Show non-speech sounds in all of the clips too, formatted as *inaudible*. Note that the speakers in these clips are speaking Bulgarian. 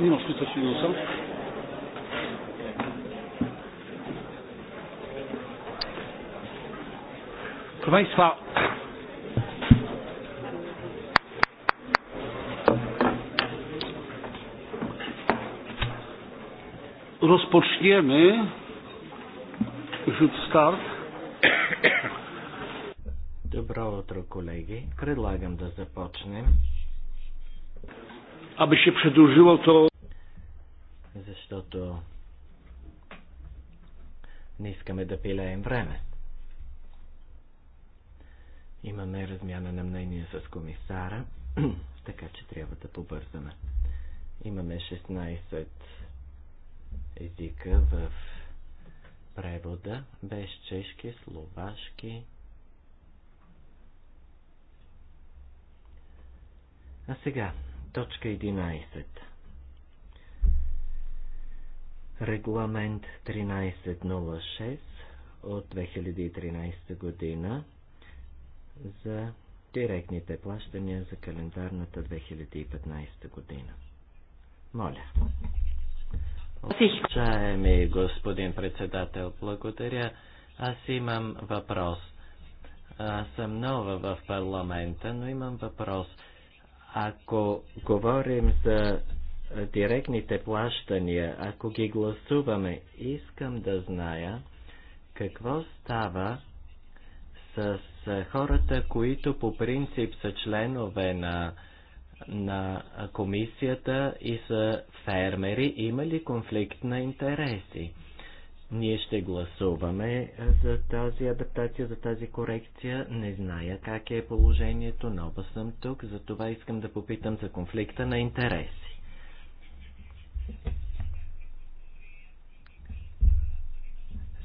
Non, je peux suivre ensemble. Proszę Państwa, rozpoczniemy rzut start. Добро утро, колеги. Предлагам да започнем. Aby się przedłużyło to... Защото не искаме да пилеем време. Имаме размяна на мнение с комисара, *clears throat* така че трябва да побързаме. Имаме 16 езика в превода без чешки, словашки. А сега, точка 11. Регламент 1306 от 2013 година за директните плащания за календарната 2015 година. Моля. Уважаеми господин председател, благодаря. Аз имам въпрос. Аз съм нова в парламента, но имам въпрос. Ако говорим за директните плащания, ако ги гласуваме, искам да зная какво става с хората, които по принцип са членове на на комисията и са фермери, има ли конфликт на интереси? Ние ще гласуваме е, за тази адаптация, за тази корекция. Не зная как е положението, нова съм тук, затова искам да попитам за конфликта на интереси.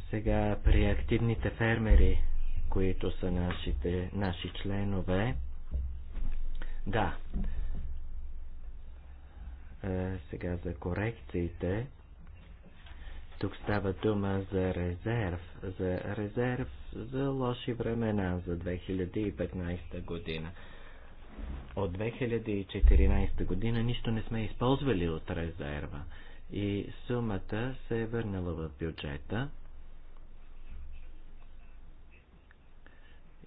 Сега при активните фермери, които са нашите, наши членове, да, е, сега за корекциите. Тук става дума за резерв, за резерв за лоши времена за 2015 година. От 2014 година нищо не сме използвали от резерва и сумата се е върнала в бюджета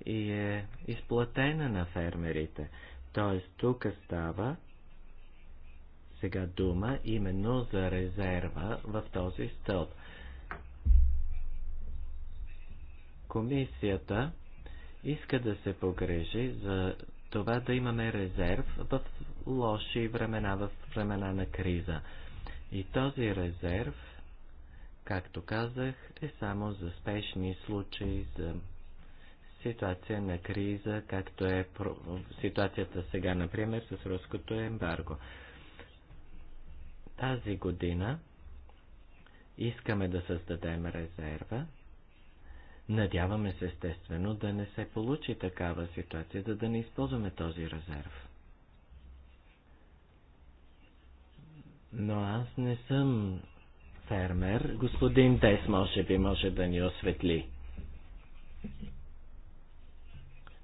и е изплатена на фермерите. Тоест тук става сега дума именно за резерва в този стълб. Комисията иска да се погрежи за това да имаме резерв в лоши времена, в времена на криза. И този резерв, както казах, е само за спешни случаи, за ситуация на криза, както е ситуацията сега, например, с руското ембарго. Тази година искаме да създадем резерва. Надяваме се естествено да не се получи такава ситуация, за да не използваме този резерв. Но аз не съм фермер. Господин Дес може би може да ни осветли.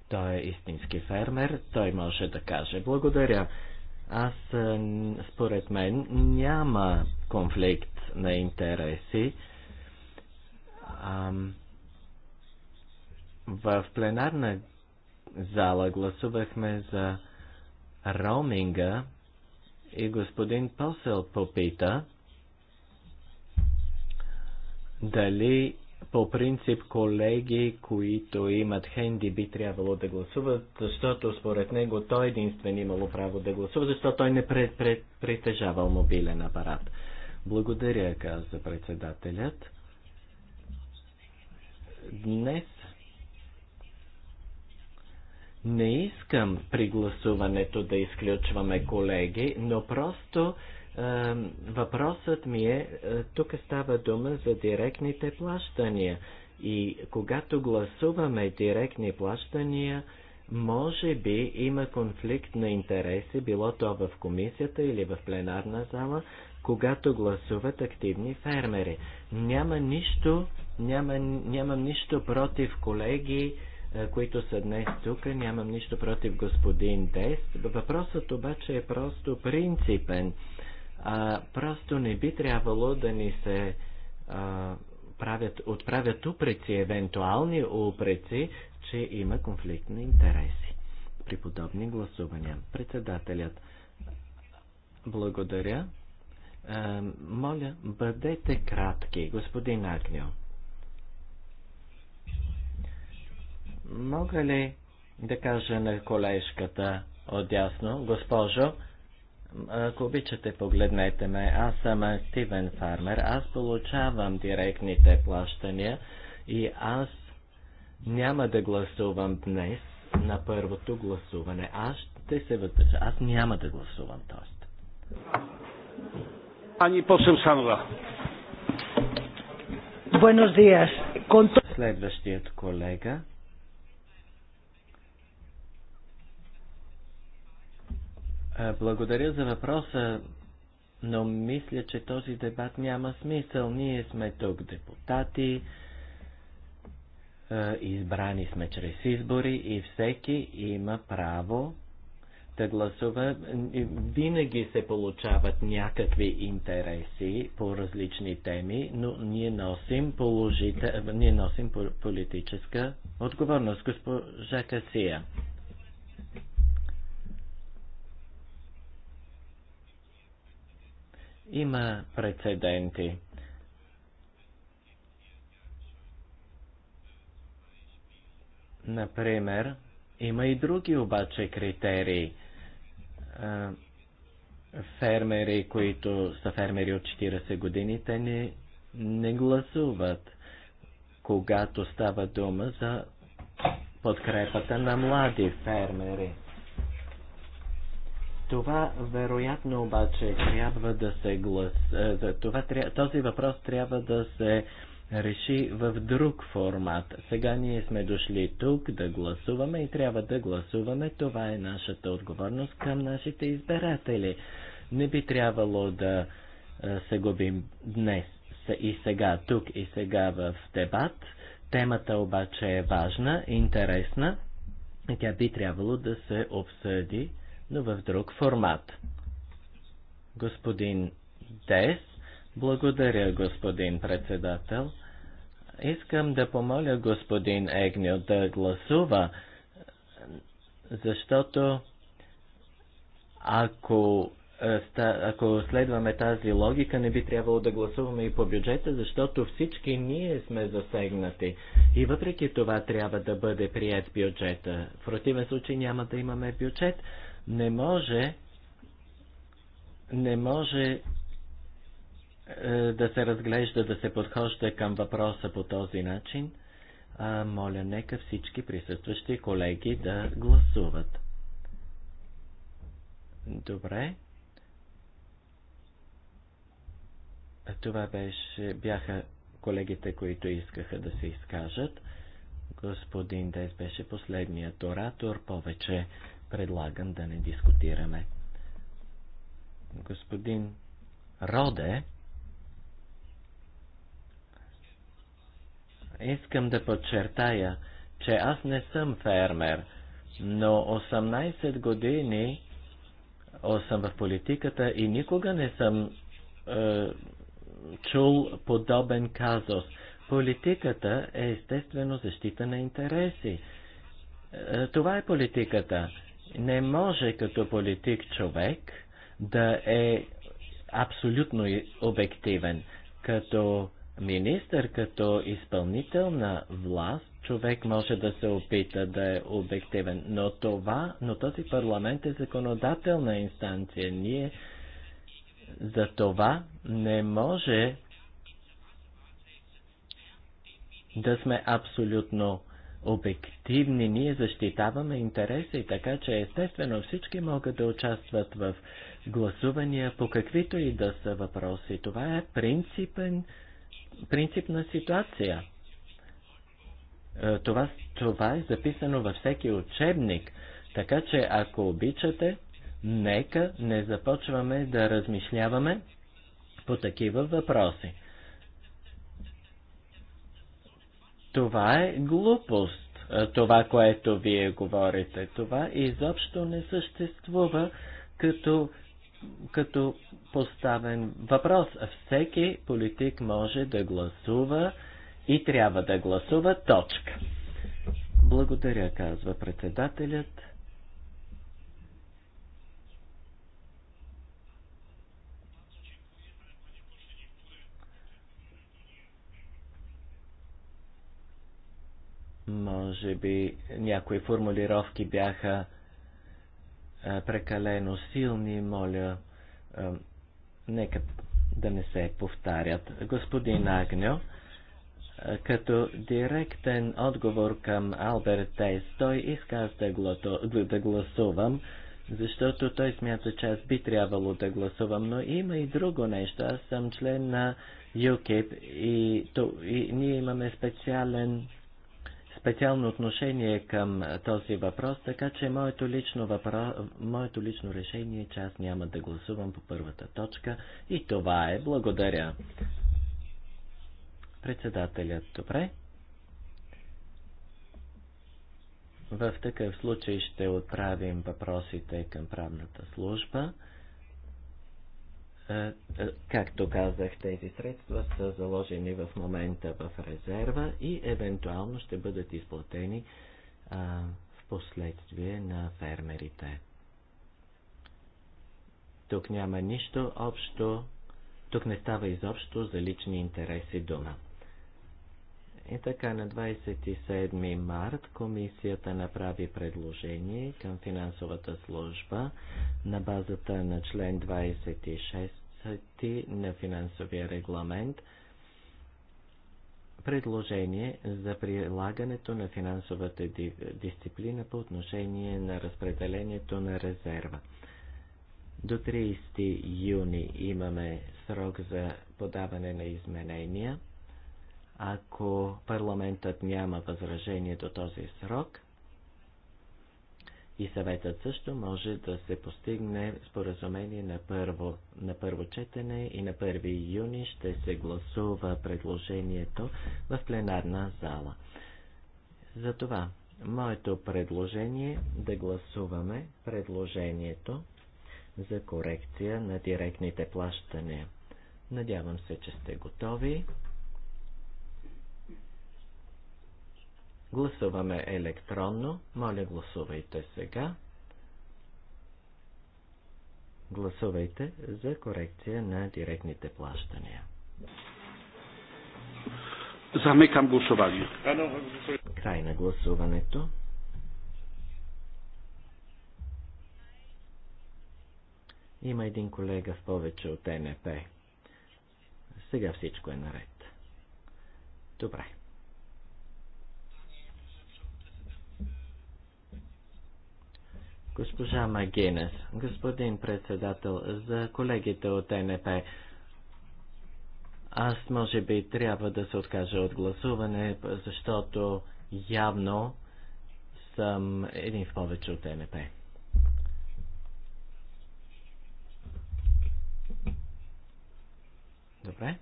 Той е истински фермер, той може да каже благодаря аз, е, според мен, няма конфликт на интереси. в пленарна зала гласувахме за роуминга и господин Посел попита дали по принцип, колеги, които имат хенди, би трябвало да гласуват, защото според него той е единствен имало право да гласува, защото той не пред, пред, притежавал мобилен апарат. Благодаря, каза председателят. Днес не искам при гласуването да изключваме колеги, но просто Въпросът ми е, е, тук става дума за директните плащания. И когато гласуваме директни плащания, може би има конфликт на интереси, било то в комисията или в пленарна зала, когато гласуват активни фермери. Няма нищо, няма, нямам нищо против колеги, е, които са днес тук, нямам нищо против господин Дест. Въпросът обаче е просто принципен а, просто не би трябвало да ни се а, правят, отправят упреци, евентуални упреци, че има конфликт на интереси при подобни гласувания. Председателят, благодаря. А, моля, бъдете кратки, господин Агнио. Мога ли да кажа на колежката отясно, госпожо, ако обичате, погледнете ме. Аз съм активен фармер. Аз получавам директните плащания и аз няма да гласувам днес на първото гласуване. Аз ще се въздържа. Аз няма да гласувам, тост. Ани Посем Санова. Buenos días. Следващият колега. Благодаря за въпроса, но мисля, че този дебат няма смисъл. Ние сме тук депутати, избрани сме чрез избори и всеки има право да гласува. Винаги се получават някакви интереси по различни теми, но ние носим, положите, ние носим политическа отговорност. Госпожа Касия. Има прецеденти. Например, има и други обаче критерии. Фермери, които са фермери от 40 години, те не, не гласуват, когато става дума за подкрепата на млади фермери. Това вероятно обаче трябва да се глас... Е, това, този въпрос трябва да се реши в друг формат. Сега ние сме дошли тук да гласуваме и трябва да гласуваме. Това е нашата отговорност към нашите избиратели. Не би трябвало да е, се губим днес и сега, тук и сега в дебат. Темата обаче е важна, интересна. Тя би трябвало да се обсъди но в друг формат. Господин Дес, благодаря, господин председател. Искам да помоля господин Егнио да гласува, защото ако, е, ако следваме тази логика, не би трябвало да гласуваме и по бюджета, защото всички ние сме засегнати. И въпреки това трябва да бъде прият бюджета. В противен случай няма да имаме бюджет. Не може, не може е, да се разглежда, да се подхожда към въпроса по този начин. А, моля, нека всички присъстващи колеги да гласуват. Добре. Това беше, бяха колегите, които искаха да се изкажат. Господин Дес беше последният оратор, повече предлагам да не дискутираме. Господин Роде, искам да подчертая, че аз не съм фермер, но 18 години съм в политиката и никога не съм е, чул подобен казус. Политиката е естествено защита на интереси. Е, това е политиката. Не може като политик човек да е абсолютно обективен. Като министър, като изпълнителна власт, човек може да се опита да е обективен. Но това, но този парламент е законодателна инстанция. Ние за това не може да сме абсолютно обективни, ние защитаваме интереси, така че естествено всички могат да участват в гласувания по каквито и да са въпроси. Това е принципен, принципна ситуация. Е, това, това е записано във всеки учебник, така че ако обичате, нека не започваме да размишляваме по такива въпроси. Това е глупост, това, което вие говорите. Това изобщо не съществува като, като поставен въпрос. Всеки политик може да гласува и трябва да гласува точка. Благодаря, казва председателят. Може би някои формулировки бяха прекалено силни, моля, нека да не се повтарят. Господин Агньо, като директен отговор към Алберт Тейс, той иска да, да гласувам, защото той смята, че аз би трябвало да гласувам, но има и друго нещо. Аз съм член на UKIP и, то, и ние имаме специален специално отношение към този въпрос, така че моето лично, въпро... моето лично решение е, че аз няма да гласувам по първата точка и това е. Благодаря. Председателят, добре. В такъв случай ще отправим въпросите към правната служба. Е, е, както казах, тези средства са заложени в момента в резерва и евентуално ще бъдат изплатени в последствие на фермерите. Тук няма нищо общо, тук не става изобщо за лични интереси дума. И е така на 27 март комисията направи предложение към финансовата служба на базата на член 26 на финансовия регламент предложение за прилагането на финансовата дисциплина по отношение на разпределението на резерва. До 30 юни имаме срок за подаване на изменения – ако парламентът няма възражение до този срок и съветът също може да се постигне споразумение на първо, на първо четене и на 1 юни ще се гласува предложението в пленарна зала. Затова моето предложение е да гласуваме предложението за корекция на директните плащания. Надявам се, че сте готови. Гласуваме електронно. Моля, гласувайте сега. Гласувайте за корекция на директните плащания. Замекам гласуване. Край на гласуването. Има един колега в повече от НП. Сега всичко е наред. Добре. Госпожа Магинес, господин председател, за колегите от НП, аз може би трябва да се откажа от гласуване, защото явно съм един в повече от НП. Добре?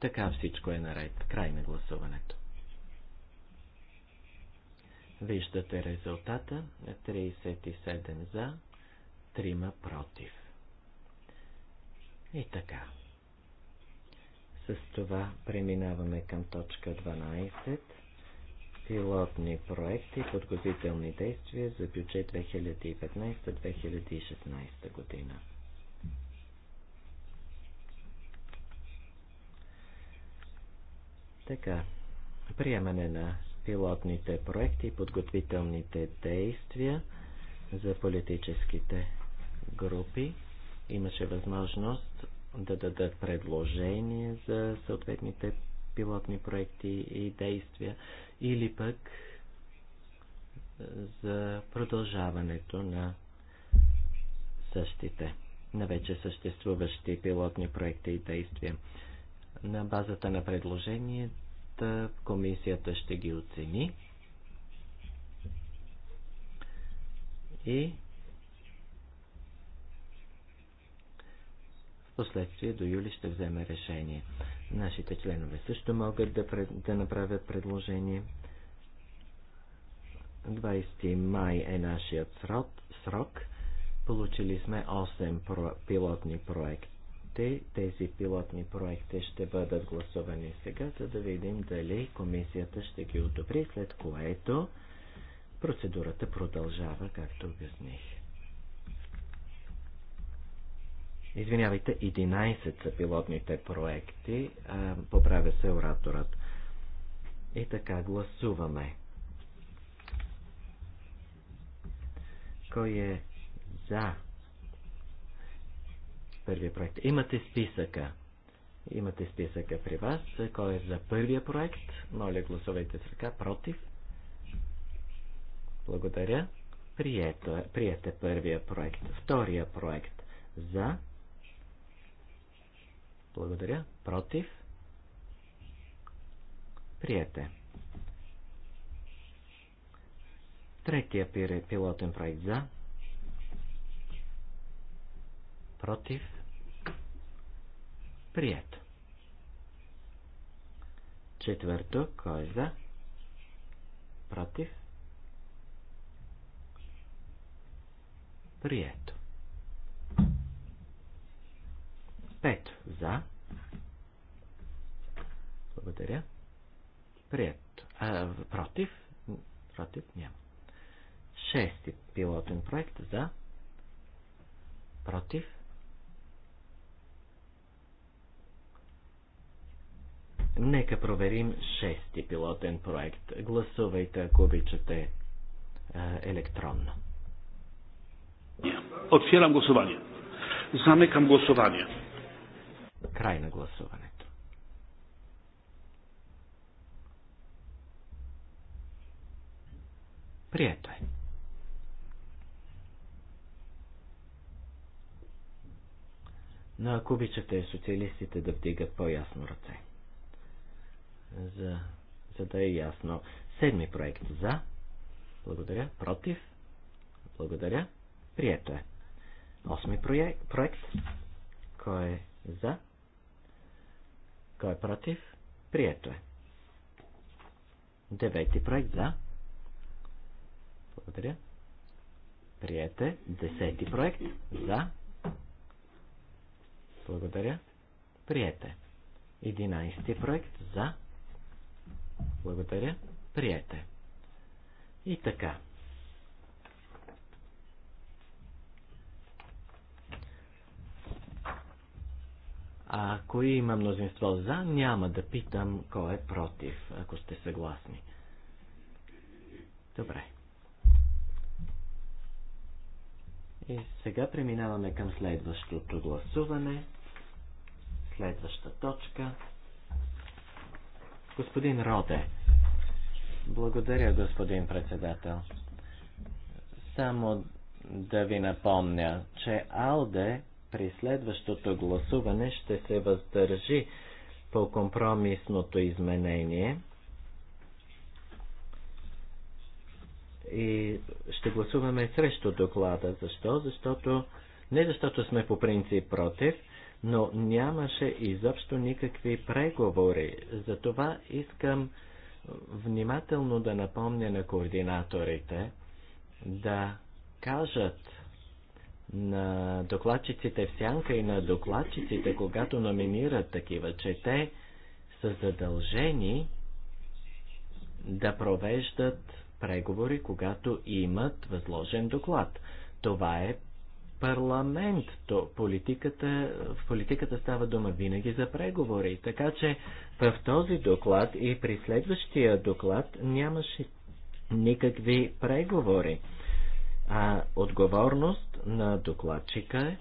Така всичко е наред. Край на гласуването. Виждате резултата. 37 за, 3 против. И така. С това преминаваме към точка 12. Пилотни проекти и действия за бюджет 2015-2016 година. Така, приемане на пилотните проекти и подготвителните действия за политическите групи. Имаше възможност да дадат предложение за съответните пилотни проекти и действия или пък е, за продължаването на същите, на вече съществуващи пилотни проекти и действия. На базата на предложение комисията ще ги оцени и в последствие до юли ще вземе решение. Нашите членове също могат да, пред, да направят предложение. 20 май е нашият срок. Получили сме 8 про, пилотни проекта проекти, тези пилотни проекти ще бъдат гласувани сега, за да видим дали комисията ще ги одобри, след което процедурата продължава, както обясних. Извинявайте, 11 са пилотните проекти, а, поправя се ораторът. И така, гласуваме. Кой е за първия проект. Имате списъка. Имате списъка при вас. Кой е за първия проект? Моля, гласувайте с ръка. Против? Благодаря. Прието е. Приете първия проект. Втория проект. За. Благодаря. Против. Приете. Третия пилотен проект за. Против. Прието. Четвърто, кой е за? Против? Прието. Пето, за? Благодаря. Прието. А, против? Против няма. Шести пилотен проект за? Против? Нека проверим шести пилотен проект. Гласувайте, ако обичате, е, електронно. Отварям гласуване. Замекам гласуване. Край на гласуването. Прието е. Но ако обичате социалистите да вдигат по-ясно ръце за, за да е ясно. Седми проект за. Благодаря. Против. Благодаря. Прието е. Осми проект. Кой е за? Кой е против? Прието е. Девети проект за. Благодаря. Прието е. Десети проект за. Благодаря. Прието е. Единайсти проект за. Благодаря. Приете. И така. А ако има мнозинство за, няма да питам кой е против, ако сте съгласни. Добре. И сега преминаваме към следващото гласуване, следваща точка. Господин Роде. Благодаря, господин председател. Само да ви напомня, че Алде при следващото гласуване ще се въздържи по компромисното изменение и ще гласуваме срещу доклада. Защо? Защото не защото сме по принцип против, но нямаше изобщо никакви преговори. Затова искам внимателно да напомня на координаторите да кажат на докладчиците в сянка и на докладчиците, когато номинират такива, че те са задължени да провеждат преговори, когато имат възложен доклад. Това е парламент. То политиката, в политиката става дума винаги за преговори. Така че в този доклад и при следващия доклад нямаше никакви преговори. А отговорност на докладчика е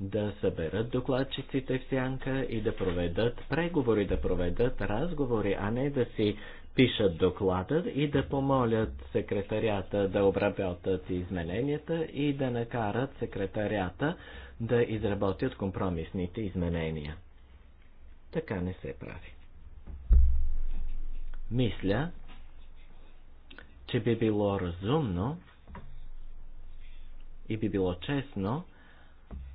да съберат докладчиците в сянка и да проведат преговори, да проведат разговори, а не да си пишат доклада и да помолят секретарията да обработят измененията и да накарат секретарията да изработят компромисните изменения. Така не се прави. Мисля, че би било разумно и би било честно,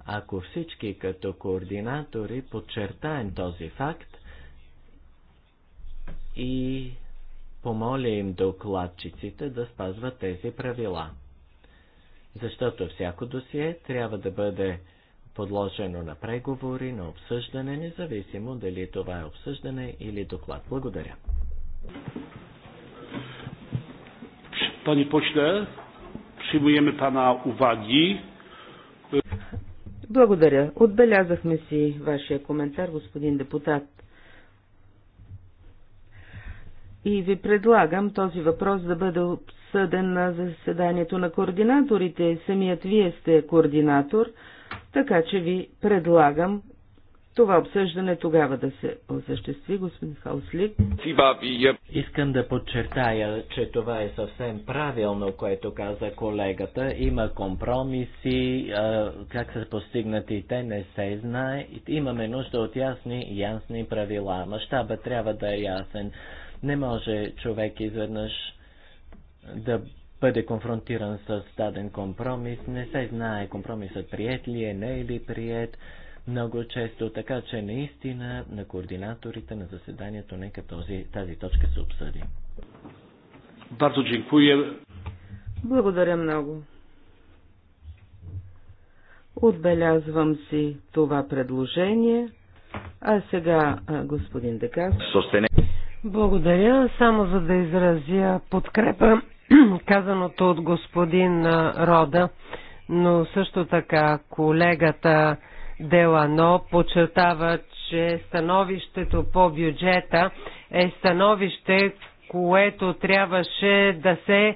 ако всички като координатори подчертаем този факт и Помоля им докладчиците да спазват тези правила. Защото всяко досие трябва да бъде подложено на преговори, на обсъждане, независимо дали това е обсъждане или доклад. Благодаря. Пани почле, приемаме пана уваги. Благодаря. Отбелязахме си вашия коментар, господин депутат. И ви предлагам този въпрос да бъде обсъден на заседанието на координаторите. Самият вие сте координатор, така че ви предлагам това обсъждане тогава да се осъществи, господин Хауслик. Искам да подчертая, че това е съвсем правилно, което каза колегата. Има компромиси, как са постигнати те не се знае. Имаме нужда от ясни, ясни правила. Мащаба трябва да е ясен. Не може човек изведнъж да бъде конфронтиран с даден компромис. Не се знае компромисът прият ли е, не е ли прият. Много често, така че наистина на координаторите на заседанието нека този, тази точка се обсъди. Благодаря много. Отбелязвам си това предложение. А сега господин Декас. Благодаря. Само за да изразя подкрепа *clears throat* казаното от господин Рода, но също така колегата Делано подчертава, че становището по бюджета е становище, което трябваше да се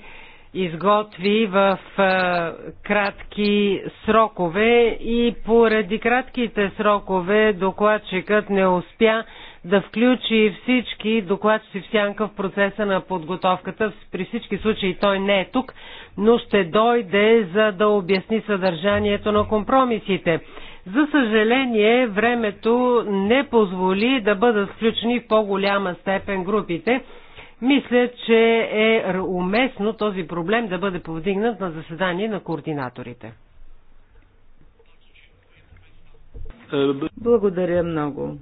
изготви в а, кратки срокове и поради кратките срокове докладчикът не успя да включи всички докладчици в сянка в процеса на подготовката. При всички случаи той не е тук, но ще дойде за да обясни съдържанието на компромисите. За съжаление, времето не позволи да бъдат включени в по-голяма степен групите. Мисля, че е уместно този проблем да бъде повдигнат на заседание на координаторите. Благодаря много.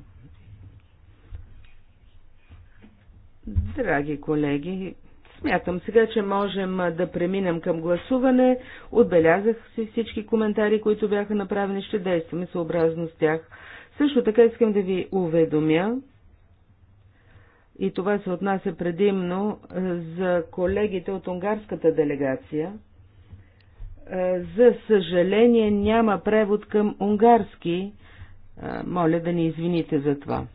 Драги колеги, смятам сега, че можем да преминем към гласуване. Отбелязах си всички коментари, които бяха направени, ще действаме съобразно с тях. Също така искам да ви уведомя, и това се отнася предимно за колегите от унгарската делегация. За съжаление няма превод към унгарски. Моля да ни извините за това.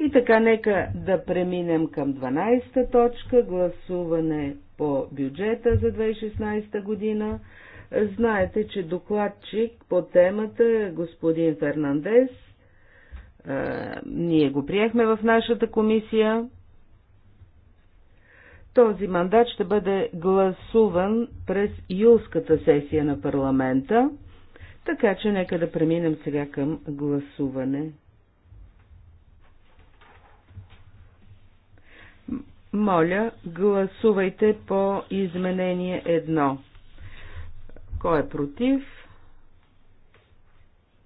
И така, нека да преминем към 12-та точка, гласуване по бюджета за 2016 година. Знаете, че докладчик по темата е господин Фернандес. Ние го приехме в нашата комисия. Този мандат ще бъде гласуван през юлската сесия на парламента, така че нека да преминем сега към гласуване. Моля, гласувайте по изменение 1. Кой е против?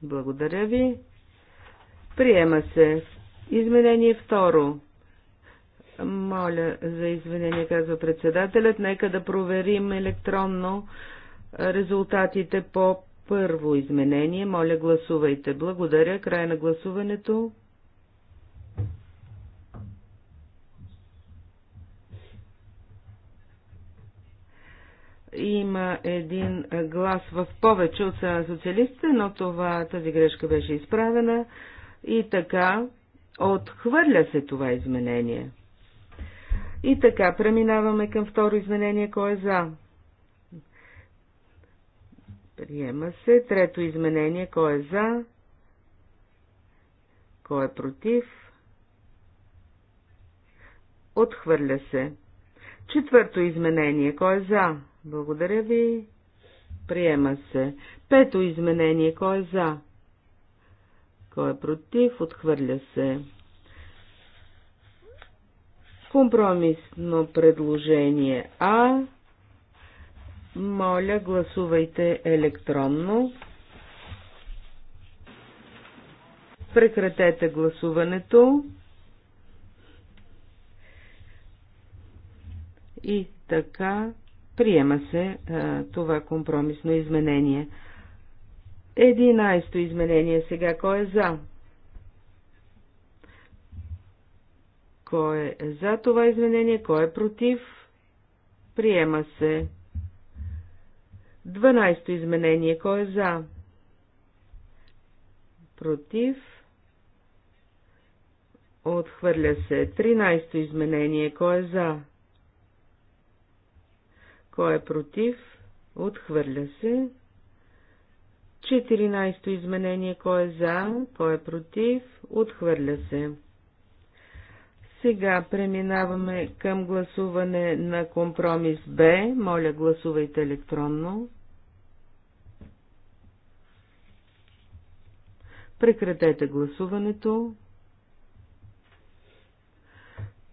Благодаря ви. Приема се. Изменение второ. Моля за извинение, казва председателят. Нека да проверим електронно резултатите по първо изменение. Моля, гласувайте. Благодаря. Край на гласуването. има един глас в повече от социалистите, но това, тази грешка беше изправена и така отхвърля се това изменение. И така, преминаваме към второ изменение, кой е за. Приема се. Трето изменение, кой е за, кой е против. Отхвърля се. Четвърто изменение, кой е за, благодаря ви. Приема се. Пето изменение. Кой е за? Кой е против? Отхвърля се. Компромисно предложение А. Моля, гласувайте електронно. Прекратете гласуването. И така Приема се а, това компромисно изменение. Единайсто изменение сега. Кой е за? Кой е за това изменение? Кой е против? Приема се. Дванайсто изменение. Кой е за? Против. Отхвърля се. Тринайсто изменение. Кой е за? Кой е против? Отхвърля се. 14-то изменение. Кой е за? Кой е против? Отхвърля се. Сега преминаваме към гласуване на компромис Б. Моля, гласувайте електронно. Прекратете гласуването.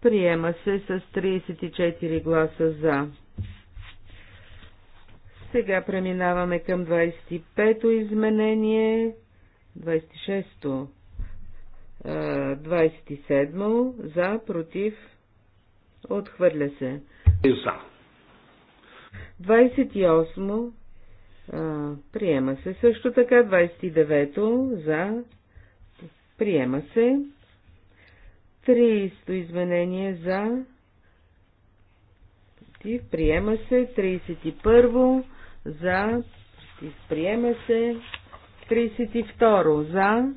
Приема се с 34 гласа за. Сега преминаваме към 25-то изменение, 26-то, 27-о, за, против, отхвърля се. 28-о, приема се също така, 29-то, за, приема се. 30-то изменение за, против, приема се, 31-во, за, приема се, 32 за,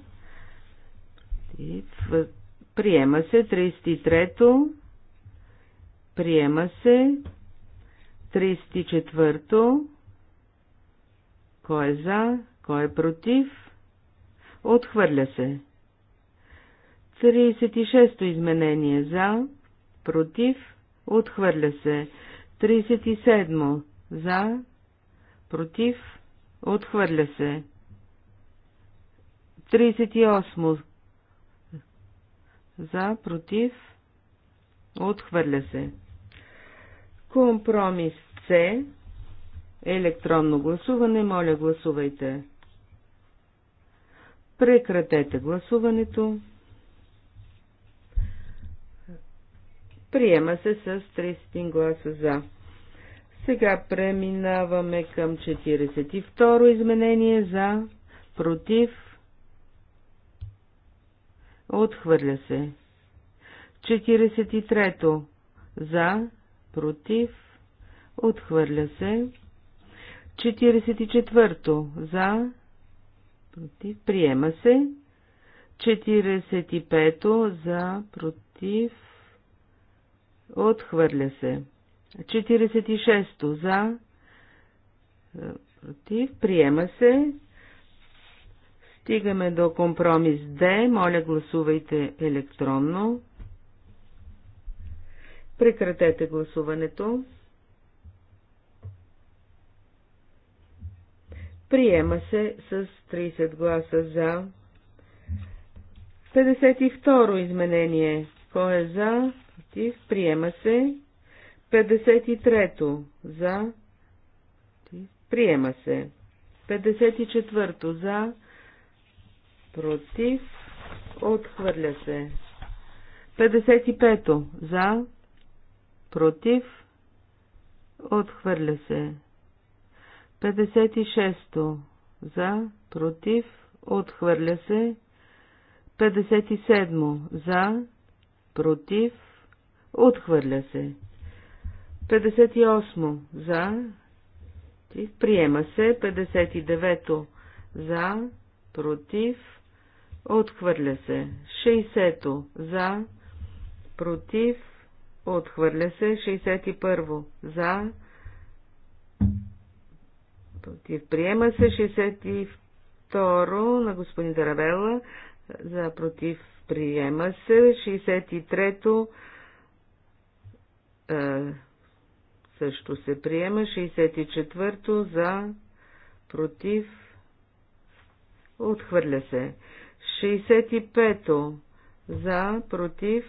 приема се, 33 то приема се, 34 кой е за, кой е против, отхвърля се. 36 то изменение за, против, отхвърля се. 37 за, против, отхвърля се. 38. За, против, отхвърля се. Компромис С. Електронно гласуване, моля гласувайте. Прекратете гласуването. Приема се с 30 гласа за. Сега преминаваме към 42 изменение за, против, отхвърля се. 43-то за, против, отхвърля се. 44-то за, против, приема се. 45-то за, против, отхвърля се. 46 за, е, против, приема се. Стигаме до компромис Д. Моля, гласувайте електронно. Прекратете гласуването. Приема се с 30 гласа за. 52 изменение. Кой е за? Против. Приема се. 53-то за. Приема се. 54-то за. Против. Отхвърля се. 55-то за. Против. Отхвърля се. 56-то за. Против. Отхвърля се. 57-то за. Против. Отхвърля се. 58 за, приема се, 59 за, против, отхвърля се, 60 за, против, отхвърля се, 61 за, против, приема се, 62 на господин Даравела, за, против, приема се, 63 също се приема. 64-то за, против, отхвърля се. 65-то за, против,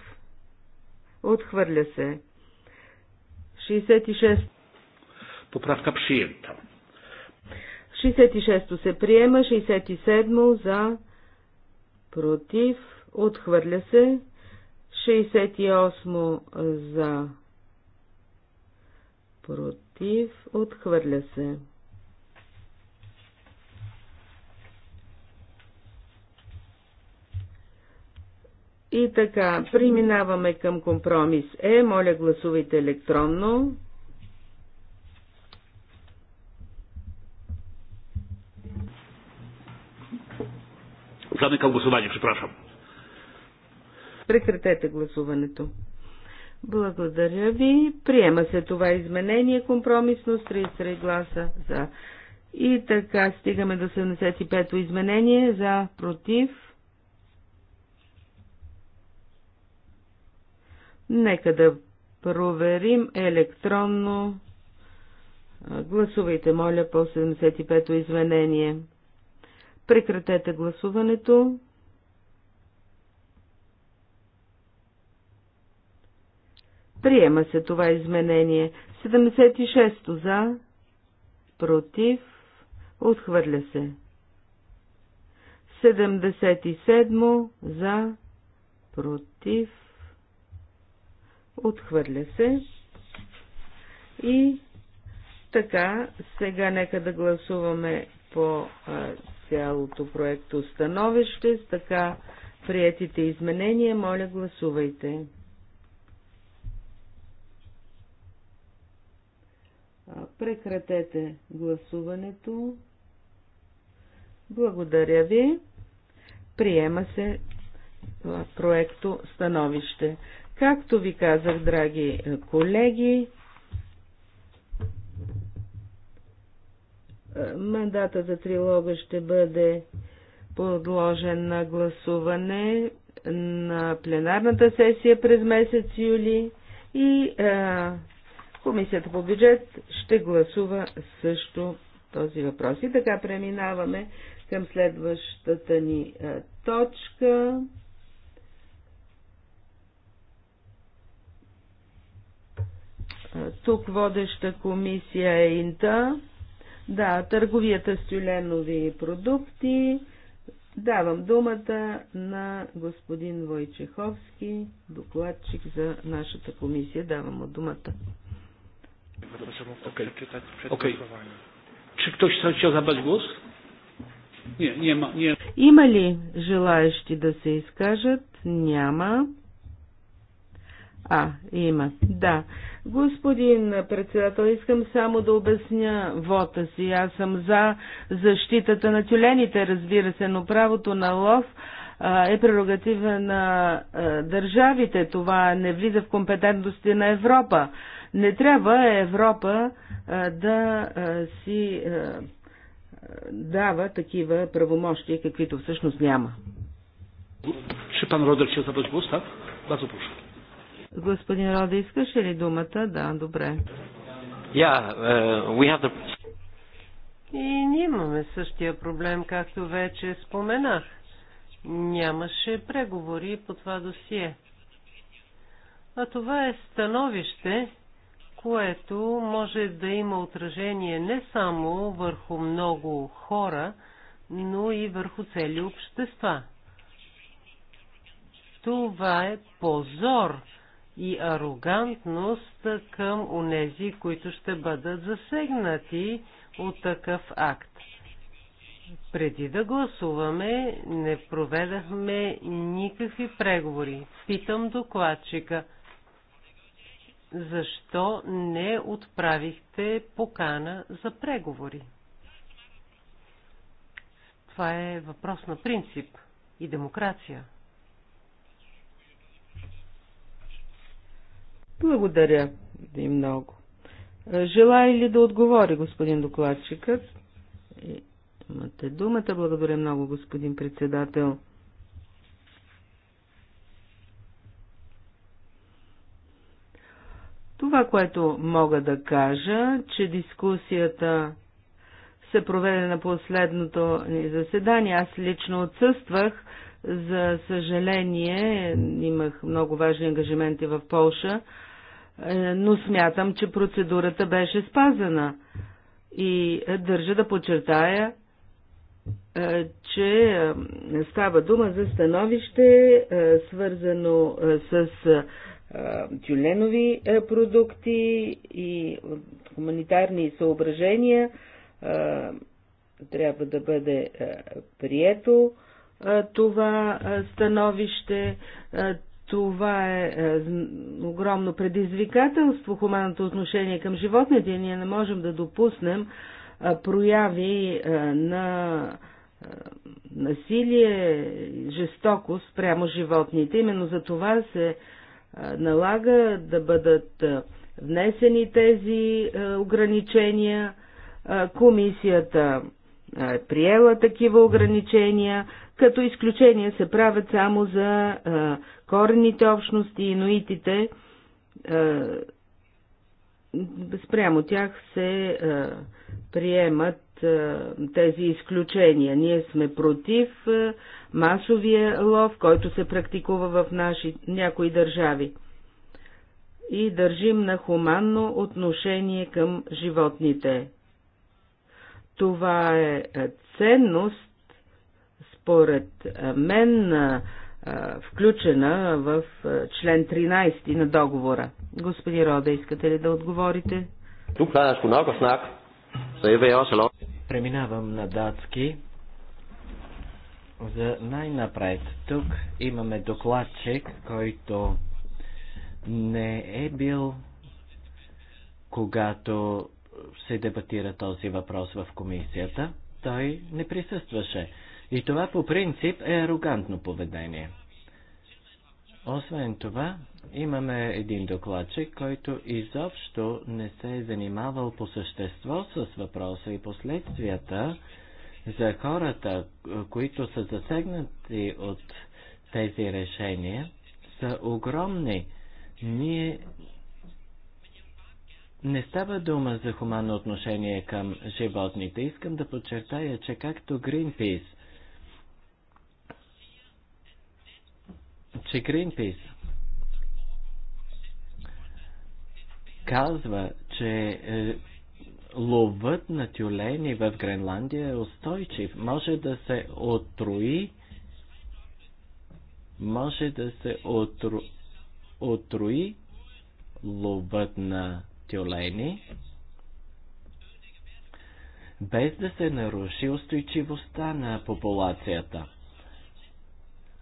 отхвърля се. 66 Поправка приета. 66-то се приема, 67-то за, против, отхвърля се. 68 за против, отхвърля се. И така, преминаваме към компромис Е. Моля, гласувайте електронно. към гласуване, препрашам. Прекратете гласуването. Благодаря ви. Приема се това изменение компромисно с 33 гласа за. И така стигаме до 75-то изменение за против. Нека да проверим електронно. Гласувайте, моля, по 75-то изменение. Прекратете гласуването. Приема се това изменение. 76 за, против, отхвърля се. 77 за, против, отхвърля се. И така, сега нека да гласуваме по а, цялото проекто становище с така приетите изменения. Моля, гласувайте. Прекратете гласуването. Благодаря ви. Приема се проекто становище. Както ви казах, драги колеги, мандата за трилога ще бъде подложен на гласуване на пленарната сесия през месец юли и Комисията по бюджет ще гласува също този въпрос. И така преминаваме към следващата ни точка. Тук водеща комисия е Инта. Да, търговията с тюленови продукти. Давам думата на господин Войчеховски, докладчик за нашата комисия. Давам му думата. Okay. Okay. Czy ktoś chciał zabrać głos? Nie, nie ma. Nie. Има ли желаещи да се изкажат? Няма. А, има. Да. Господин председател, искам само да обясня вота си. Аз съм за защитата на тюлените, разбира се, но правото на лов е прерогатива на държавите. Това не влиза в компетентности на Европа. Не трябва Европа да си дава такива правомощия, каквито всъщност няма. Шепан Родер, че chciał Густав, да tak? Господин Рода, искаш ли думата? Да, добре. Yeah, uh, the... И ние имаме същия проблем, както вече споменах. Нямаше преговори по това досие. А това е становище, което може да има отражение не само върху много хора, но и върху цели общества. Това е позор и арогантност към онези, които ще бъдат засегнати от такъв акт. Преди да гласуваме, не проведахме никакви преговори. Питам докладчика – защо не отправихте покана за преговори? Това е въпрос на принцип и демокрация. Благодаря ви много. Желая ли да отговори господин докладчикът? Имате думата. Благодаря много, господин председател. Това, което мога да кажа, че дискусията се проведе на последното ни заседание. Аз лично отсъствах. За съжаление, имах много важни ангажименти в Полша, е, но смятам, че процедурата беше спазена. И държа да подчертая, е, че е, става дума за становище, свързано с тюленови продукти и хуманитарни съображения трябва да бъде прието това становище. Това е огромно предизвикателство, хуманното отношение към животните. Ние не можем да допуснем прояви на насилие, жестокост прямо животните. Именно за това се налага да бъдат внесени тези ограничения. Комисията е приела такива ограничения, като изключения се правят само за корените общности и инуитите. Спрямо тях се приемат е, тези изключения. Ние сме против е, масовия лов, който се практикува в наши, някои държави. И държим на хуманно отношение към животните. Това е, е ценност, според мен, включена в член 13 на договора. Господи Рода, искате ли да отговорите? Du, kleiner знак. Преминавам на датски. За най-напред, тук имаме докладчик, който не е бил, когато се дебатира този въпрос в комисията. Той не присъстваше. И това по принцип е арогантно поведение. Освен това, имаме един докладчик, който изобщо не се е занимавал по същество с въпроса и последствията за хората, които са засегнати от тези решения, са огромни. Ние не става дума за хуманно отношение към животните. Искам да подчертая, че както Greenpeace че Greenpeace казва, че е, ловът на тюлени в Гренландия е устойчив. Може да се отруи, може да се отру, отруи ловът на тюлени, без да се наруши устойчивостта на популацията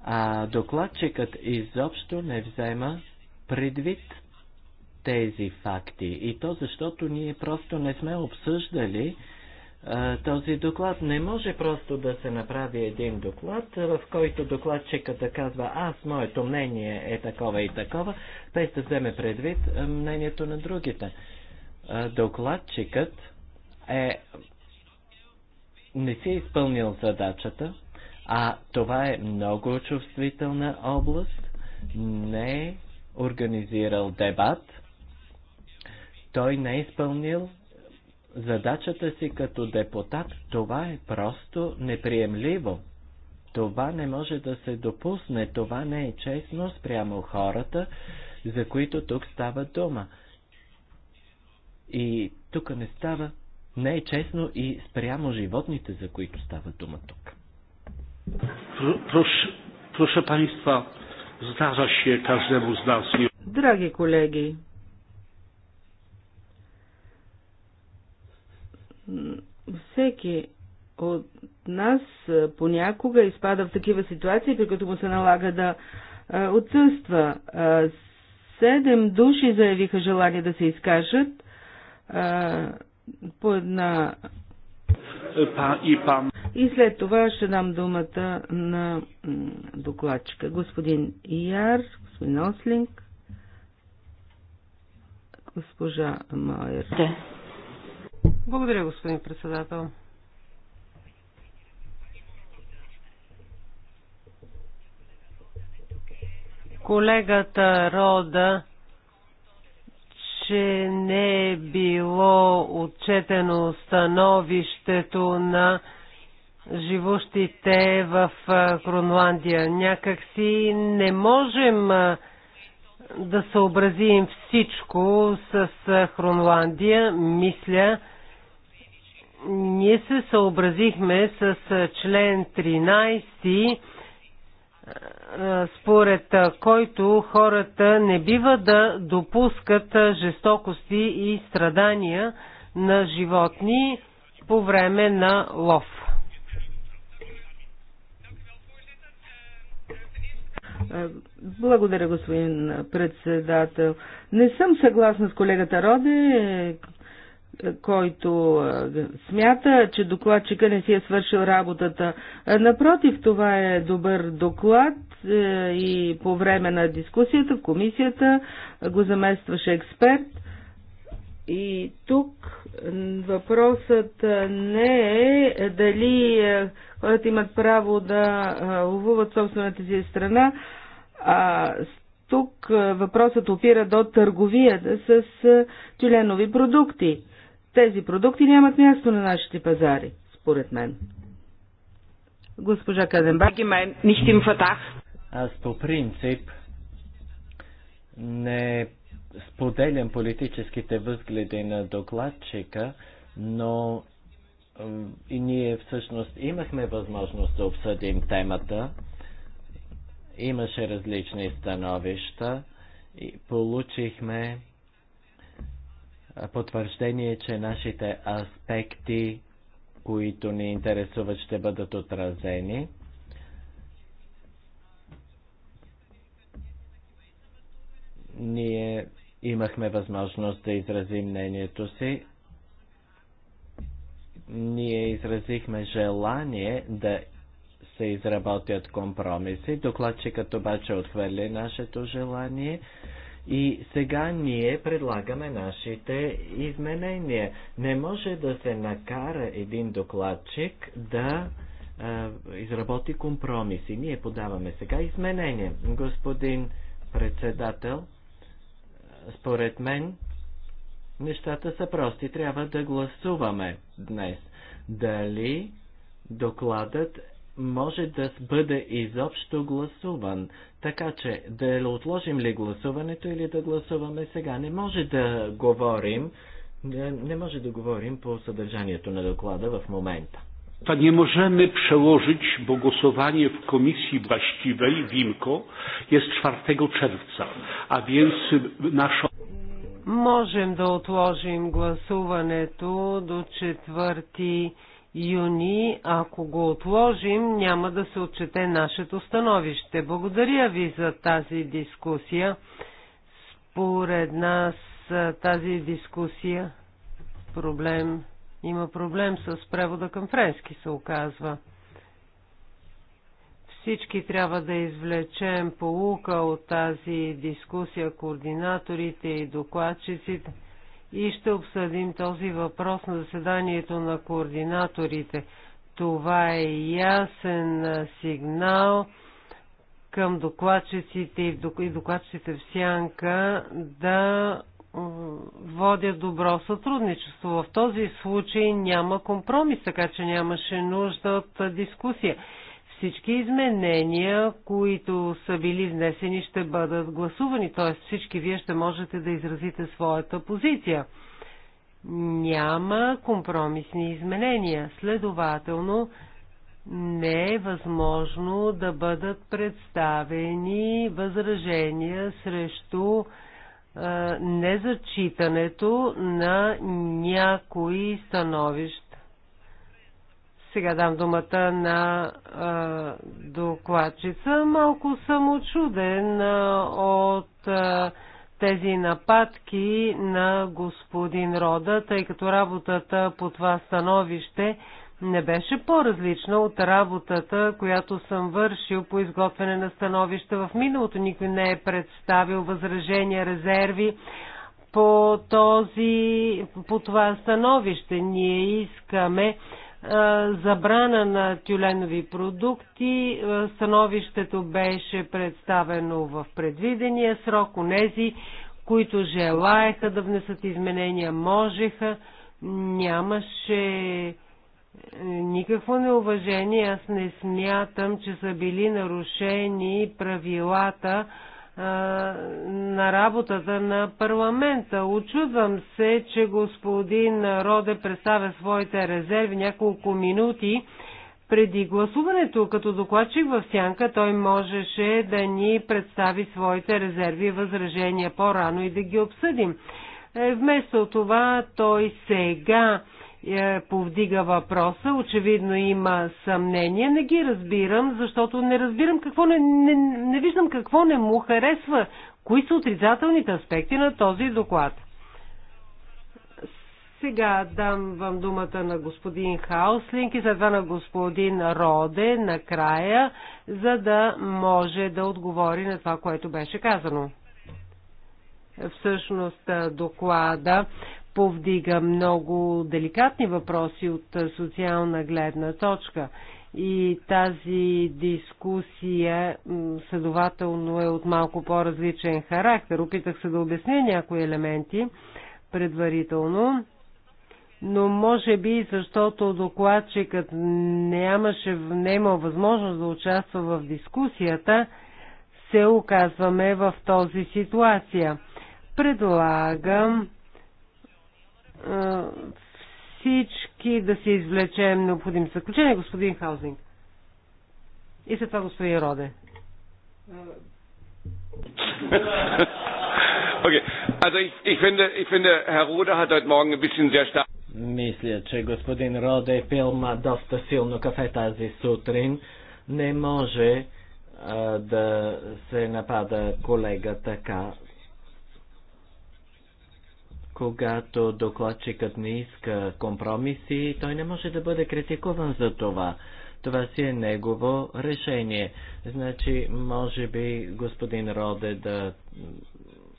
а докладчикът изобщо не взема предвид тези факти. И то защото ние просто не сме обсъждали а, този доклад. Не може просто да се направи един доклад, в който докладчикът да казва аз, моето мнение е такова и такова, без да вземе предвид мнението на другите. А, докладчикът е не си е изпълнил задачата, а това е много чувствителна област. Не е организирал дебат. Той не е изпълнил задачата си като депутат. Това е просто неприемливо. Това не може да се допусне. Това не е честно спрямо хората, за които тук става дума. И тук не става. Не е честно и спрямо животните, за които става дума тук. Proszę Państwa, zdarza się każdemu z nas. Drogie kolegi, всеки от нас понякога изпада в такива ситуации, при които му се налага да отсъства. Седем души заявиха желание да се изкажат по една и ПАМ. И след това ще дам думата на докладчика. Господин Ияр, господин Ослинг, госпожа Майер. Да. Благодаря, господин председател. Колегата Рода че не е било отчетено становището на живущите в Хронландия. Някак си не можем да съобразим всичко с Хронландия. Мисля, ние се съобразихме с член 13 според който хората не бива да допускат жестокости и страдания на животни по време на лов. Благодаря, господин председател. Не съм съгласна с колегата Роде, който смята, че докладчика не си е свършил работата. Напротив, това е добър доклад е, и по време на дискусията в комисията го заместваше експерт. И тук въпросът не е дали хората имат право да ловуват собствената си страна, а тук въпросът опира до търговията с тюленови продукти. Тези продукти нямат място на нашите пазари, според мен. Госпожа Каденбак. Аз по принцип не споделям политическите възгледи на докладчика, но и ние всъщност имахме възможност да обсъдим темата. Имаше различни становища и получихме потвърждение, че нашите аспекти, които ни интересуват, ще бъдат отразени. Ние имахме възможност да изразим мнението си. Ние изразихме желание да се изработят компромиси. Докладчикът обаче отхвърли нашето желание. И сега ние предлагаме нашите изменения. Не може да се накара един докладчик да а, изработи компромиси. Ние подаваме сега изменения. Господин председател, според мен нещата са прости. Трябва да гласуваме днес. Дали докладът може да бъде изобщо гласуван. Така че да отложим ли гласуването или да гласуваме сега. Не може да говорим, не може да говорим по съдържанието на доклада в момента. Та nie możemy przełożyć, bo głosowanie w komisji Вимко е jest 4 червца, а więc наша... Можем да отложим гласуването до 4 юни, ако го отложим, няма да се отчете нашето становище. Благодаря ви за тази дискусия. Според нас тази дискусия проблем, има проблем с превода към френски, се оказва. Всички трябва да извлечем полука от тази дискусия, координаторите и докладчиците и ще обсъдим този въпрос на заседанието на координаторите. Това е ясен сигнал към докладчиците и докладчиците в сянка да водят добро сътрудничество. В този случай няма компромис, така че нямаше нужда от дискусия. Всички изменения, които са били внесени, ще бъдат гласувани, т.е. всички вие ще можете да изразите своята позиция. Няма компромисни изменения. Следователно, не е възможно да бъдат представени възражения срещу незачитането на някои становища сега дам думата на а, докладчица. Малко съм очуден а, от а, тези нападки на господин Рода, тъй като работата по това становище не беше по-различна от работата, която съм вършил по изготвяне на становища в миналото. Никой не е представил възражения, резерви по, този, по това становище. Ние искаме забрана на тюленови продукти. Становището беше представено в предвидения срок. Онези, които желаяха да внесат изменения, можеха. Нямаше е, никакво неуважение. Аз не смятам, че са били нарушени правилата на работата на парламента. Очудвам се, че господин Роде представя своите резерви няколко минути преди гласуването. Като докладчик в сянка той можеше да ни представи своите резерви и възражения по-рано и да ги обсъдим. Е, вместо това той сега е, повдига въпроса. Очевидно има съмнение. Не ги разбирам, защото не разбирам какво не, не, не виждам какво не му харесва. Кои са отрицателните аспекти на този доклад? Сега дам вам думата на господин Хауслинг и след това на господин Роде накрая, за да може да отговори на това, което беше казано. Всъщност доклада повдига много деликатни въпроси от социална гледна точка. И тази дискусия следователно е от малко по-различен характер. Опитах се да обясня някои елементи предварително, но може би защото докладчикът нямаше, не имал възможност да участва в дискусията, се оказваме в този ситуация. Предлагам всички да си извлечем необходим заключение, господин Хаузинг. И след това господин Роде. *laughs* Also ich, finde, ich finde, Herr Rode hat heute Morgen ein bisschen sehr stark. Мисля, че господин Роде пил пил доста силно кафе тази сутрин. Не може а, да се напада колега така когато докладчикът не иска компромиси, той не може да бъде критикуван за това. Това си е негово решение. Значи, може би господин Роде да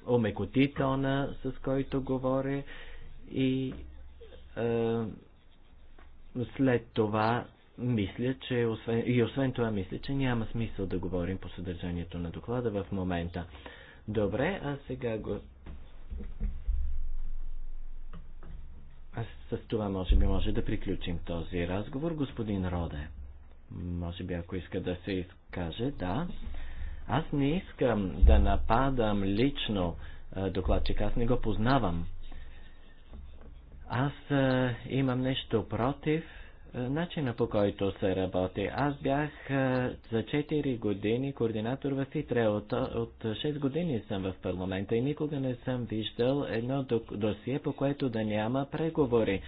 омекоти тона, с който говори и е, след това мисля, че освен, и освен това мисля, че няма смисъл да говорим по съдържанието на доклада в момента. Добре, а сега го с това може би може да приключим този разговор. Господин Роде, може би ако иска да се изкаже, да. Аз не искам да нападам лично докладчик, аз не го познавам. Аз а, имам нещо против е, начина по който се работи. Аз бях е, за 4 години координатор в ИТРЕ. От, от 6 години съм в парламента и никога не съм виждал едно досие, по което да няма преговори.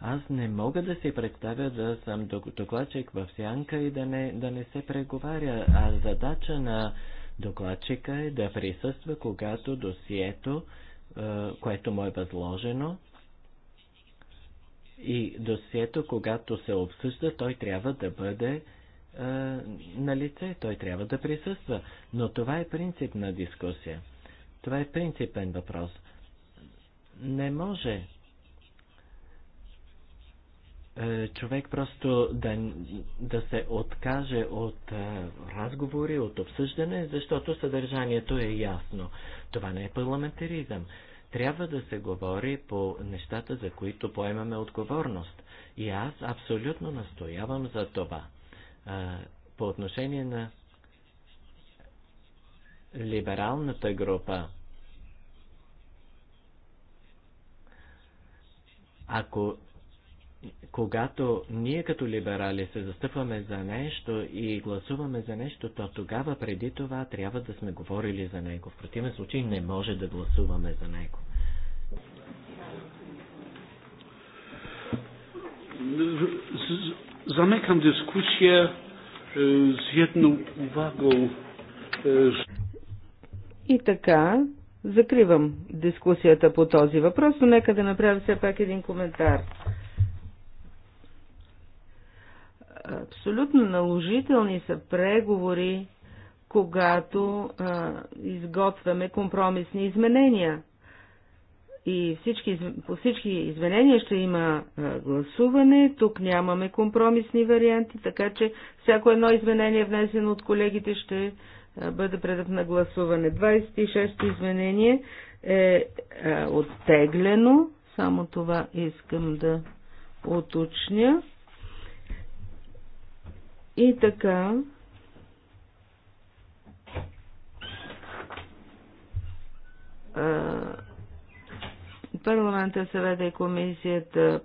Аз не мога да си представя да съм докладчик в сянка и да не, да не се преговаря. А задача на докладчика е да присъства, когато досието, е, което му е възложено, и досието, когато се обсъжда, той трябва да бъде е, на лице, той трябва да присъства. Но това е принцип на дискусия. Това е принципен въпрос. Не може е, човек просто да, да се откаже от е, разговори, от обсъждане, защото съдържанието е ясно. Това не е парламентаризъм. Трябва да се говори по нещата, за които поемаме отговорност. И аз абсолютно настоявам за това. По отношение на либералната група, ако когато ние като либерали се застъпваме за нещо и гласуваме за нещо, то тогава преди това трябва да сме говорили за него. В противен случай не може да гласуваме за него. Замекам дискусия е, с едно увага. Е, и така, закривам дискусията по този въпрос, но нека да направя все пак един коментар. Абсолютно наложителни са преговори, когато а, изготвяме компромисни изменения. И всички, по всички изменения ще има а, гласуване, тук нямаме компромисни варианти, така че всяко едно изменение, внесено от колегите, ще а, бъде предът на гласуване. 26-то изменение е а, оттеглено, само това искам да уточня. И така, парламента, съвета и комисията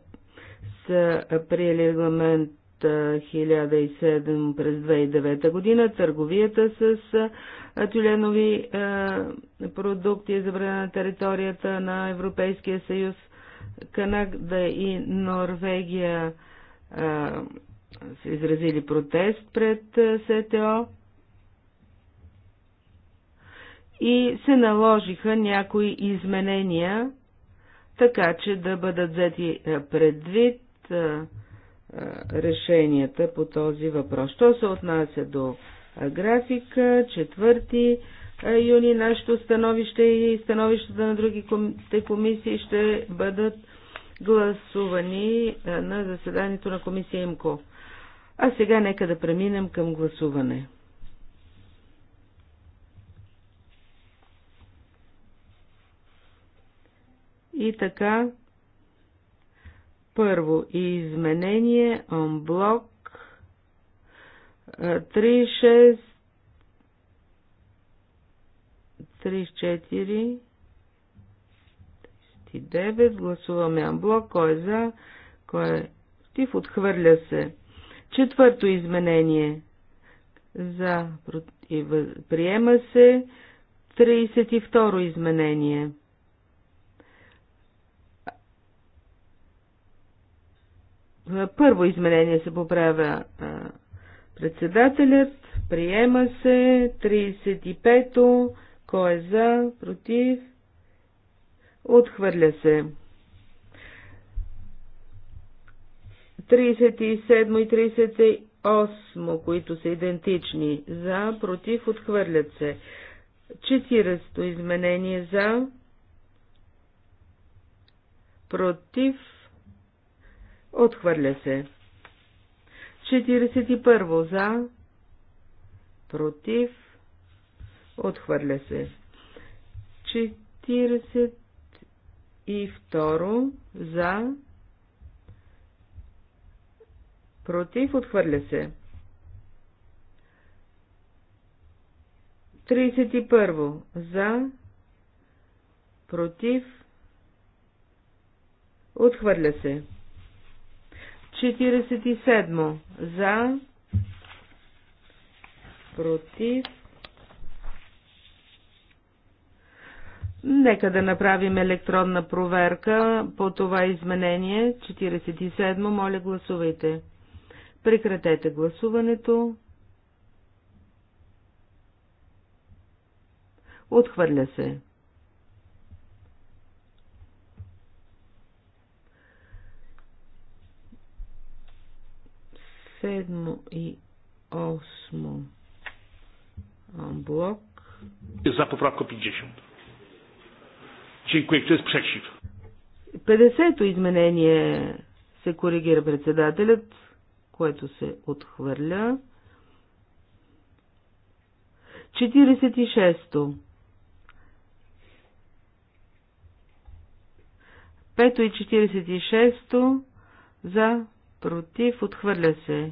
са приели регламент 1007 през 2009 година. Търговията с тюленови продукти е забранена на територията на Европейския съюз. Канада и Норвегия са изразили протест пред СТО и се наложиха някои изменения, така че да бъдат взети предвид решенията по този въпрос. Що се отнася до графика, 4 юни нашето становище и становищата на другите комисии ще бъдат гласувани на заседанието на комисия ИМКО. А сега нека да преминем към гласуване. И така, първо изменение блок 36 34 39. Гласуваме амблок. Кой е за? Кой е против? Отхвърля се. Четвърто изменение. За. Против, приема се. 32 изменение. Първо изменение се поправя председателят. Приема се. 35-то. Кой е за? Против? Отхвърля се. 37 и 38, които са идентични. За, против, отхвърлят се. 40-то изменение за, против, отхвърля се. 41 за, против, отхвърля се. 42 за, Против. Отхвърля се. 31. За. Против. Отхвърля се. 47. За. Против. Нека да направим електронна проверка по това изменение. 47. Моля, гласувайте. Прекратете гласуването. Отхвърля се. Седмо и осмо блок. За поправка 50. Dziękuję. Kto jest 50-то изменение се коригира председателят което се отхвърля. 46-то. Пето и 46-то за, против, отхвърля се.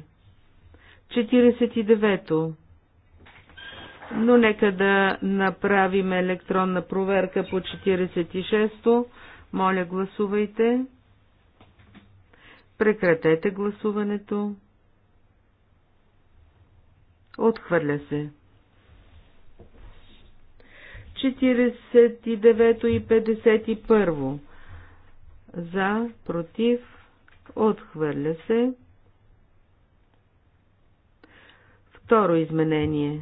49-то. Но нека да направим електронна проверка по 46-то. Моля, гласувайте. Прекратете гласуването. Отхвърля се. 49 и 51. За, против, отхвърля се. Второ изменение.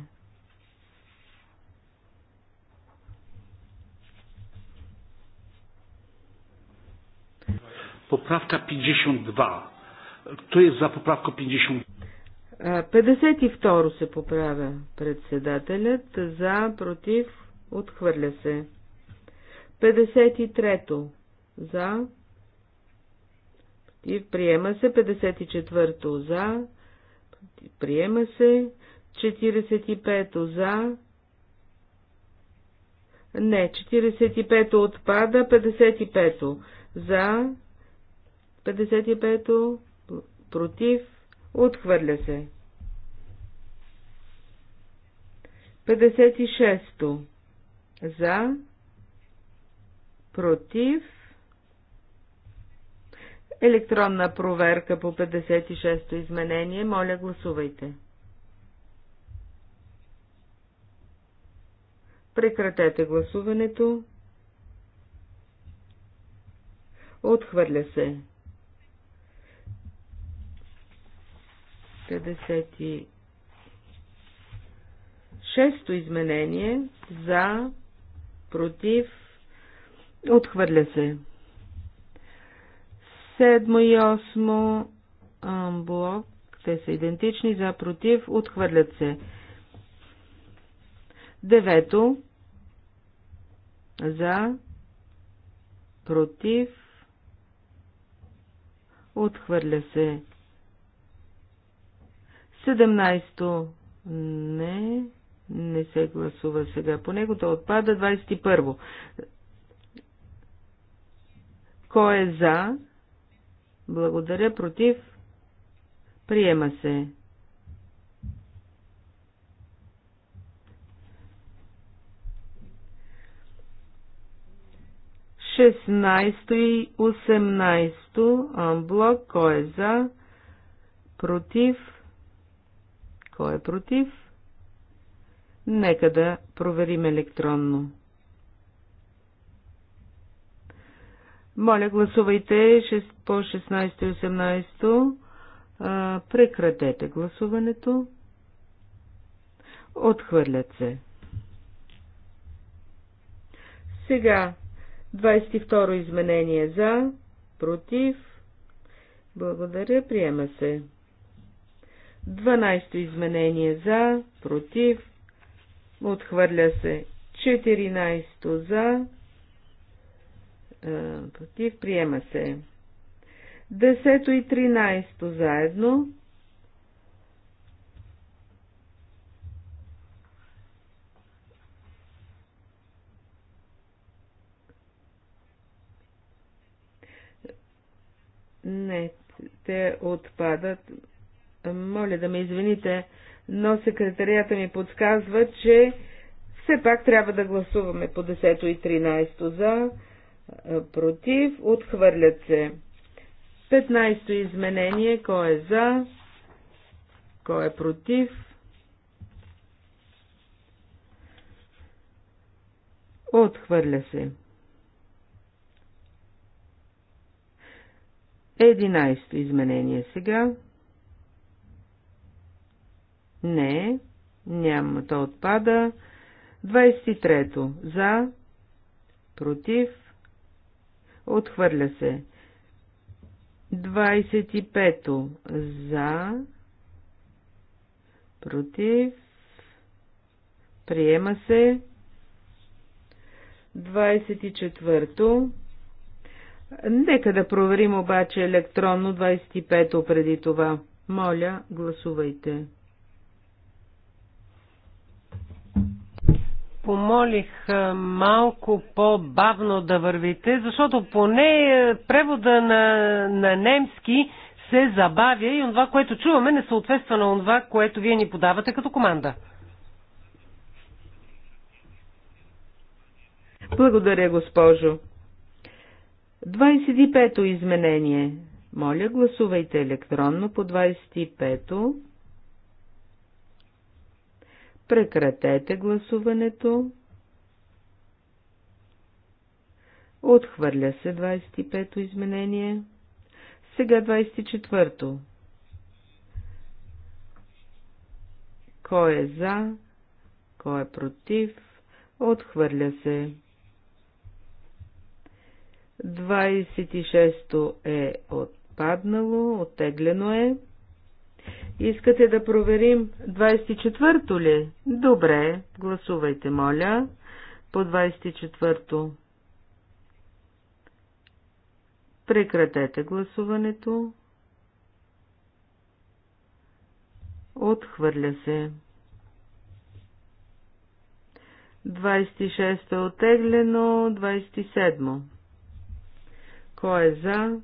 Поправка 52. Кто е за поправка 52? 52 се поправя председателят, за, против, отхвърля се. 53 то за, против, приема се. 54 то за, против, приема се. 45 за, не, 45 отпада, 55 за, 55-то, против, отхвърля се. 56-то, за, против, електронна проверка по 56-то изменение, моля гласувайте. Прекратете гласуването. Отхвърля се. 56 изменение за, против, отхвърля се. Седмо и осмо блок, те са идентични, за, против, отхвърлят се. Девето, за, против, отхвърля се. 17-то не, не се гласува сега по него, то отпада 21-во. Кой е за? Благодаря, против? Приема се. Шестнайсто и осемнайсто, Амблок. кой е за, против, кой е против? Нека да проверим електронно. Моля, гласувайте по 16 и 18. Прекратете гласуването. Отхвърлят се. Сега 22 изменение за, против. Благодаря, приема се. 12 то изменение за, против, отхвърля се 14 то за, е, против, приема се. 10 то и 13 то заедно. Не, те отпадат моля да ме извините, но секретарията ми подсказва, че все пак трябва да гласуваме по 10 и 13 за, против, отхвърлят се. 15 изменение, кой е за, кой е против. Отхвърля се. 11 изменение сега. Не. Няма. То отпада. 23. За. Против. Отхвърля се. 25. За. Против. Приема се. 24. Нека да проверим обаче електронно 25 преди това. Моля, гласувайте. помолих малко по-бавно да вървите, защото поне превода на, на немски се забавя и това, което чуваме, не съответства на това, което вие ни подавате като команда. Благодаря, госпожо. 25-то изменение. Моля, гласувайте електронно по 25-то. Прекратете гласуването. Отхвърля се 25-то изменение. Сега 24-то. Кой е за? Кой е против? Отхвърля се. 26-то е отпаднало, отеглено е. Искате да проверим 24-то ли? Добре, гласувайте, моля, по 24-то. Прекратете гласуването. Отхвърля се. 26 е отеглено, 27. Кой е за?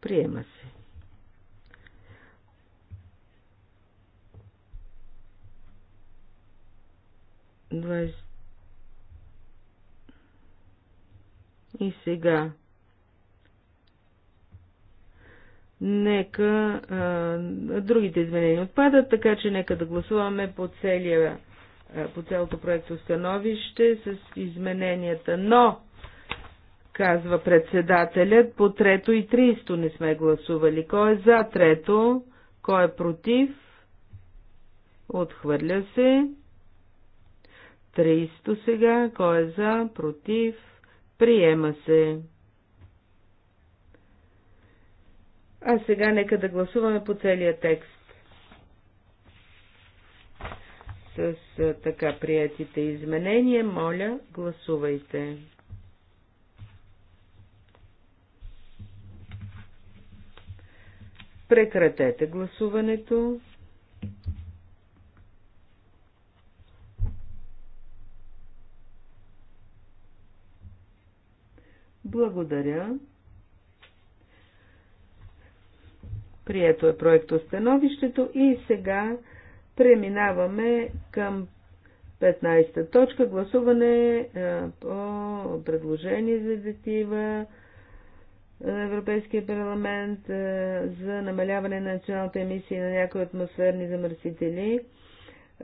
Приема се. 20... И сега. Нека а, другите изменения отпадат, така че нека да гласуваме по целия по цялото проекто становище с измененията, но, казва председателят, по трето и тристо не сме гласували. Кой е за трето, кой е против, отхвърля се. Тристо сега. Кой е за? Против? Приема се. А сега нека да гласуваме по целия текст. С така приятите изменения, моля, гласувайте. Прекратете гласуването. Благодаря. Прието е проекто становището и сега преминаваме към 15-та точка. Гласуване е, по предложение за директива на Европейския парламент е, за намаляване на националната емисия на някои атмосферни замърсители.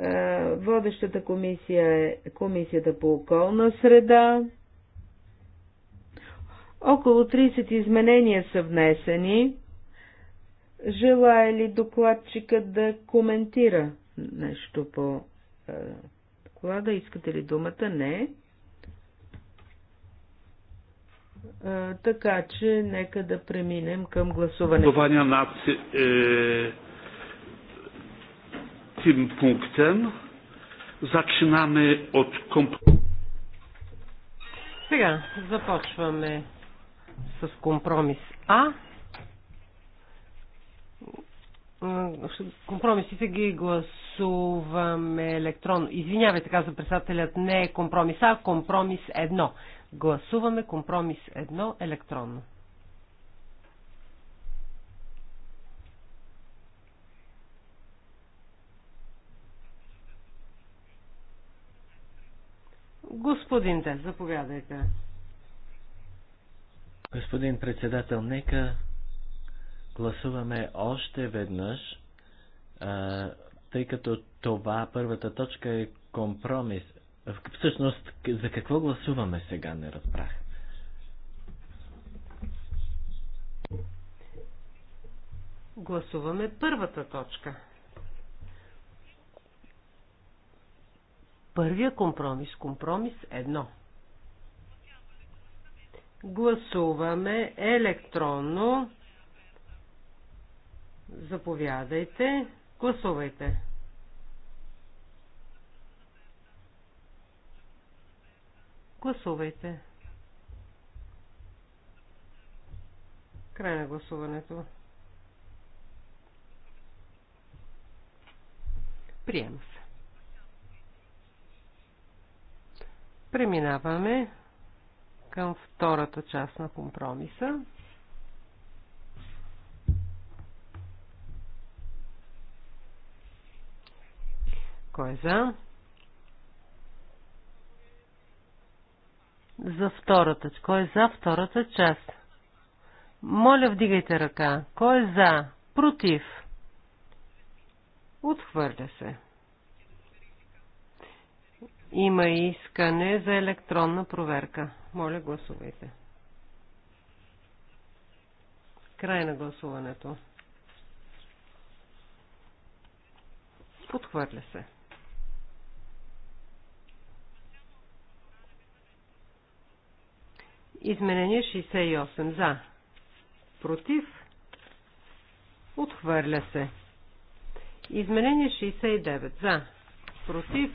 Е, водещата комисия е Комисията по околна среда. Около 30 изменения са внесени. Желая ли докладчика да коментира нещо по е, доклада? Искате ли думата? Не. Е, така че нека да преминем към гласуване. Гласуване над е, тим пунктен. Зачинаме от комп... Сега започваме с компромис А. Компромисите ги гласуваме електронно. Извинявайте, казва председателят, не е компромис А, компромис 1. Гласуваме компромис 1 електронно. Господин Те, заповядайте. Господин председател, нека гласуваме още веднъж, а, тъй като това първата точка е компромис. Всъщност, за какво гласуваме сега, не разбрах. Гласуваме първата точка. Първия компромис, компромис едно – Гласуваме електронно. Заповядайте. Гласувайте. Гласувайте. Край на гласуването. Приема се. Преминаваме към втората част на компромиса. Кой е за? За втората. Кой е за втората част? Моля, вдигайте ръка. Кой е за? Против? Отхвърля се. Има искане за електронна проверка. Моля, гласувайте. Край на гласуването. Подхвърля се. Изменение 68 за. Против. Отхвърля се. Изменение 69 за. Против.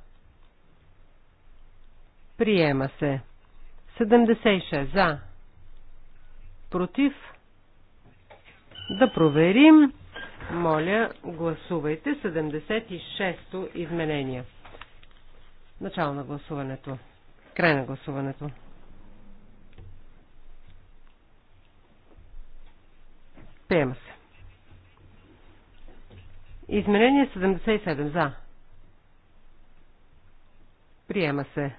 Приема се. 76 за. Против. Да проверим. Моля, гласувайте 76-то изменение. Начало на гласуването. Край на гласуването. Приема се. Изменение 77 за. Приема се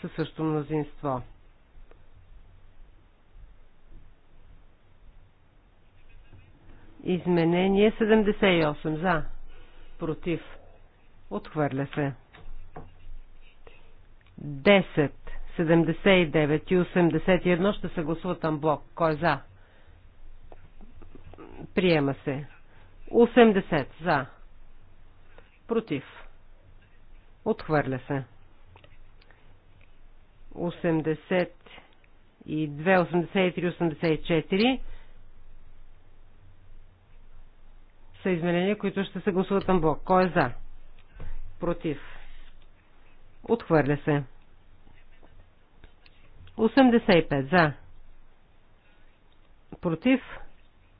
със също мнозинство. Изменение 78 за. Против. Отхвърля се. 10, 79 и 81 ще се гласуват блок. Кой е за? Приема се. 80 за. Против. Отхвърля се. 82, 83, 84 са изменения, които ще се гласуват на блок. Кой е за? Против. Отхвърля се. 85 за. Против.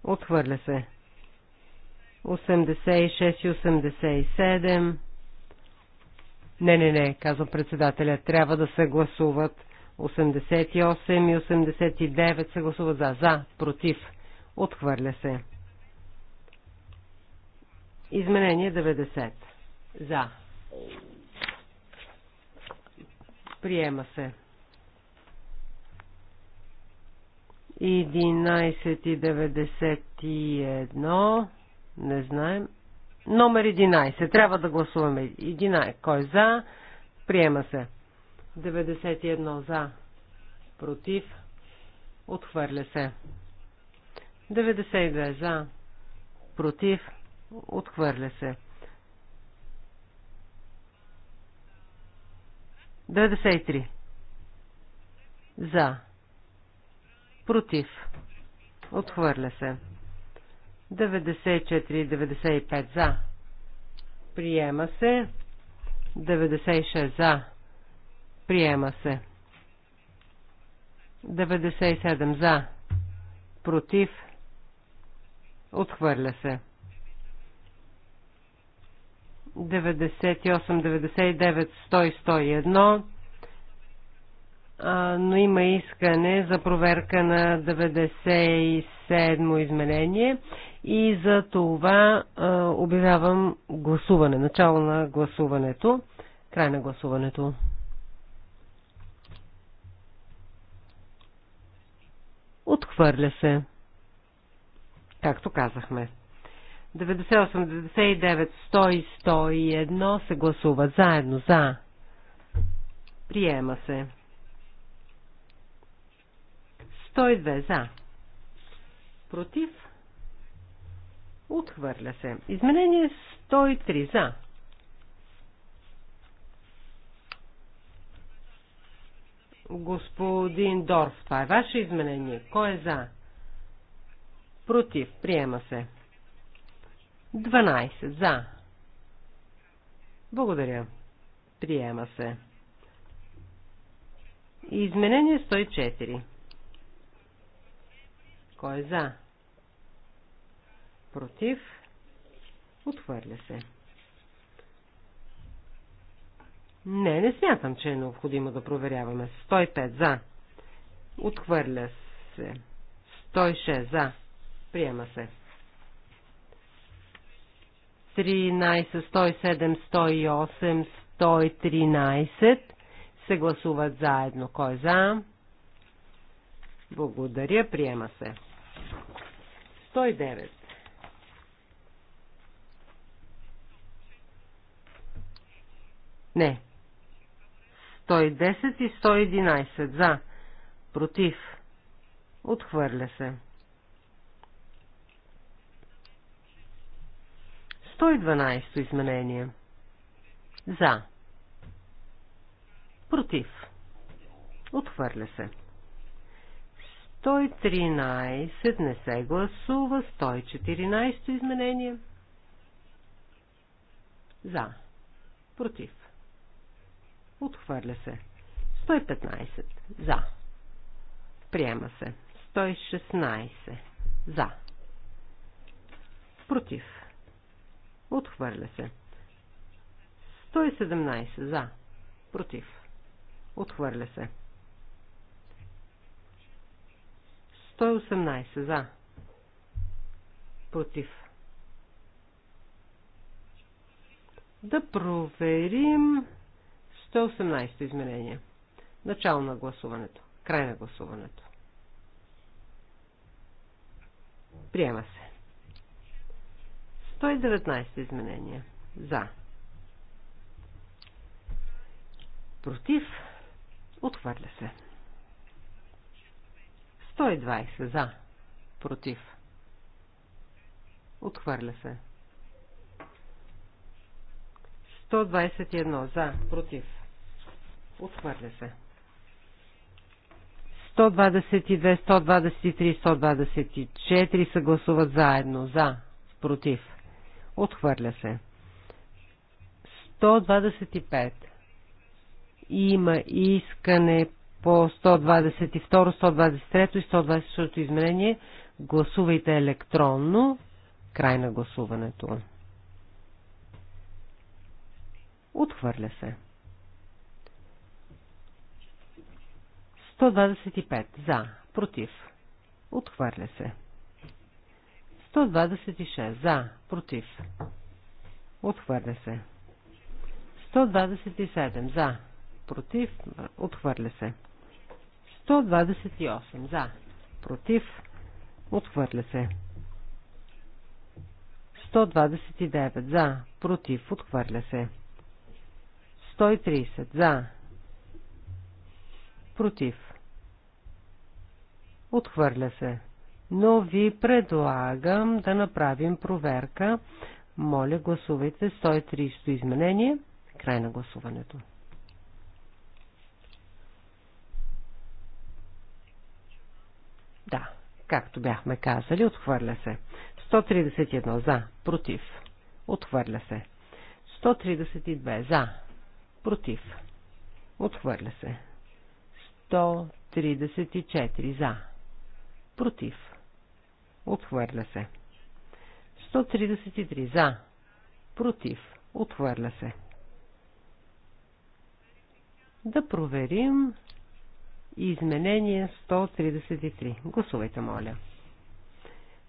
Отхвърля се. 86 и 87. Не, не, не, казва председателя. Трябва да се гласуват 88 и 89 се гласуват за. За, против. Отхвърля се. Изменение 90. За. Приема се. 11.91. Не знаем. Номер 11. Трябва да гласуваме. 11. Кой за? Приема се. 91 за. Против. Отхвърля се. 92 за. Против. Отхвърля се. 93. За. Против. Отхвърля се. 94 95 за. Приема се. 96 за. Приема се. 97 за. Против. Отхвърля се. 98, 99, 100 101 но има искане за проверка на 97 изменение и за това а, обявявам гласуване, начало на гласуването, край на гласуването. Отхвърля се. Както казахме. 98, 99, 100 и 101 се гласуват заедно за. Приема се. 102 за. Против. Отхвърля се. Изменение 103 за. Господин Дорф, това е ваше изменение. Кой е за? Против. Приема се. 12. За. Благодаря. Приема се. Изменение 104. Кой е за? против, отхвърля се. Не, не смятам, че е необходимо да проверяваме. 105 за. Отхвърля се. 106 за. Приема се. 13, 107, 108, 113 се гласуват заедно. Кой е за? Благодаря, приема се. 109 Не. 110 е и 111. За. Против. Отхвърля се. 112 изменение. За. Против. Отхвърля се. 113 не се гласува. 114 изменение. За. Против. Отхвърля се. 115. За. Приема се. 116. За. Против. Отхвърля се. 117. За. Против. Отхвърля се. 118. За. Против. Да проверим 118 изменение. Начало на гласуването. Край на гласуването. Приема се. 119 изменение. За. Против. Отхвърля се. 120 за. Против. Отхвърля се. 121 за. Против. Отхвърля се. 122, 123, 124 се гласуват заедно. За. Против. Отхвърля се. 125. Има искане по 122, 123 и 126 изменение. Гласувайте електронно. Край на гласуването. Отхвърля се. 125 за, против, отхвърля се. 126 за, против, отхвърля се. 127 за, против, отхвърля се. 128 за, против, отхвърля се. 129 за, против, отхвърля се. 130 за, против, Отхвърля се. Но ви предлагам да направим проверка. Моля, гласувайте 130 изменение. Край на гласуването. Да, както бяхме казали, отхвърля се. 131 за, против. Отхвърля се. 132 за, против. Отхвърля се. 134 за, Против. Отхвърля се. 133. За. Против. Отхвърля се. Да проверим изменение 133. Гласувайте, моля.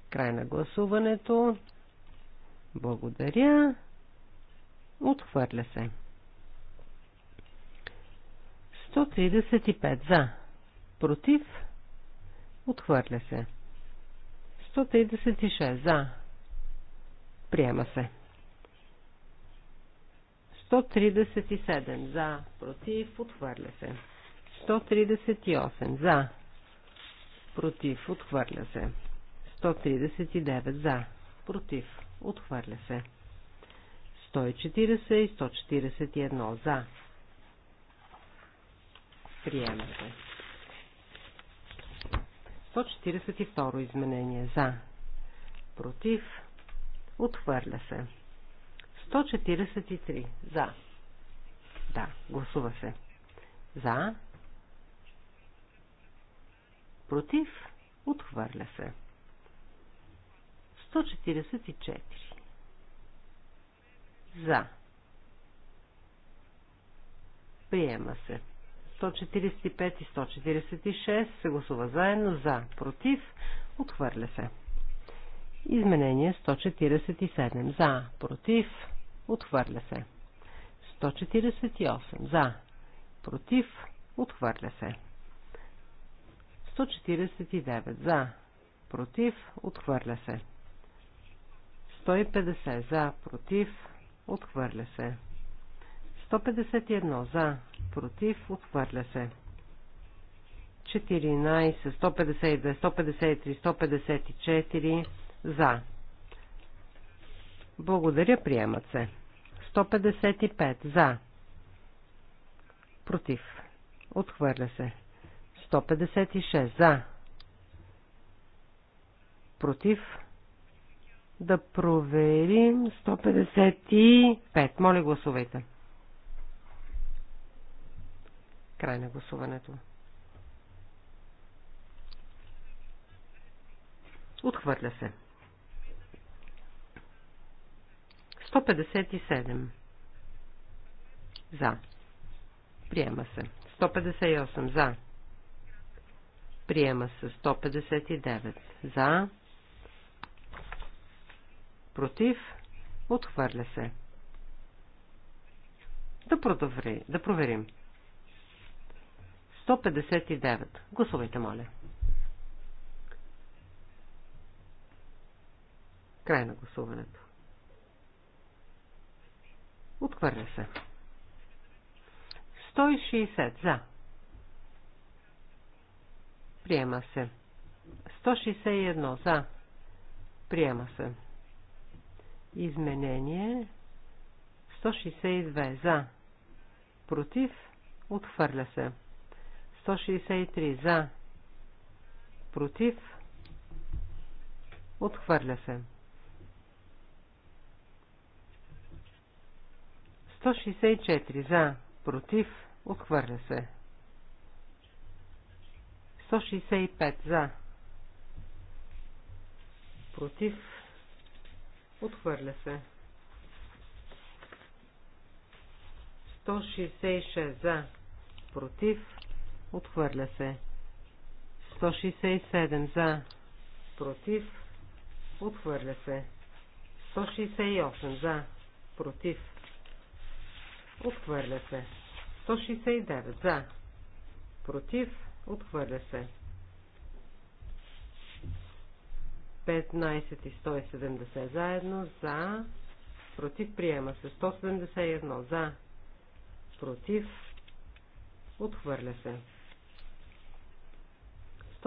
Край на гласуването. Благодаря. Отхвърля се. 135 за. Против. Отхвърля се. 136 за. Приема се. 137 за. Против. Отхвърля се. 138 за. Против. Отхвърля се. 139 за. Против. Отхвърля се. 140 и 141 за. Приема се. 142 изменение. За. Против. Отхвърля се. 143. За. Да, гласува се. За. Против. Отхвърля се. 144. За. Приема се. 145 и 146 се гласува заедно за, против, отхвърля се. Изменение 147 за, против, отхвърля се. 148 за, против, отхвърля се. 149 за, против, отхвърля се. 150 за, против, отхвърля се. 151 за, против, отхвърля се. 14, 152, 153, 154 за. Благодаря, приемат се. 155 за. Против. Отхвърля се. 156 за. Против. Да проверим 155. Моля, гласувайте. 155. Край на гласуването. Отхвърля се. 157. За. Приема се. 158. За. Приема се. 159. За. Против. Отхвърля се. Да, продоври, да проверим. 159. Гласувайте, моля. Край на гласуването. Отхвърля се. 160 за. Приема се. 161 за. Приема се. Изменение. 162 за. Против. Отхвърля се. 163 за, против, отхвърля се. 164 за, против, отхвърля се. 165 за, против, отхвърля се. 166 за, против, Отхвърля се. 167 за. Против. Отхвърля се. 168 за. Против. Отхвърля се. 169 за. Против. Отхвърля се. 15 и 170 заедно. За. Против. Приема се. 171 за. Против. Отхвърля се.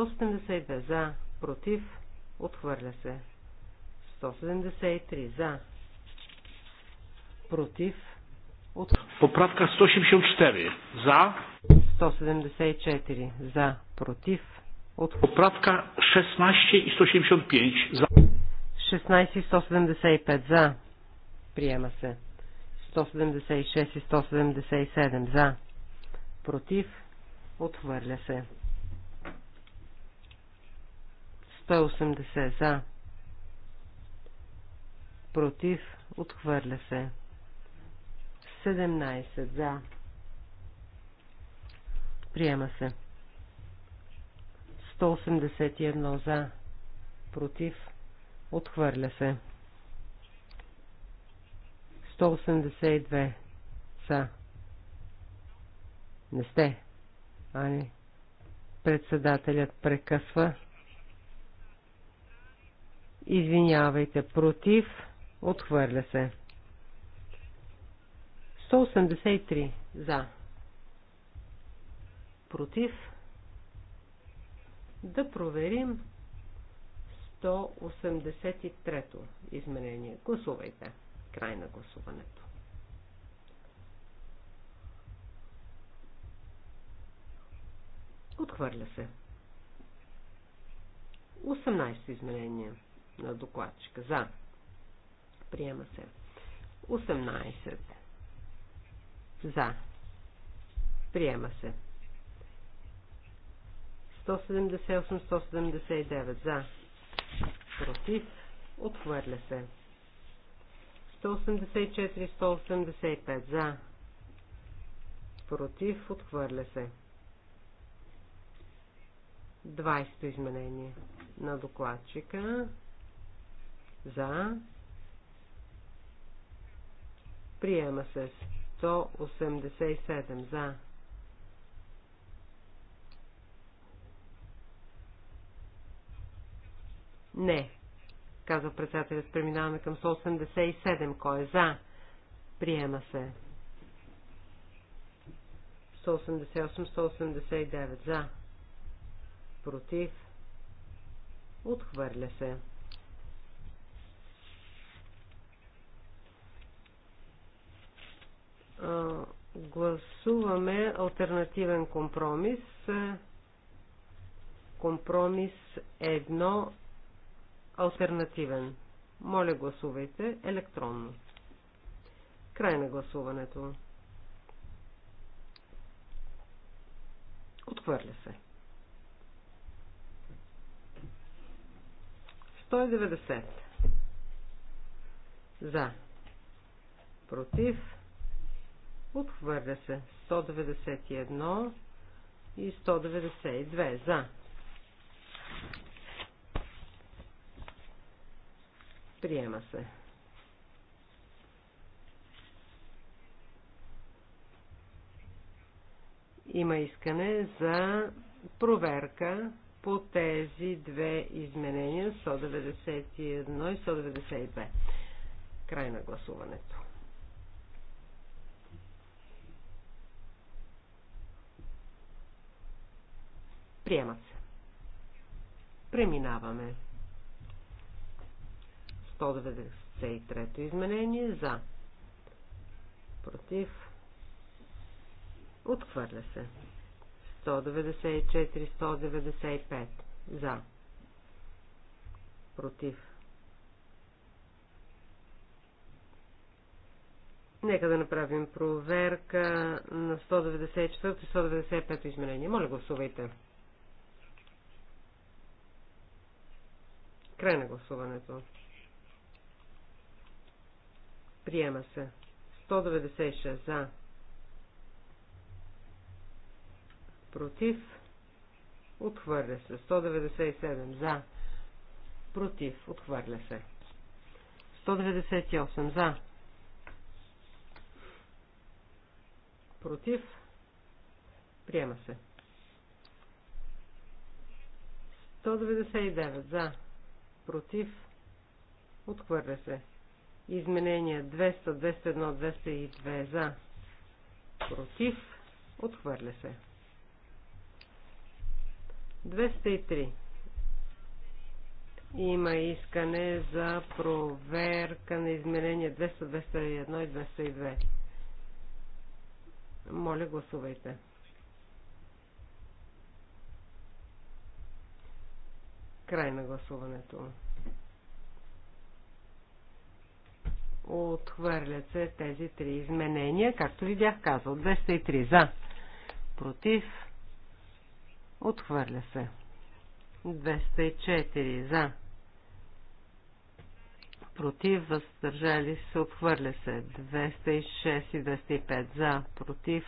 172 за, против, отхвърля се. 173 за, против, отхвърля Поправка 164 за. 174 за, против, отхвърля Поправка 16 и 175 за. 16 и 175 за. Приема се. 176 и 177 за. Против. Отхвърля се. 180 за. Против. Отхвърля се. 17 за. Приема се. 181 за. Против. Отхвърля се. 182 за. Не сте. Ани. Председателят прекъсва. Извинявайте, против. Отхвърля се. 183 за. Против. Да проверим 183-то изменение. Гласувайте. Край на гласуването. Отхвърля се. 18 изменения на докладчика. За. Приема се. 18. За. Приема се. 178-179. За. Против. Отхвърля се. 184-185. За. Против. Отхвърля се. 20 изменение на докладчика. За. Приема се 187 за. Не, казва председателят. Преминаваме към 187. Кой е за? Приема се. 188-189 за. Против. Отхвърля се. гласуваме альтернативен компромис. Компромис 1 альтернативен. Моля гласувайте електронно. Край на гласуването. Отхвърля се. 190. За. Против. Отхвърля се. 191 и 192. За. Приема се. Има искане за проверка по тези две изменения 191 и 192. Край на гласуването. Приема се. Преминаваме. 193 изменение за. Против. Отхвърля се. 194-195 за. Против. Нека да направим проверка на 194 и 195 изменение. Моля, гласувайте. Край на гласуването. Приема се. 196 за. Против. Отхвърля се. 197 за. Против. Отхвърля се. 198 за. Против. Приема се. 199 за против, отхвърля се. Изменения 200, 201, 202 за, против, отхвърля се. 203. Има искане за проверка на изменение 200, 201 и 202. Моля, гласувайте. Край на гласуването. Отхвърлят се тези три изменения, както ви бях казал. 203 за, против, отхвърля се. 204 за, против, въздържали се, отхвърля се. 206 и 205 за, против,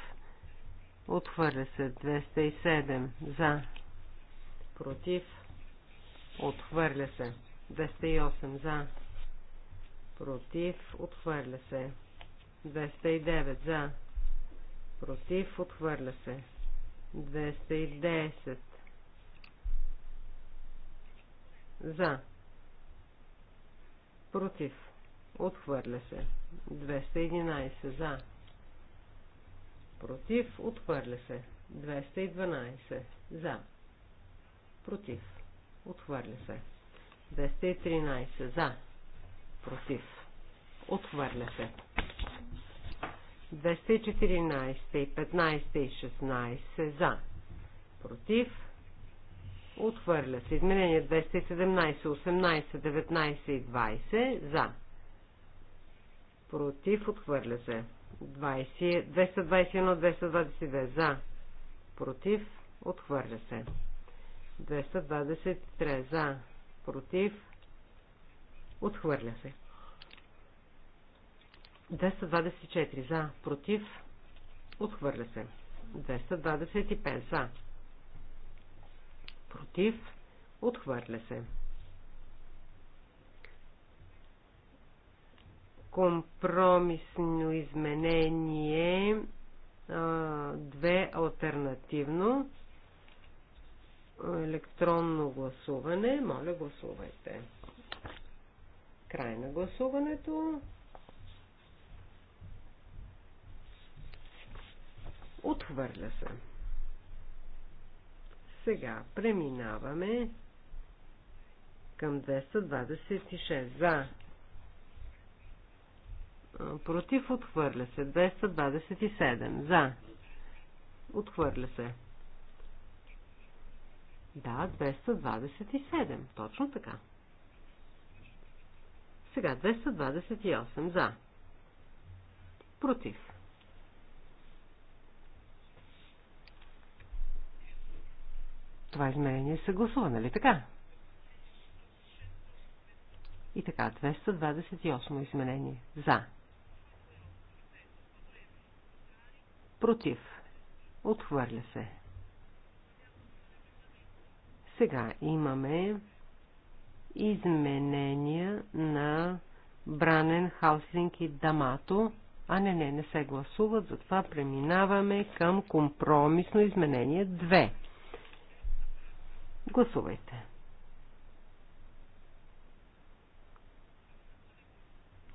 отхвърля се. 207 за, против, Отхвърля се. 208 за. Против. Отхвърля се. 209 за. Против. Отхвърля се. 210 за. Против. Отхвърля се. 211 за. Против. Отхвърля се. 212 за. Против. Отхвърля се. 213 за. Против. Отхвърля се. 214 и 15 и 16 за. Против. Отхвърля се. Изменение 217, 18, 19 и 20 за. Против. Отхвърля се. 20, 221, 222 за. Против. Отхвърля се. 223 за, против, отхвърля се. 224 за, против, отхвърля се. 225 за, против, отхвърля се. Компромисно изменение, две альтернативно електронно гласуване. Моля, гласувайте. Край на гласуването. Отхвърля се. Сега преминаваме към 226. За. Против отхвърля се. 227. За. Отхвърля се. Да, 227. Точно така. Сега 228 за. Против. Това изменение е съгласуване, ли така? И така, 228 изменение. За. Против. Отхвърля се. Сега имаме изменения на Бранен, Хаусинг и Дамато. А не, не, не се гласуват, затова преминаваме към компромисно изменение 2. Гласувайте.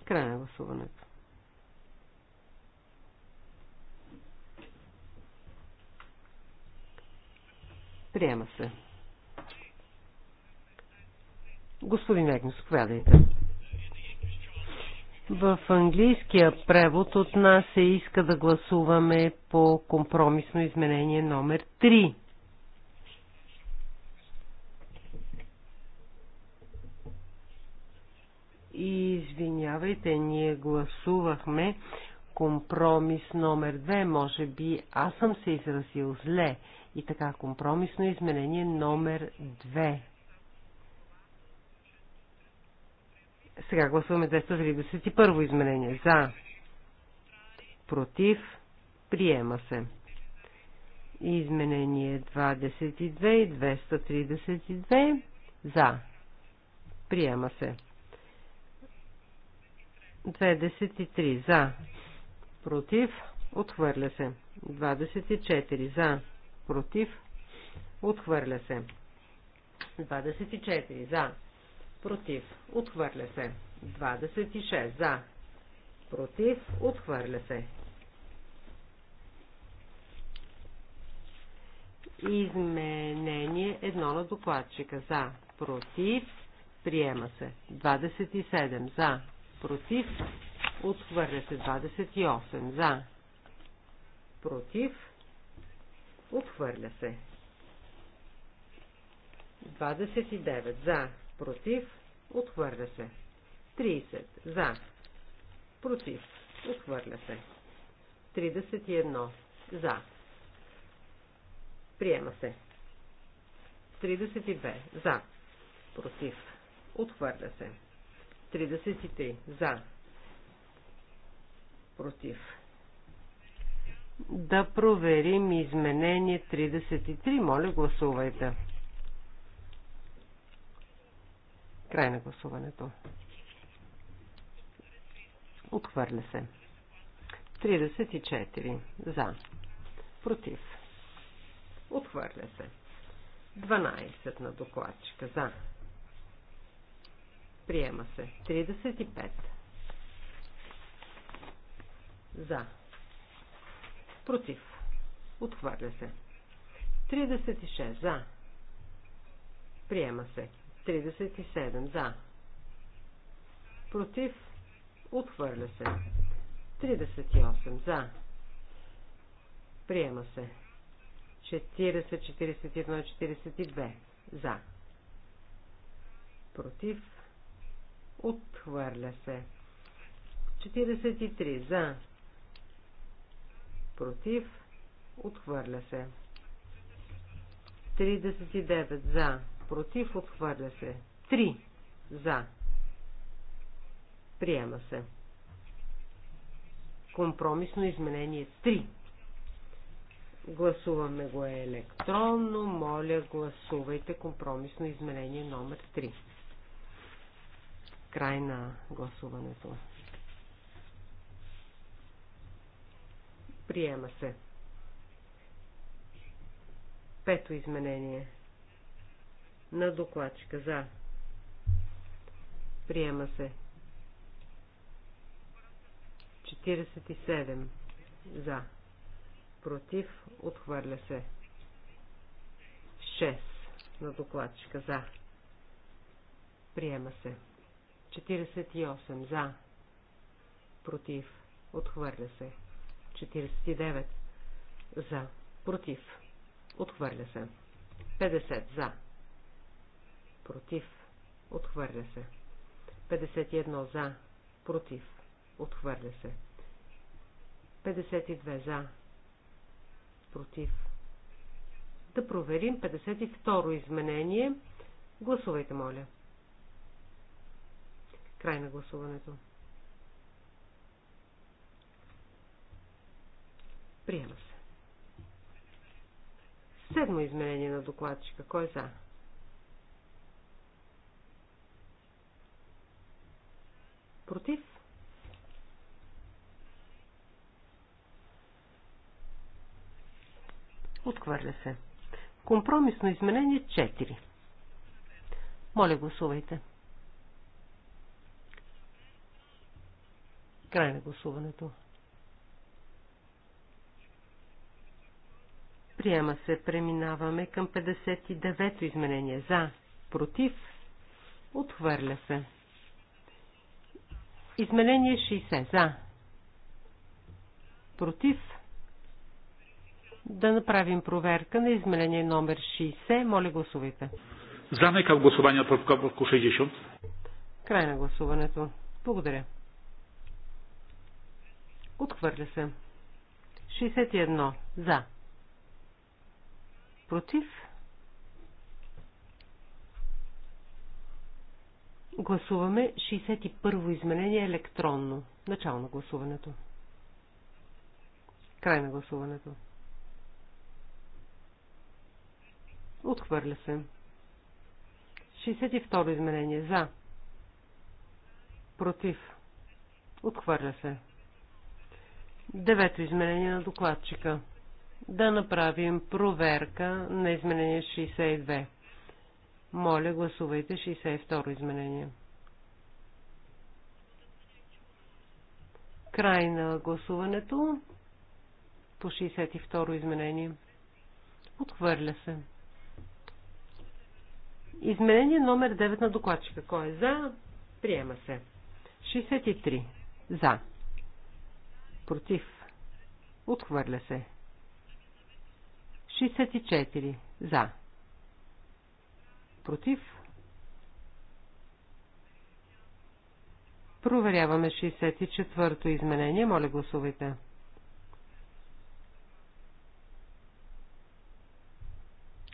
Край на гласуването. Приема се. Господин Егнес, заповядайте. В английския превод от нас се иска да гласуваме по компромисно изменение номер 3. И извинявайте, ние гласувахме компромис номер 2. Може би аз съм се изразил зле. И така, компромисно изменение номер 2. Сега гласуваме 291 изменение. За. Против. Приема се. Изменение 22 и 232. За. Приема се. 23. За. Против. Отхвърля се. 24. За. Против. Отхвърля се. 24. За против, отхвърля се. 26 за, против, отхвърля се. Изменение едно на докладчика за, против, приема се. 27 за, против, отхвърля се. 28 за, против, отхвърля се. 29 за, против, Отхвърля се. 30. За. Против. Отхвърля се. 31. За. Приема се. 32. За. Против. Отхвърля се. 33. За. Против. Да проверим изменение 33. Моля, гласувайте. Край на гласуването. Отхвърля се. 34. За. Против. Отхвърля се. 12 на докладчика. За. Приема се. 35. За. Против. Отхвърля се. 36. За. Приема се. 37 за. Против. Отхвърля се. 38 за. Приема се. 40, 41, 42 за. Против. Отхвърля се. 43 за. Против. Отхвърля се. 39 за против, отхвърля се. 3 за, приема се. Компромисно изменение 3. Гласуваме го електронно. Моля, гласувайте компромисно изменение номер 3. Край на гласуването. Приема се. Пето изменение на докладчика. За. Приема се. 47. За. Против. Отхвърля се. 6. На докладчика. За. Приема се. 48. За. Против. Отхвърля се. 49. За. Против. Отхвърля се. 50. За против, отхвърля се. 51 за, против, отхвърля се. 52 за, против. Да проверим 52 изменение. Гласувайте, моля. Край на гласуването. Приема се. Седмо изменение на докладчика. Кой е за? Против? Отхвърля се. Компромисно изменение 4. Моля, гласувайте. Край на гласуването. Приема се. Преминаваме към 59-то изменение. За. Против. Отхвърля се. Изменение 60. За. Против. Да направим проверка на изменение номер 60. Моля гласувайте. Замекам гласуване на поправка 60. Край на гласуването. Благодаря. Отхвърля се. 61. За. Против. Гласуваме 61-во изменение електронно. Начало на гласуването. Край на гласуването. Отхвърля се. 62 изменение. За. Против. Отхвърля се. Девето изменение на докладчика. Да направим проверка на изменение 62. Моля, гласувайте 62 изменение. Край на гласуването по 62 изменение. Отхвърля се. Изменение номер 9 на докладчика. Кой е за? Приема се. 63. За. Против. Отхвърля се. 64. За против. Проверяваме 64-то изменение. Моля, гласувайте.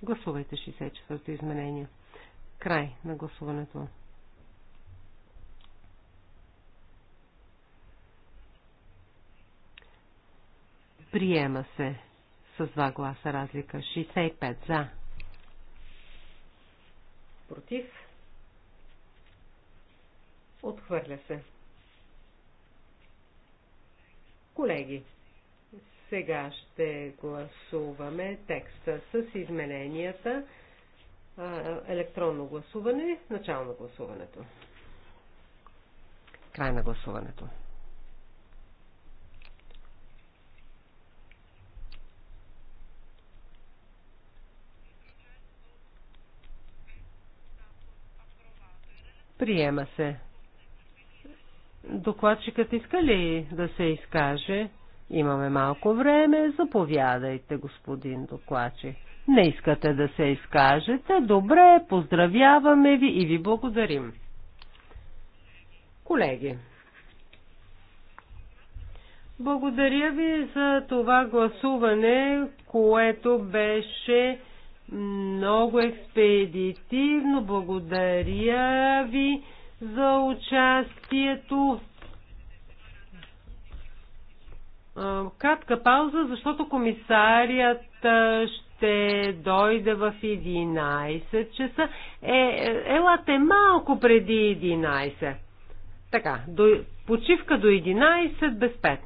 Гласувайте 64-то изменение. Край на гласуването. Приема се с два гласа разлика. 65 за. Против. Отхвърля се. Колеги, сега ще гласуваме текста с измененията. Електронно гласуване, начало на гласуването. Край на гласуването. Приема се. Докладчикът иска ли да се изкаже? Имаме малко време. Заповядайте, господин докладчик. Не искате да се изкажете? Добре, поздравяваме ви и ви благодарим. Колеги, благодаря ви за това гласуване, което беше много експедитивно. Благодаря ви за участието. Кратка пауза, защото комисарият ще дойде в 11 часа. Е, елате малко преди 11. Така, до, почивка до 11 без 5.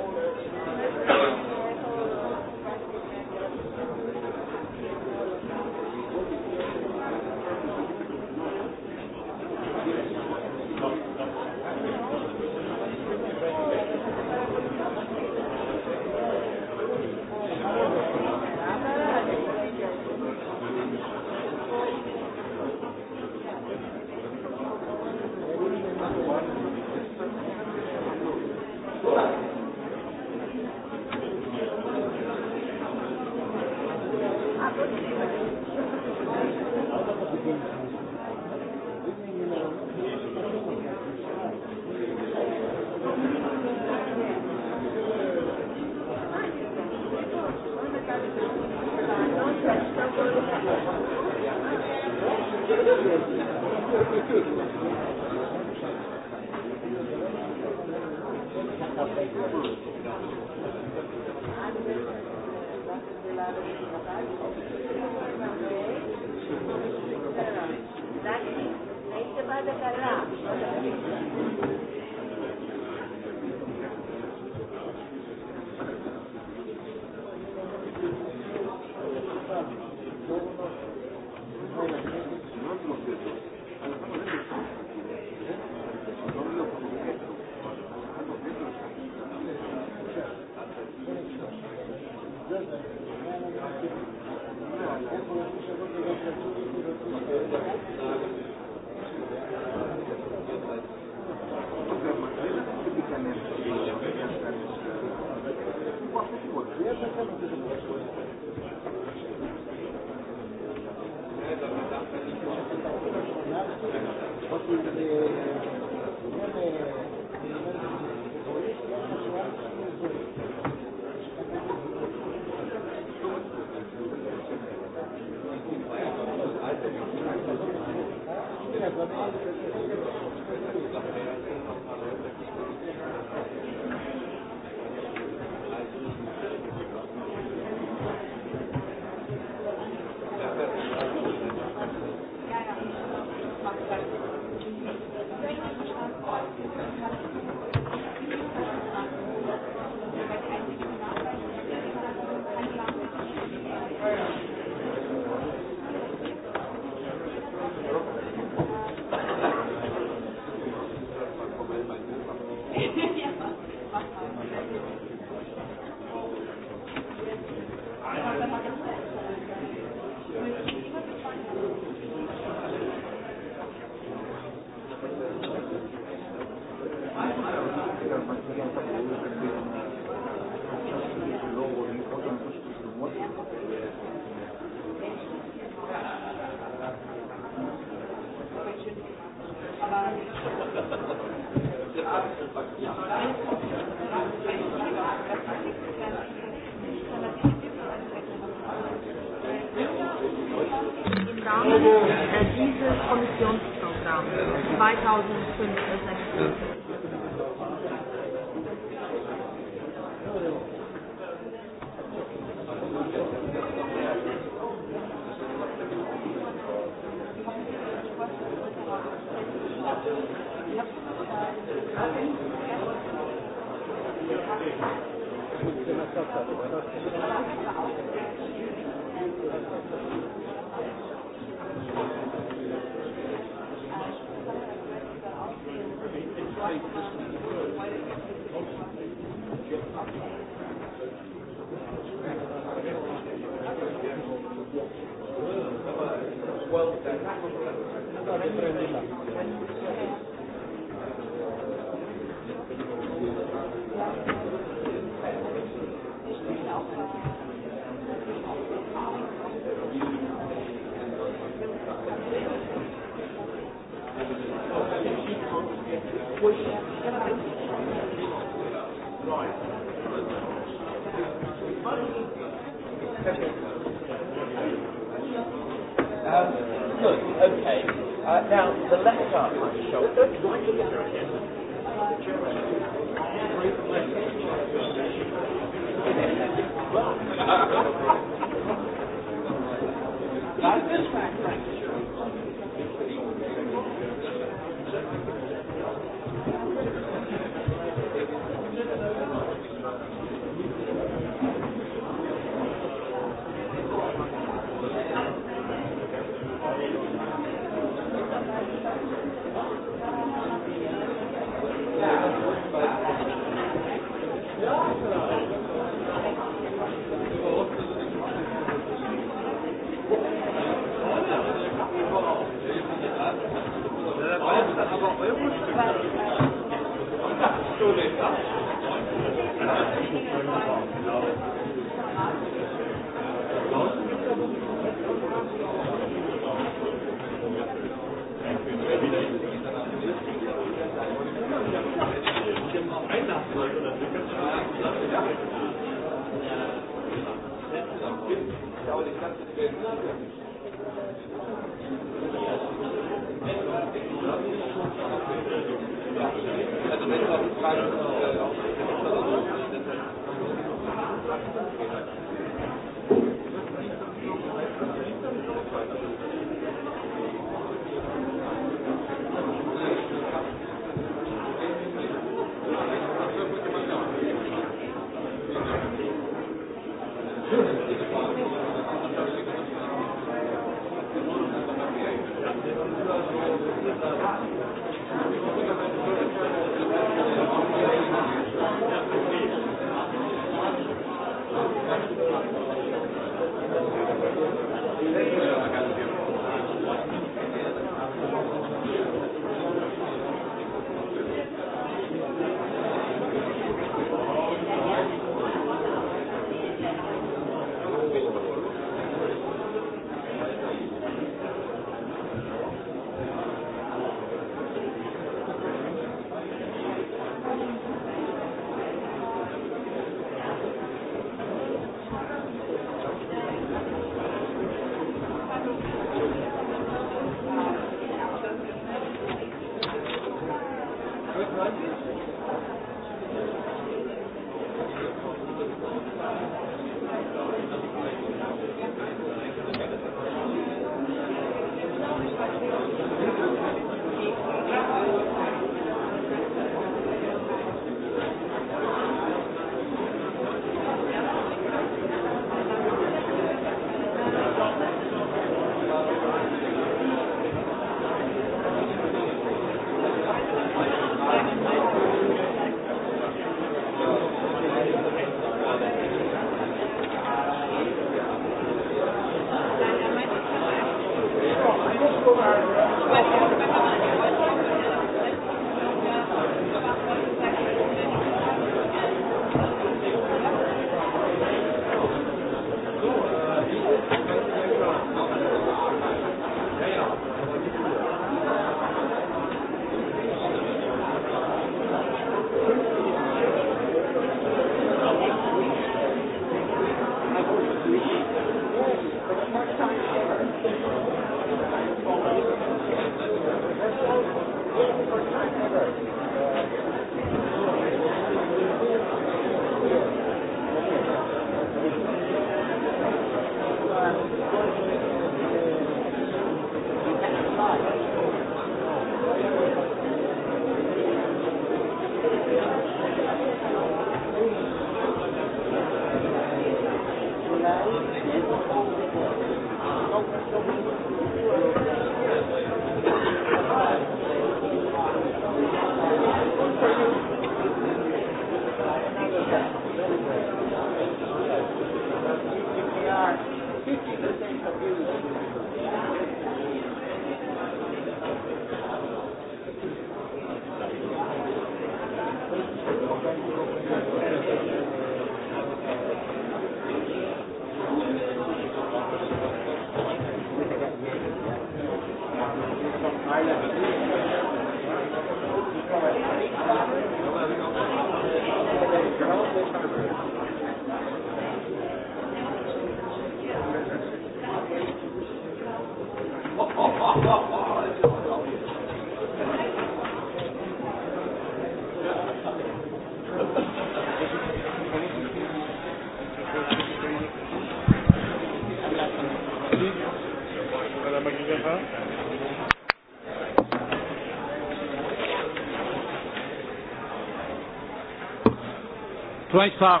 Proszę Państwa,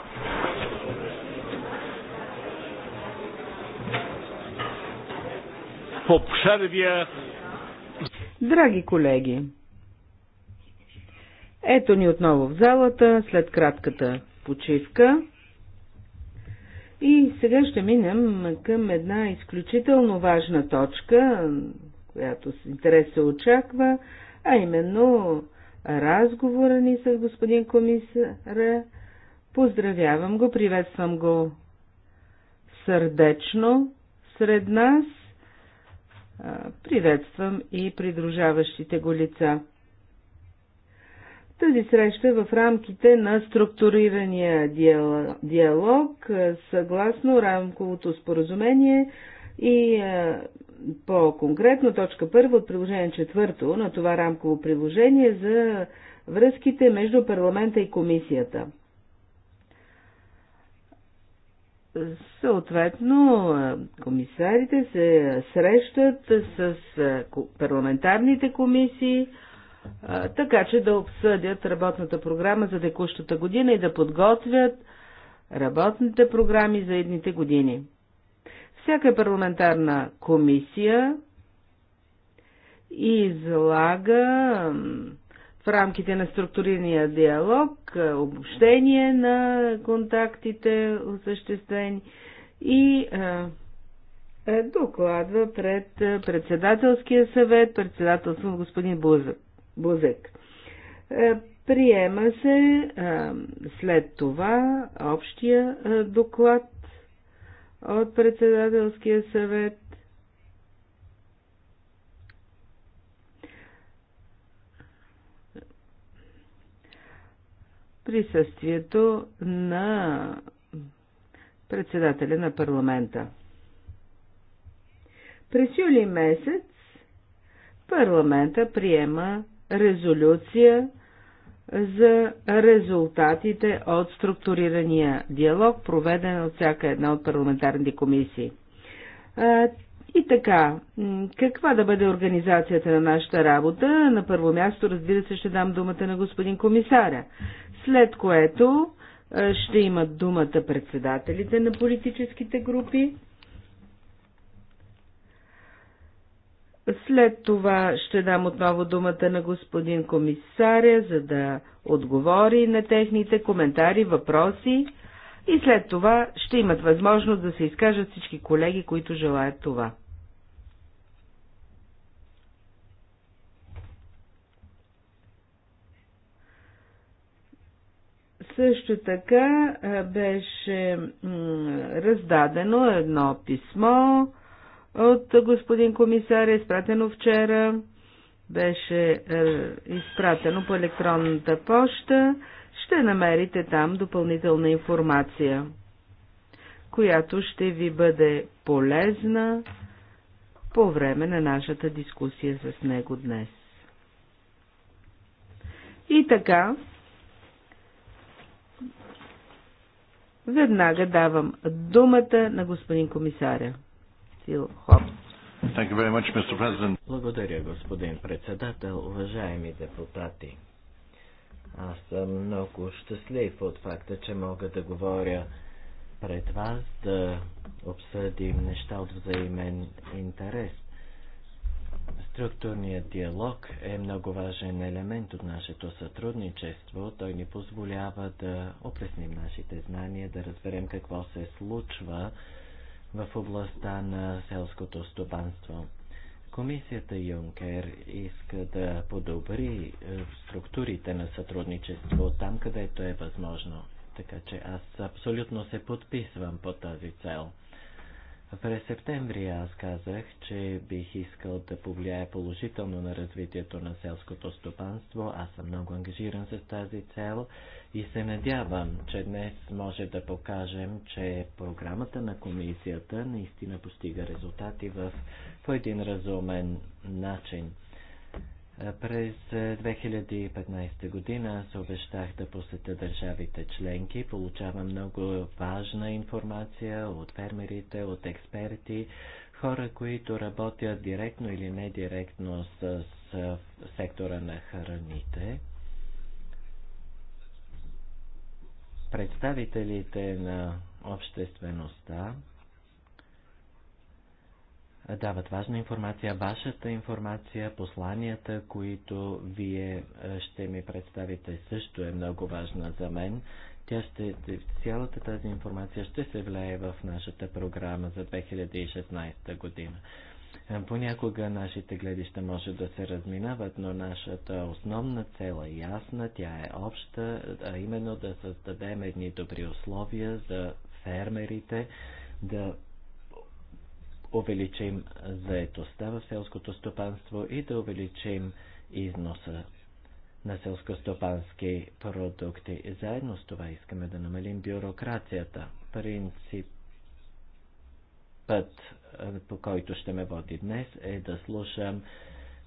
po przerwie. Драги колеги, ето ни отново в залата след кратката почивка. И сега ще минем към една изключително важна точка, която с интерес се очаква, а именно разговора ни с господин комисара Поздравявам го, приветствам го сърдечно сред нас. Приветствам и придружаващите го лица. Тази среща е в рамките на структурирания диалог, съгласно рамковото споразумение и по-конкретно точка първа от приложение четвърто на това рамково приложение за връзките между парламента и комисията. Съответно, комисарите се срещат с парламентарните комисии, така че да обсъдят работната програма за текущата година и да подготвят работните програми за едните години. Всяка парламентарна комисия излага в рамките на структурирания диалог, е, обобщение на контактите осъществени и е, е, докладва пред председателския съвет, на господин Бузек. Приема се след това общия доклад от председателския съвет присъствието на председателя на парламента. През юли месец парламента приема резолюция за резултатите от структурирания диалог, проведен от всяка една от парламентарните комисии. И така, каква да бъде организацията на нашата работа? На първо място, разбира се, ще дам думата на господин комисаря след което ще имат думата председателите на политическите групи. След това ще дам отново думата на господин комисаря, за да отговори на техните коментари, въпроси и след това ще имат възможност да се изкажат всички колеги, които желаят това. Също така беше раздадено едно писмо от господин комисаря, изпратено вчера. Беше изпратено по електронната поща. Ще намерите там допълнителна информация, която ще ви бъде полезна по време на нашата дискусия с него днес. И така, Веднага давам думата на господин комисаря. Фил Хопс. Thank you very much, Mr. President. Благодаря, господин председател, уважаеми депутати. Аз съм много щастлив от факта, че мога да говоря пред вас да обсъдим неща от взаимен интерес. Структурният диалог е много важен елемент от нашето сътрудничество. Той ни позволява да опресним нашите знания, да разберем какво се случва в областта на селското стопанство. Комисията Юнкер иска да подобри е, структурите на сътрудничество там, където е възможно. Така че аз абсолютно се подписвам по тази цел. През септември аз казах, че бих искал да повлияе положително на развитието на селското стопанство. Аз съм много ангажиран с тази цел и се надявам, че днес може да покажем, че програмата на комисията наистина постига резултати в по един разумен начин. Е, през 2015 е, година аз обещах да посетя държавите членки. Получавам много важна информация от фермерите, от експерти, хора, които работят директно или недиректно с, с сектора на храните. Представителите на обществеността дават важна информация, вашата информация, посланията, които вие е, ще ми представите също е много важна за мен. Тя ще, цялата тази информация ще се влее в нашата програма за 2016 година. Е, понякога нашите гледища може да се разминават, но нашата основна цел е ясна, тя е обща, а именно да създадем едни добри условия за фермерите, да увеличим заетостта в селското стопанство и да увеличим износа на селскостопански продукти. Заедно с това искаме да намалим бюрокрацията. Принцип път, е, по който ще ме води днес, е да слушам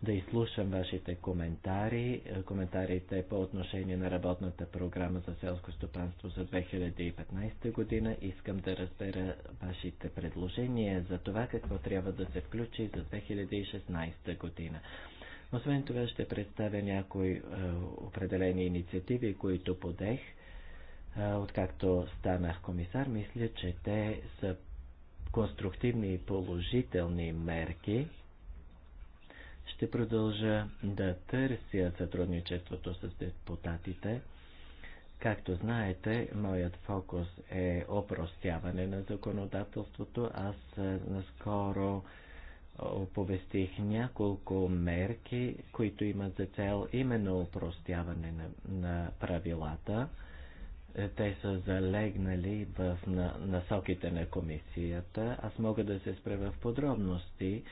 да изслушам вашите коментари, е, коментарите по отношение на работната програма за селско стопанство за 2015 година. Искам да разбера вашите предложения за това какво трябва да се включи за 2016 година. Освен това ще представя някои е, определени инициативи, които подех. Е, откакто станах комисар, мисля, че те са конструктивни и положителни мерки, ще продължа да търся сътрудничеството с депутатите. Както знаете, моят фокус е опростяване на законодателството. Аз наскоро оповестих няколко мерки, които имат за цел именно опростяване на, на правилата. Е, те са залегнали в насоките на комисията. Аз мога да се спра в подробности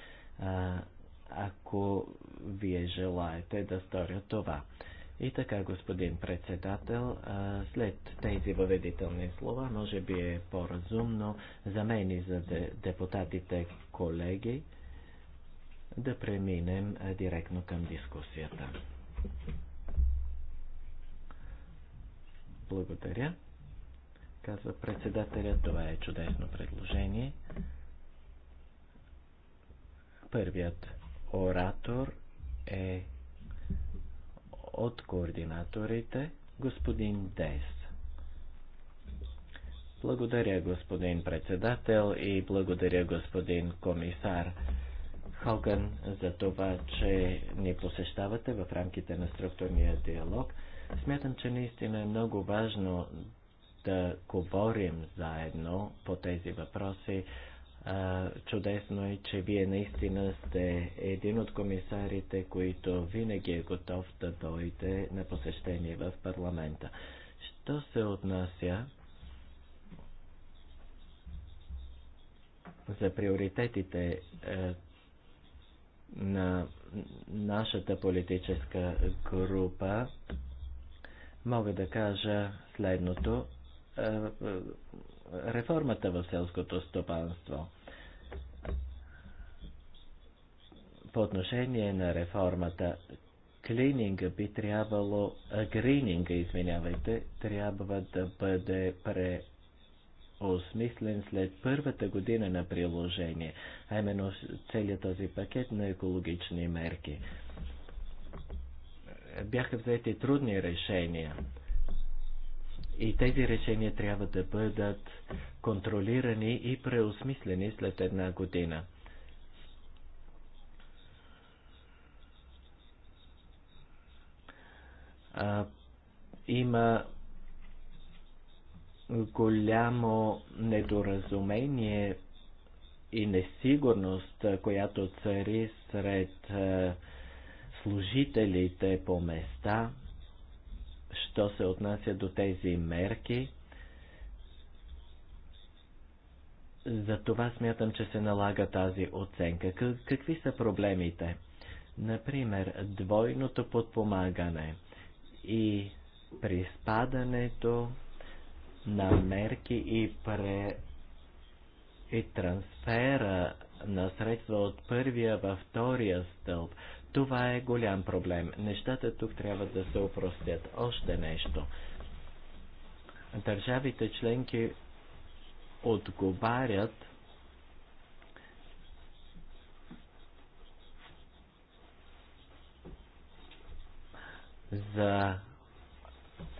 ако вие желаете да сторя това. И така, господин председател, след тези въведителни слова, може би е по-разумно за мен и за депутатите колеги да преминем директно към дискусията. Благодаря. Казва председателя, това е чудесно предложение. Първият оратор е от координаторите господин Дес. Благодаря, господин председател и благодаря, господин комисар Хоган, за това, че ни посещавате в рамките на структурния диалог. Смятам, че наистина е много важно да говорим заедно по тези въпроси. Чудесно е, че вие наистина сте един от комисарите, които винаги е готов да дойде на посещение в парламента. Що се отнася за приоритетите е, на нашата политическа група, мога да кажа следното. Е, е, реформата в селското стопанство. По отношение на реформата, клининга би трябвало, а, грининга, извинявайте, трябва да бъде преосмислен след първата година на приложение, а именно целият този пакет на екологични мерки. Бяха взети трудни решения и тези решения трябва да бъдат контролирани и преосмислени след една година. има голямо недоразумение и несигурност, която цари сред служителите по места, що се отнася до тези мерки. За това смятам, че се налага тази оценка. Какви са проблемите? Например, двойното подпомагане – и приспадането на мерки и, пре... и трансфера на средства от първия във втория стълб. Това е голям проблем. Нещата тук трябва да се упростят. Още нещо. Държавите членки отговарят за,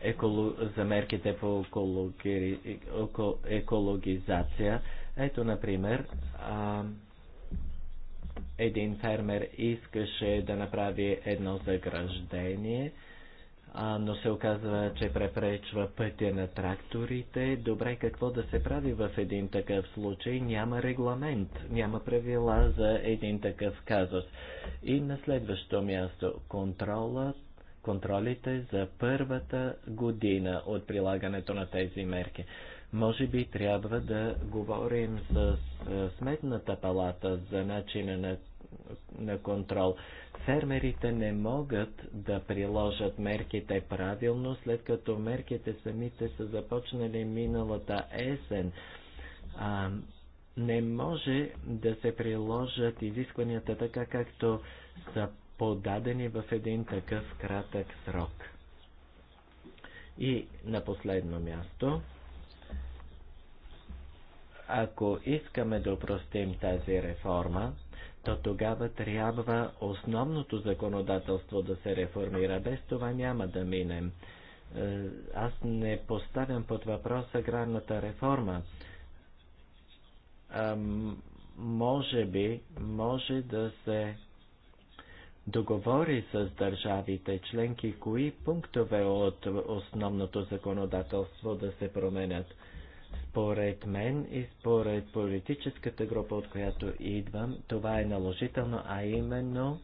еколо, за мерките по екологи, еко, екологизация. Ето, например, а, един фермер искаше да направи едно заграждение, а, но се оказва, че препречва пътя на тракторите. Добре, какво да се прави в един такъв случай? Няма регламент, няма правила за един такъв казус. И на следващо място, контролът контролите за първата година от прилагането на тези мерки. Може би трябва да говорим с е, Сметната палата за начина на, на контрол. Фермерите не могат да приложат мерките правилно, след като мерките самите са започнали миналата есен. А, не може да се приложат изискванията така, както са подадени в един такъв кратък срок. И на последно място, ако искаме да упростим тази реформа, то тогава трябва основното законодателство да се реформира. Без това няма да минем. Е, аз не поставям под въпрос аграрната реформа. А, може би, може да се договори с държавите членки, кои пунктове от основното законодателство да се променят. Според мен и според политическата група, от която идвам, това е наложително, а именно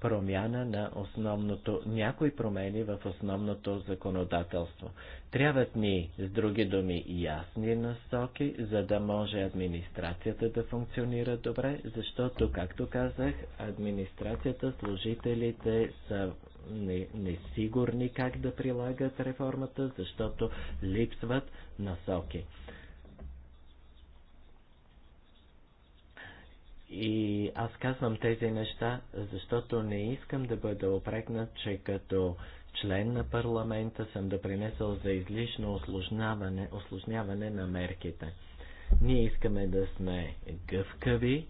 промяна на основното, някои промени в основното законодателство. Трябват ни, с други думи, ясни насоки, за да може администрацията да функционира добре, защото, както казах, администрацията, служителите са несигурни не как да прилагат реформата, защото липсват насоки. И аз казвам тези неща, защото не искам да бъда опрекнат, че като член на парламента съм допринесъл за излишно осложняване, осложняване на мерките. Ние искаме да сме гъвкави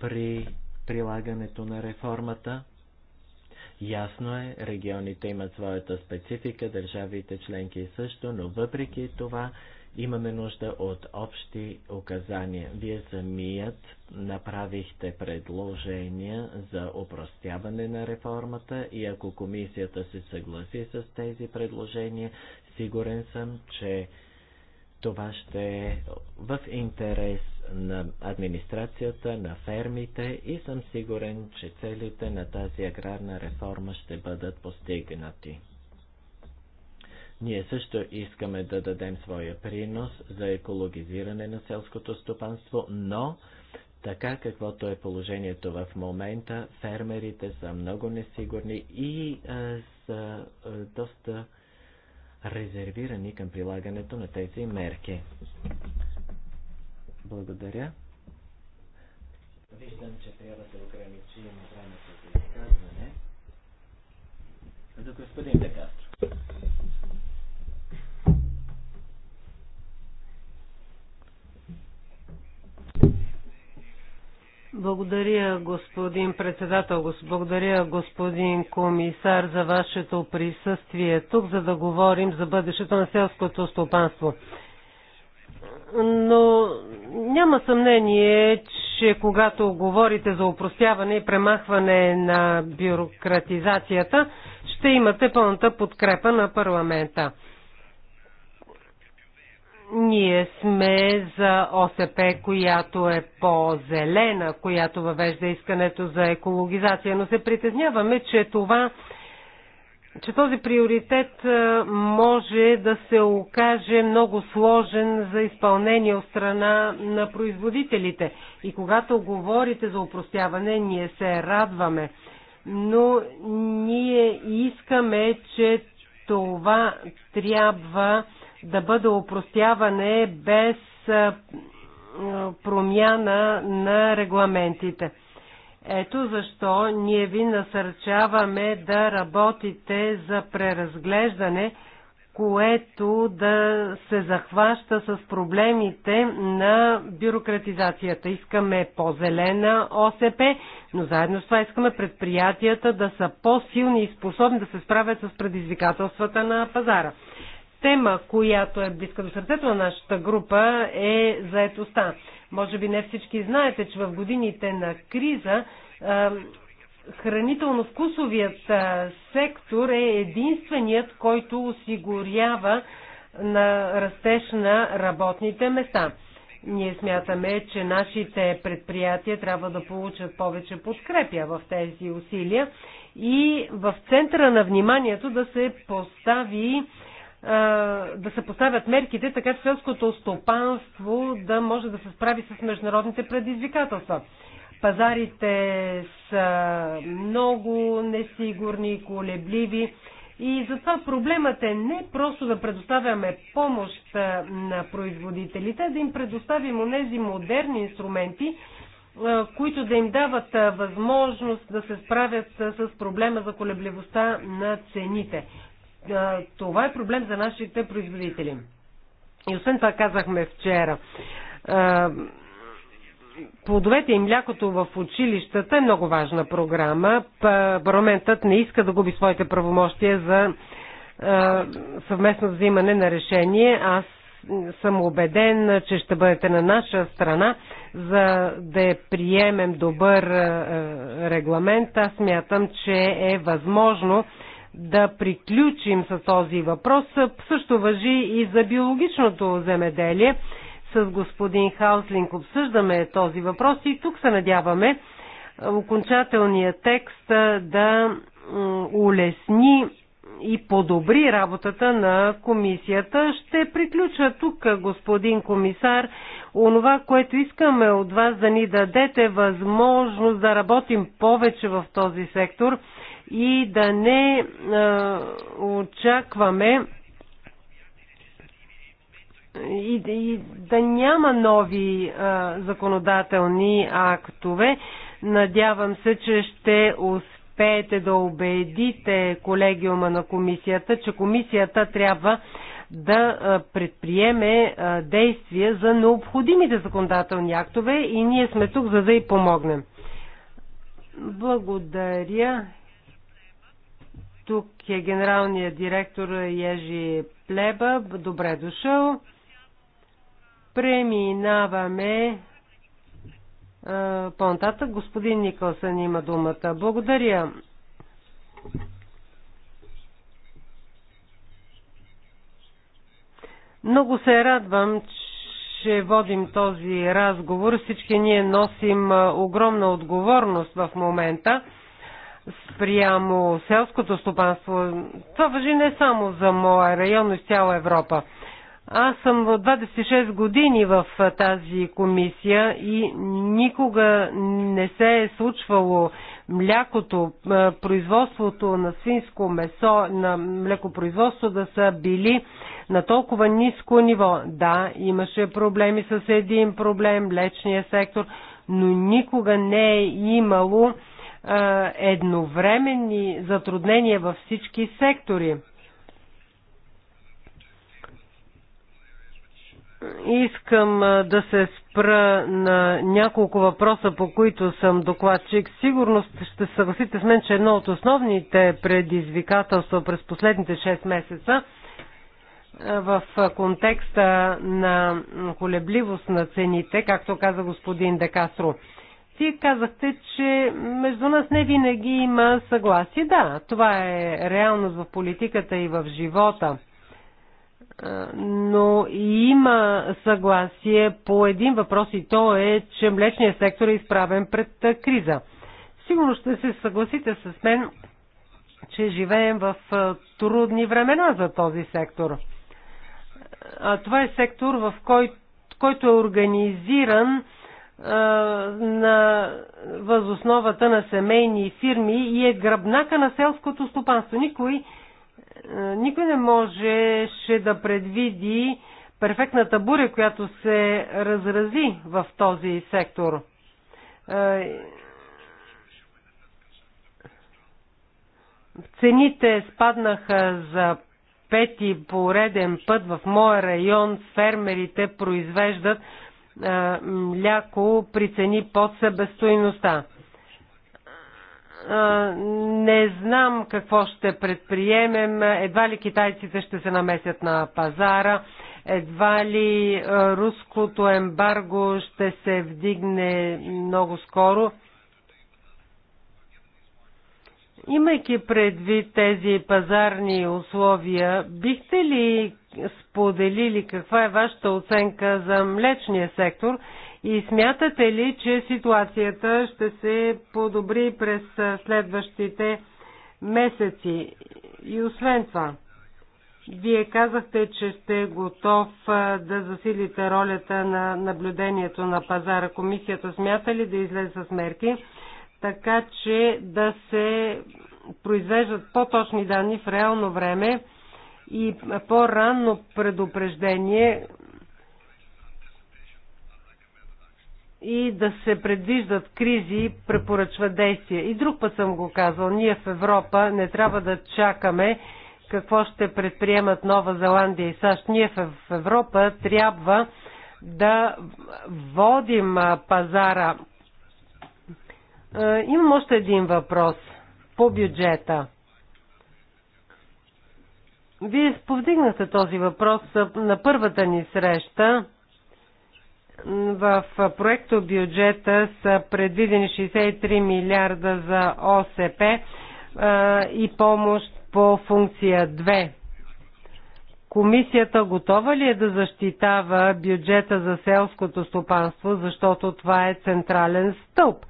при прилагането на реформата. Ясно е, регионите имат своята специфика, държавите членки също, но въпреки това Имаме нужда от общи указания. Вие самият направихте предложения за упростяване на реформата и ако комисията се съгласи с тези предложения, сигурен съм, че това ще е в интерес на администрацията, на фермите и съм сигурен, че целите на тази аграрна реформа ще бъдат постигнати. Ние също искаме да дадем своя принос за екологизиране на селското стопанство, но така каквото е положението в момента, фермерите са много несигурни и а, са а, доста резервирани към прилагането на тези мерки. Благодаря. Виждам, че трябва да се ограничим времето за изказване. До господин Декастро. Благодаря, господин председател, благодаря, господин комисар, за вашето присъствие тук, за да говорим за бъдещето на селското стопанство. Но няма съмнение, че когато говорите за упростяване и премахване на бюрократизацията, ще имате пълната подкрепа на парламента. Ние сме за ОСП, която е по-зелена, която въвежда искането за екологизация, но се притесняваме, че това че този приоритет може да се окаже много сложен за изпълнение от страна на производителите. И когато говорите за упростяване, ние се радваме. Но ние искаме, че това трябва да бъде опростяване без промяна на регламентите. Ето защо ние ви насърчаваме да работите за преразглеждане, което да се захваща с проблемите на бюрократизацията. Искаме по-зелена ОСП, но заедно с това искаме предприятията да са по-силни и способни да се справят с предизвикателствата на пазара тема, която е близка до сърцето на нашата група, е заетостта. Може би не всички знаете, че в годините на криза хранително-вкусовият сектор е единственият, който осигурява на растеж на работните места. Ние смятаме, че нашите предприятия трябва да получат повече подкрепя в тези усилия и в центъра на вниманието да се постави да се поставят мерките, така че селското стопанство да може да се справи с международните предизвикателства. Пазарите са много несигурни, колебливи и затова проблемът е не просто да предоставяме помощ на производителите, а да им предоставим онези модерни инструменти, които да им дават възможност да се справят с проблема за колебливостта на цените това е проблем за нашите производители. И освен това казахме вчера, плодовете и млякото в училищата е много важна програма. Парламентът не иска да губи своите правомощия за съвместно взимане на решение. Аз съм убеден, че ще бъдете на наша страна, за да приемем добър регламент. Аз мятам, че е възможно да приключим с този въпрос. Също въжи и за биологичното земеделие. С господин Хауслинг обсъждаме този въпрос и тук се надяваме окончателният текст да улесни и подобри работата на комисията. Ще приключа тук, господин комисар. Онова, което искаме от вас да ни дадете възможност да работим повече в този сектор – и да не очакваме и, и да няма нови а, законодателни актове. Надявам се, че ще успеете да убедите колегиума на комисията, че комисията трябва да предприеме действия за необходимите законодателни актове и ние сме тук, за да й помогнем. Благодаря. Тук е генералният директор Ежи Плеба. Добре дошъл. Преминаваме по-нататък. Господин Никълсън има думата. Благодаря. Много се радвам, че водим този разговор. Всички ние носим огромна отговорност в момента спрямо селското стопанство. Това въжи не само за моя район, но и цяла Европа. Аз съм 26 години в тази комисия и никога не се е случвало млякото, производството на свинско месо, на млекопроизводство да са били на толкова ниско ниво. Да, имаше проблеми с един проблем, млечния сектор, но никога не е имало едновременни затруднения във всички сектори. Искам да се спра на няколко въпроса, по които съм докладчик. Сигурно ще съгласите с мен, че едно от основните предизвикателства през последните 6 месеца в контекста на колебливост на цените, както каза господин Декастро. Вие Казахте, че между нас не винаги има съгласие. Да, това е реалност в политиката и в живота. Но има съгласие по един въпрос и то е, че млечният сектор е изправен пред криза. Сигурно ще се съгласите с мен, че живеем в трудни времена за този сектор. А това е сектор, в който, който е организиран на възосновата на семейни фирми и е гръбнака на селското стопанство. Никой, никой не можеше да предвиди перфектната буря, която се разрази в този сектор. Цените спаднаха за пети пореден път в моя район. Фермерите произвеждат мляко при цени под събестойността. Не знам какво ще предприемем. Едва ли китайците ще се намесят на пазара, едва ли руското ембарго ще се вдигне много скоро. Имайки предвид тези пазарни условия, бихте ли споделили каква е вашата оценка за млечния сектор и смятате ли, че ситуацията ще се подобри през следващите месеци? И освен това, вие казахте, че сте готов да засилите ролята на наблюдението на пазара. Комисията смята ли да излезе с мерки, така че да се произвеждат по-точни данни в реално време? и по-ранно предупреждение и да се предвиждат кризи и препоръчва действия. И друг път съм го казал, ние в Европа не трябва да чакаме какво ще предприемат Нова Зеландия и САЩ. Ние в Европа трябва да водим пазара. Имам още един въпрос по бюджета. Вие повдигнахте този въпрос на първата ни среща. В проекто бюджета са предвидени 63 милиарда за ОСП и помощ по функция 2. Комисията готова ли е да защитава бюджета за селското стопанство, защото това е централен стълб?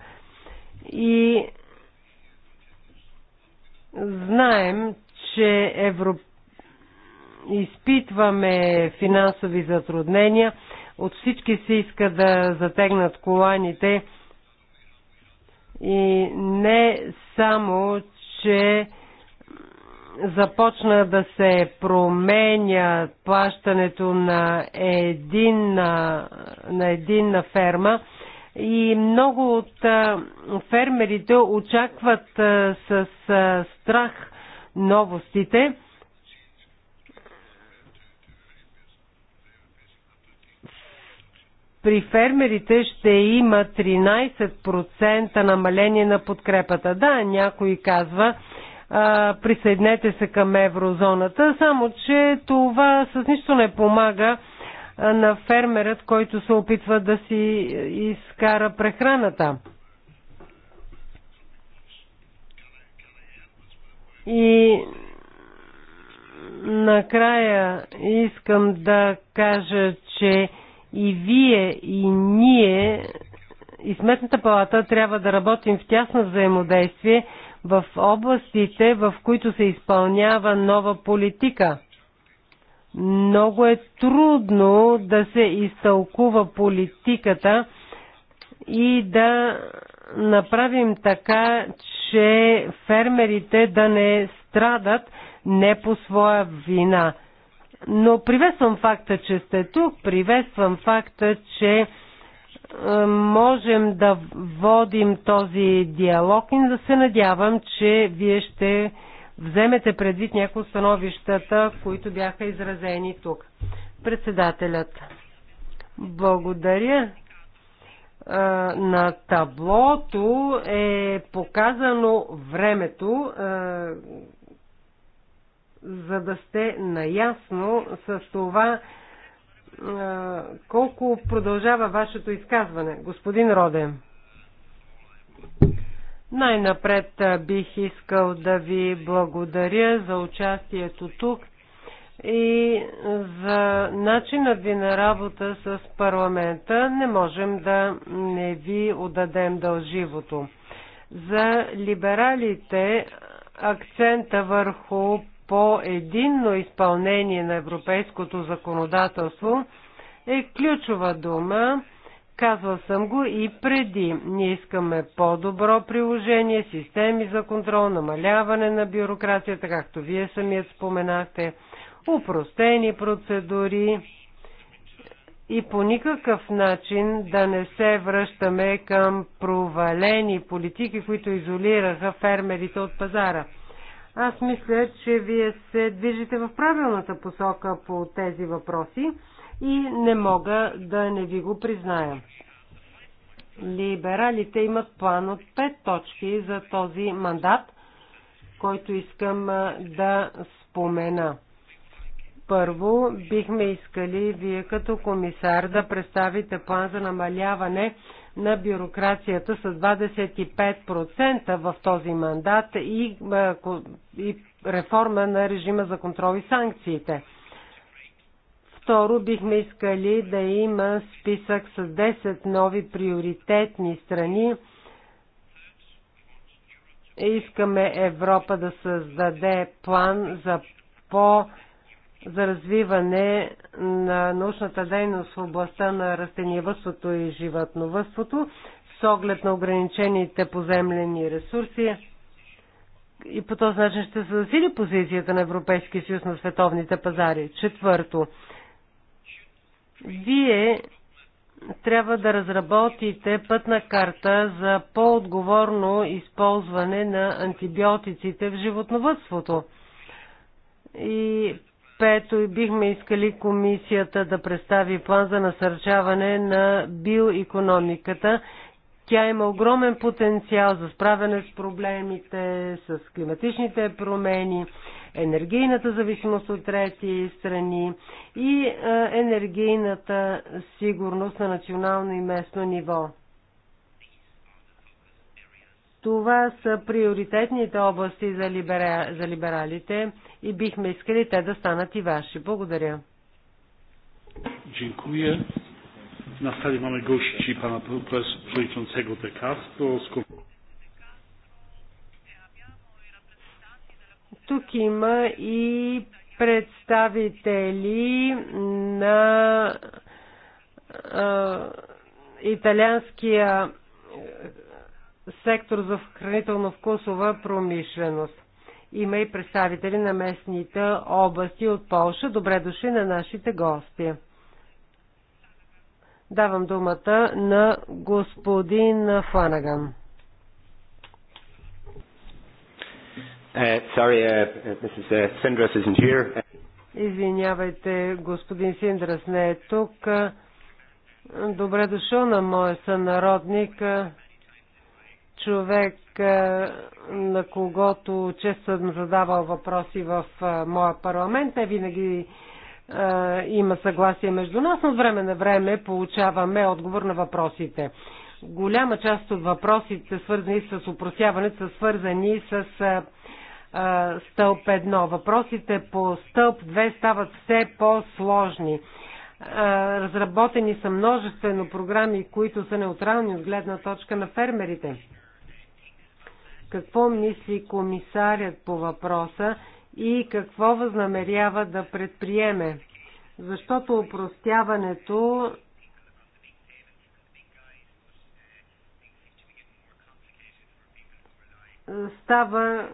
И знаем, че Европа изпитваме финансови затруднения. От всички се иска да затегнат коланите и не само, че започна да се променя плащането на един на на ферма и много от фермерите очакват с страх новостите при фермерите ще има 13% намаление на подкрепата. Да, някой казва, а, присъединете се към еврозоната, само че това с нищо не помага на фермерът, който се опитва да си изкара прехраната. И накрая искам да кажа, че и вие, и ние, и Сметната палата трябва да работим в тясно взаимодействие в областите, в които се изпълнява нова политика. Много е трудно да се изтълкува политиката и да направим така, че фермерите да не страдат не по своя вина – но приветствам факта, че сте тук, приветствам факта, че е, можем да водим този диалог и да се надявам, че вие ще вземете предвид някои становищата, които бяха изразени тук. Председателят. Благодаря. Е, на таблото е показано времето, е, за да сте наясно с това колко продължава вашето изказване. Господин Роден. Най-напред бих искал да ви благодаря за участието тук и за начинът ви на работа с парламента не можем да не ви отдадем дълживото. За либералите акцента върху по-единно изпълнение на европейското законодателство е ключова дума. Казвал съм го и преди. Ние искаме по-добро приложение, системи за контрол, намаляване на бюрокрацията, както вие самият споменахте, упростени процедури и по никакъв начин да не се връщаме към провалени политики, които изолираха фермерите от пазара. Аз мисля, че вие се движите в правилната посока по тези въпроси и не мога да не ви го призная. Либералите имат план от пет точки за този мандат, който искам да спомена. Първо, бихме искали вие като комисар да представите план за намаляване на бюрокрацията с 25% в този мандат и, и реформа на режима за контрол и санкциите. Второ, бихме искали да има списък с 10 нови приоритетни страни. Искаме Европа да създаде план за по- за развиване на научната дейност в областта на растениевътството и животновътството с оглед на ограничените поземлени ресурси и по този начин ще се засили позицията на Европейския съюз на световните пазари. Четвърто, вие трябва да разработите пътна карта за по-отговорно използване на антибиотиците в животновътството и Пето, бихме искали комисията да представи план за насърчаване на биоекономиката. Тя има огромен потенциал за справяне с проблемите, с климатичните промени, енергийната зависимост от трети страни и енергийната сигурност на национално и местно ниво. Това са приоритетните области за, либера... за либералите и бихме искали те да станат и ваши. Благодаря. Дякую. На sali имаме гости, pana przewodniczącego De Тук има и представители на а, италианския сектор за хранително-вкусова промишленост. Има и представители на местните области от Полша. Добре дошли на нашите гости. Давам думата на господин Фанаган. Uh, sorry, uh, Mrs. Uh, uh, Sindras isn't here. Извинявайте, господин Синдрас не е тук. Добре дошъл на моя сънародник човек, на когото често съм задавал въпроси в моя парламент. Не винаги има съгласие между нас, но от време на време получаваме отговор на въпросите. Голяма част от въпросите, свързани с опросяването, са свързани с стълб 1. Въпросите по стълб 2 стават все по-сложни. Разработени са множествено програми, които са неутрални от гледна точка на фермерите. Какво мисли комисарят по въпроса и какво възнамерява да предприеме? Защото упростяването става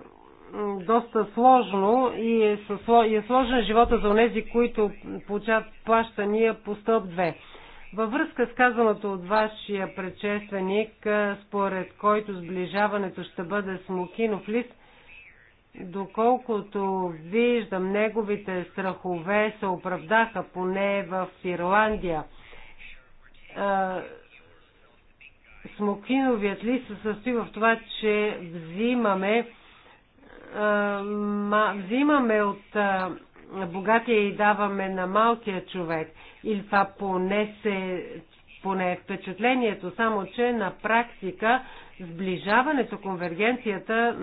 доста сложно е и е, сложен живота за тези, които получават плащания по стълб във връзка с казаното от вашия предшественик, според който сближаването ще бъде смокинов лист, доколкото виждам, неговите страхове се оправдаха, поне в Ирландия. Смокиновият лист се състои в това, че взимаме, взимаме от богатия и даваме на малкия човек. Или това поне, се, поне е впечатлението, само че на практика сближаването, конвергенцията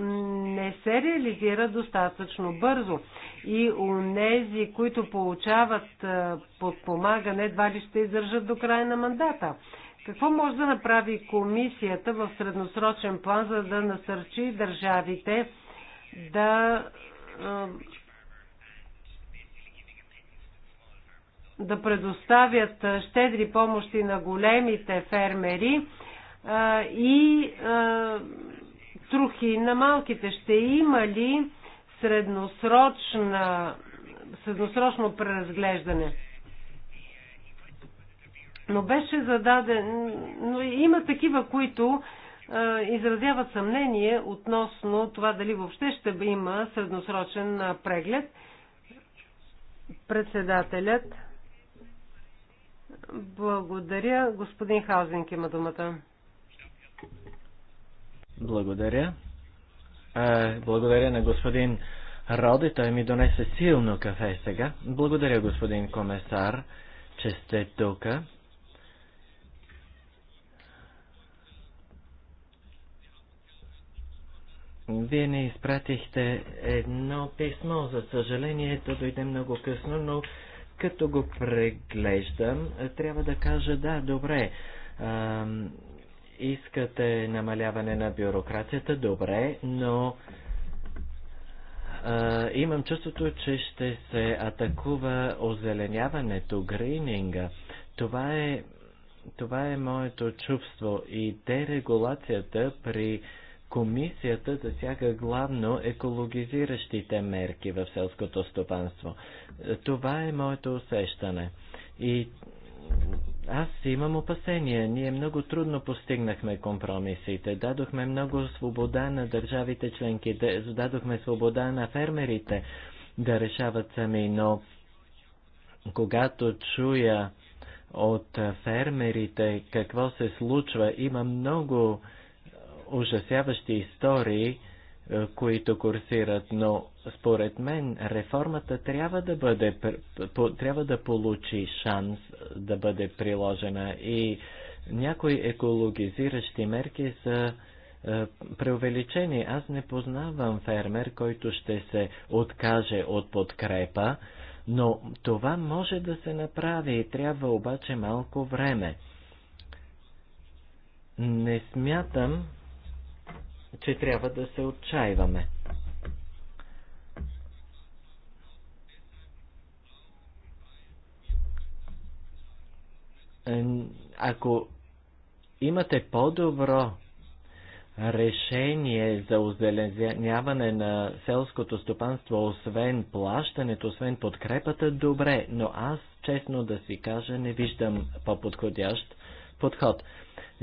не се реализира достатъчно бързо и унези, които получават подпомагане, едва ли ще издържат до края на мандата. Какво може да направи комисията в средносрочен план, за да насърчи държавите да да предоставят щедри помощи на големите фермери а, и а, трухи на малките. Ще има ли средносрочна, средносрочно преразглеждане? Но беше зададен, но има такива, които а, изразяват съмнение относно това дали въобще ще има средносрочен преглед. Председателят благодаря. Господин Хаузинг има думата. Благодаря. Е, благодаря на господин Роди. Той ми донесе силно кафе сега. Благодаря, господин комесар, че сте тук. Вие не изпратихте едно писмо. За съжаление, то дойде много късно, но като го преглеждам, е, трябва да кажа, да, добре, а, искате намаляване на бюрокрацията, добре, но а, имам чувството, че ще се атакува озеленяването, грининга. Това е, това е моето чувство и дерегулацията при а, Комисията засяга главно екологизиращите мерки в селското стопанство. Това е моето усещане. И аз имам опасения. Ние много трудно постигнахме компромисите. Дадохме много свобода на държавите членки, дадохме свобода на фермерите да решават сами, но когато чуя от фермерите какво се случва, има много ужасяващи истории, е, които курсират, но според мен реформата трябва да, бъде, трябва да получи шанс да бъде приложена и някои екологизиращи мерки са е, преувеличени. Аз не познавам фермер, който ще се откаже от подкрепа, но това може да се направи и трябва обаче малко време. Не смятам, че трябва да се отчаиваме. Ако имате по-добро решение за озеленяване на селското стопанство, освен плащането, освен подкрепата, добре, но аз, честно да си кажа, не виждам по-подходящ подход.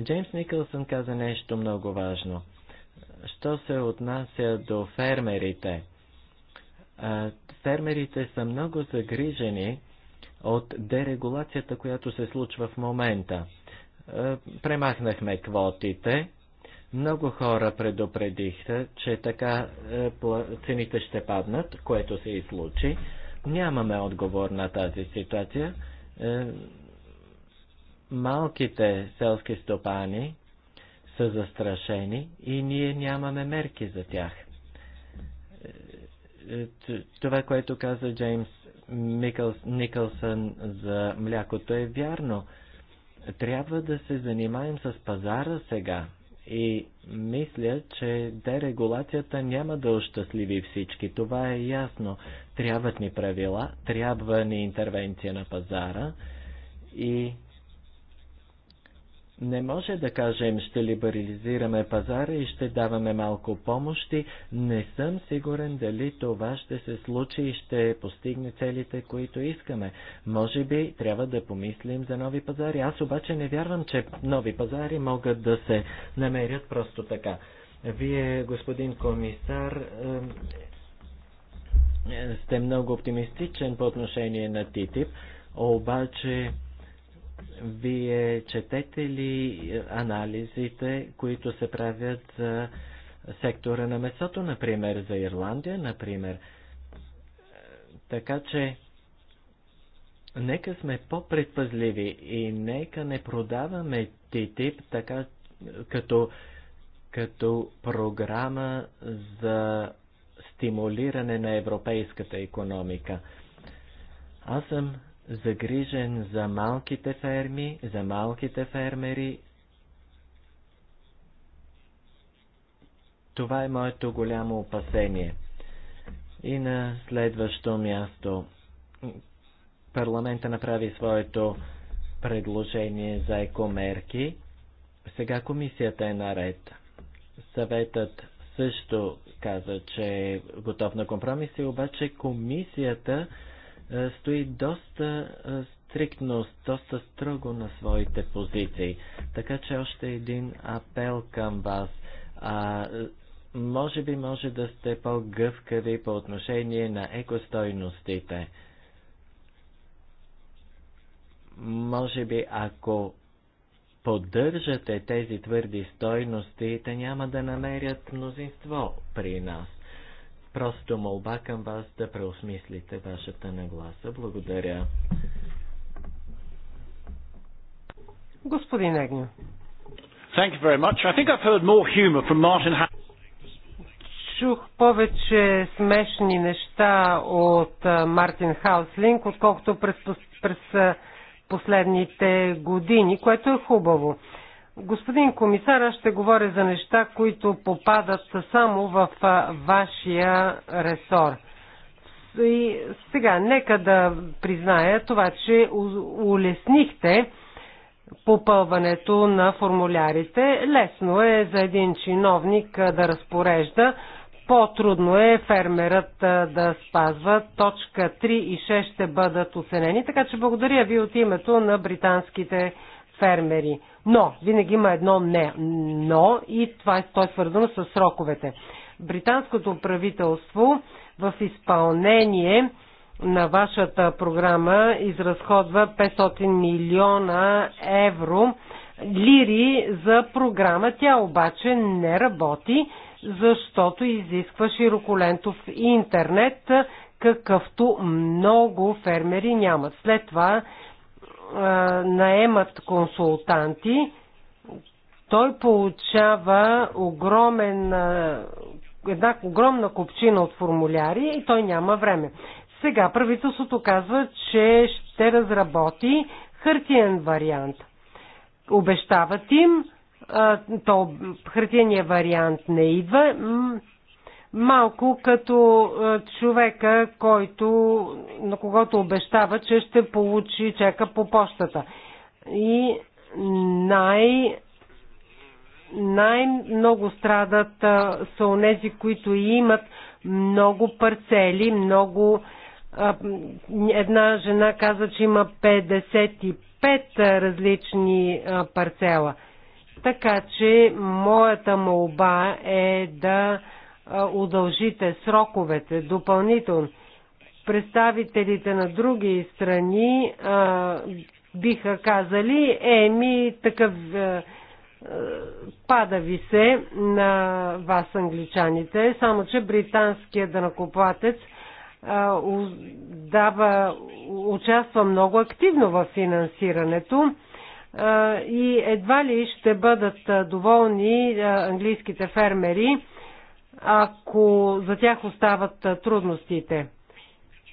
Джеймс Никълсън каза нещо много важно. Що се отнася до фермерите? Фермерите са много загрижени от дерегулацията, която се случва в момента. Премахнахме квотите. Много хора предупредиха, че така цените ще паднат, което се и случи. Нямаме отговор на тази ситуация. Е, малките селски стопани са застрашени и ние нямаме мерки за тях. Е, е, това, което каза Джеймс Никълс, Никълсън за млякото е вярно. Трябва да се занимаем с пазара сега и мисля, че дерегулацията няма да ощастливи всички. Това е ясно. Трябват ни правила, трябва ни интервенция на пазара и не може да кажем, ще либерализираме пазара и ще даваме малко помощи. Не съм сигурен дали това ще се случи и ще постигне целите, които искаме. Може би трябва да помислим за нови пазари. Аз обаче не вярвам, че нови пазари могат да се намерят просто така. Вие, господин комисар, сте много оптимистичен по отношение на ТИТИП, обаче вие четете ли анализите, които се правят за сектора на месото, например, за Ирландия, например? Така че, нека сме по-предпазливи и нека не продаваме ТТИП така като, като програма за стимулиране на европейската економика. Аз съм загрижен за малките ферми, за малките фермери. Това е моето голямо опасение. И на следващо място парламента направи своето предложение за екомерки. Сега комисията е наред. Съветът също каза, че е готов на компромиси, обаче комисията е, стои доста е, стриктно, доста строго на своите позиции. Така че още един апел към вас. А, може би може да сте по-гъвкави по отношение на екостойностите. Може би ако поддържате тези твърди стойности, те няма да намерят мнозинство при нас. Просто молба към вас да преосмислите вашата нагласа. Благодаря. Господин Егню. Thank you very much. I think I've heard more humor from Martin чух повече смешни неща от Мартин Хауслинг, отколкото през, през последните години, което е хубаво. Господин комисар, аз ще говоря за неща, които попадат само в вашия ресор. И сега, нека да призная това, че улеснихте попълването на формулярите. Лесно е за един чиновник да разпорежда, по-трудно е фермерът да спазва. Точка 3 и 6 ще бъдат оценени, така че благодаря ви от името на британските фермери. Но, винаги има едно не, но и това е, е свързано с сроковете. Британското правителство в изпълнение на вашата програма изразходва 500 милиона евро лири за програма. Тя обаче не работи, защото изисква широколентов интернет, какъвто много фермери нямат. След това наемат консултанти, той получава огромен, една огромна купчина от формуляри и той няма време. Сега правителството казва, че ще разработи хартиен вариант. Обещават им, то хартиения вариант не идва, Малко като е, човека, който, на когото обещава, че ще получи чека по почтата. И най- най-много страдат е, са онези, които имат много парцели, много... Е, една жена каза, че има 55 различни парцела. Така че моята молба е да удължите сроковете допълнително. Представителите на други страни а, биха казали, еми, такъв а, пада ви се на вас англичаните, само че британският данакоплатец дава, участва много активно в финансирането и едва ли ще бъдат доволни английските фермери ако за тях остават трудностите.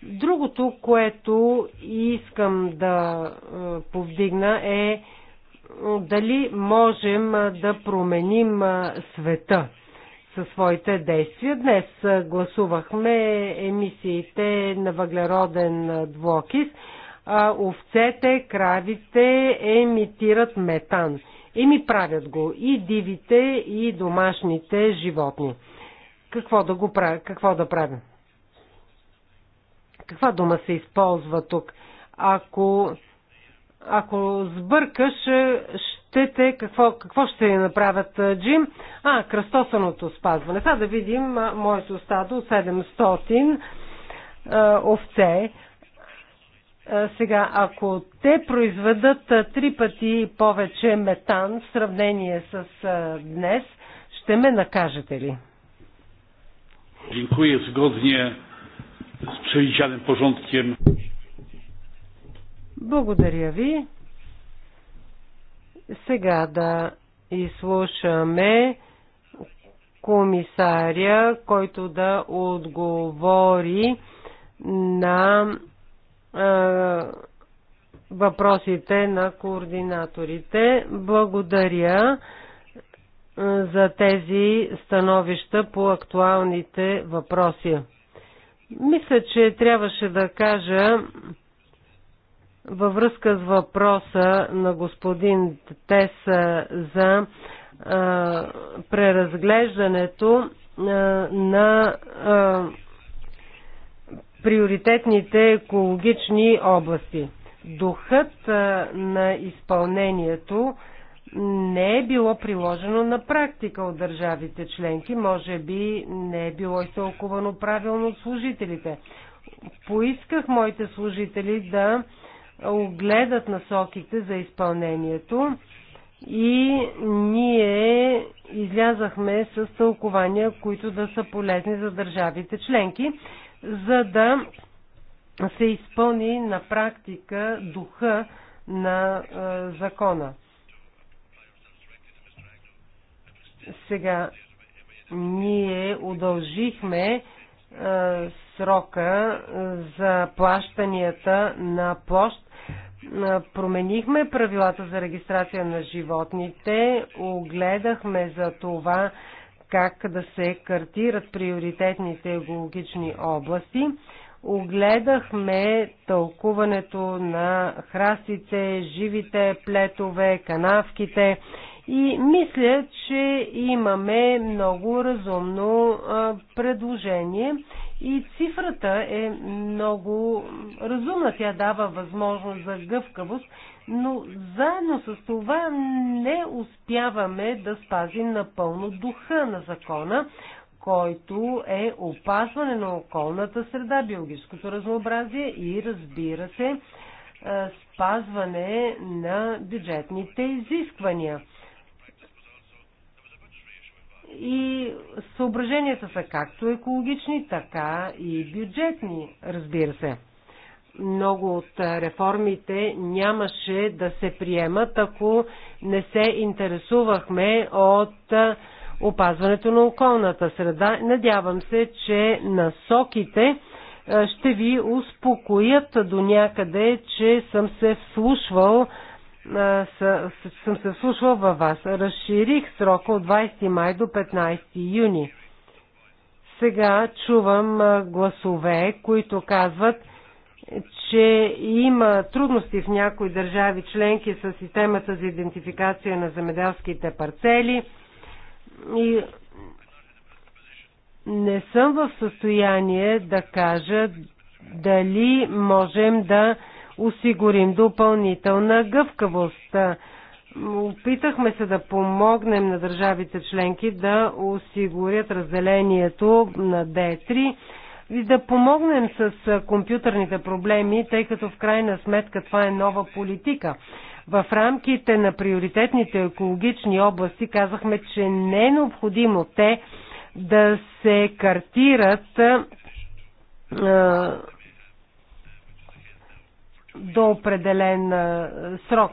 Другото, което искам да повдигна е дали можем да променим света със своите действия. Днес гласувахме емисиите на въглероден двокис. Овцете, кравите емитират метан. ми правят го и дивите, и домашните животни какво да, го правим, какво да правим. Каква дума се използва тук? Ако, ако сбъркаш, е, ще те, какво, какво ще направят, е, Джим? А, кръстосаното спазване. Сега да видим моето стадо, 700 е, овце. Сега, ако те произведат три пъти повече метан в сравнение с днес, ще ме накажете ли? Dziękuję zgodnie z przewidzianym porządkiem. Благодаря ви. Сега да изслушаме комисаря, който да отговори на е, въпросите на координаторите. Благодаря за тези становища по актуалните въпроси. Мисля, че трябваше да кажа във връзка с въпроса на господин Теса за а, преразглеждането а, на а, приоритетните екологични области. Духът а, на изпълнението а, не е било приложено на практика от държавите членки, може би не е било изтълкувано правилно от служителите. Поисках моите служители да огледат насоките за изпълнението и ние излязахме с тълкования, които да са полезни за държавите членки, за да се изпълни на практика духа на закона. Сега, ние удължихме е, срока е, за плащанията на площ. Е, променихме правилата за регистрация на животните, огледахме за това как да се картират приоритетните екологични области, огледахме тълкуването на храстите, живите плетове, канавките и мисля, че имаме много разумно предложение и цифрата е много разумна. Тя дава възможност за гъвкавост, но заедно с това не успяваме да спазим напълно духа на закона, който е опазване на околната среда, биологическото разнообразие и разбира се, спазване на бюджетните изисквания. И съображенията са както екологични, така и бюджетни, разбира се. Много от реформите нямаше да се приемат, ако не се интересувахме от опазването на околната среда. Надявам се, че насоките е, ще ви успокоят до някъде, че съм се вслушвал съм се слушал във вас. Разширих срока от 20 май до 15 юни. Сега чувам гласове, които казват, че има трудности в някои държави членки с системата за идентификация на земеделските парцели и не съм в състояние да кажа дали можем да осигурим допълнителна гъвкавост. Е, опитахме се да помогнем на държавите членки да осигурят разделението на D3 и да помогнем с компютърните проблеми, тъй като в крайна сметка това е нова политика. В рамките на приоритетните екологични области казахме, че не е необходимо те да се картират е, до определен срок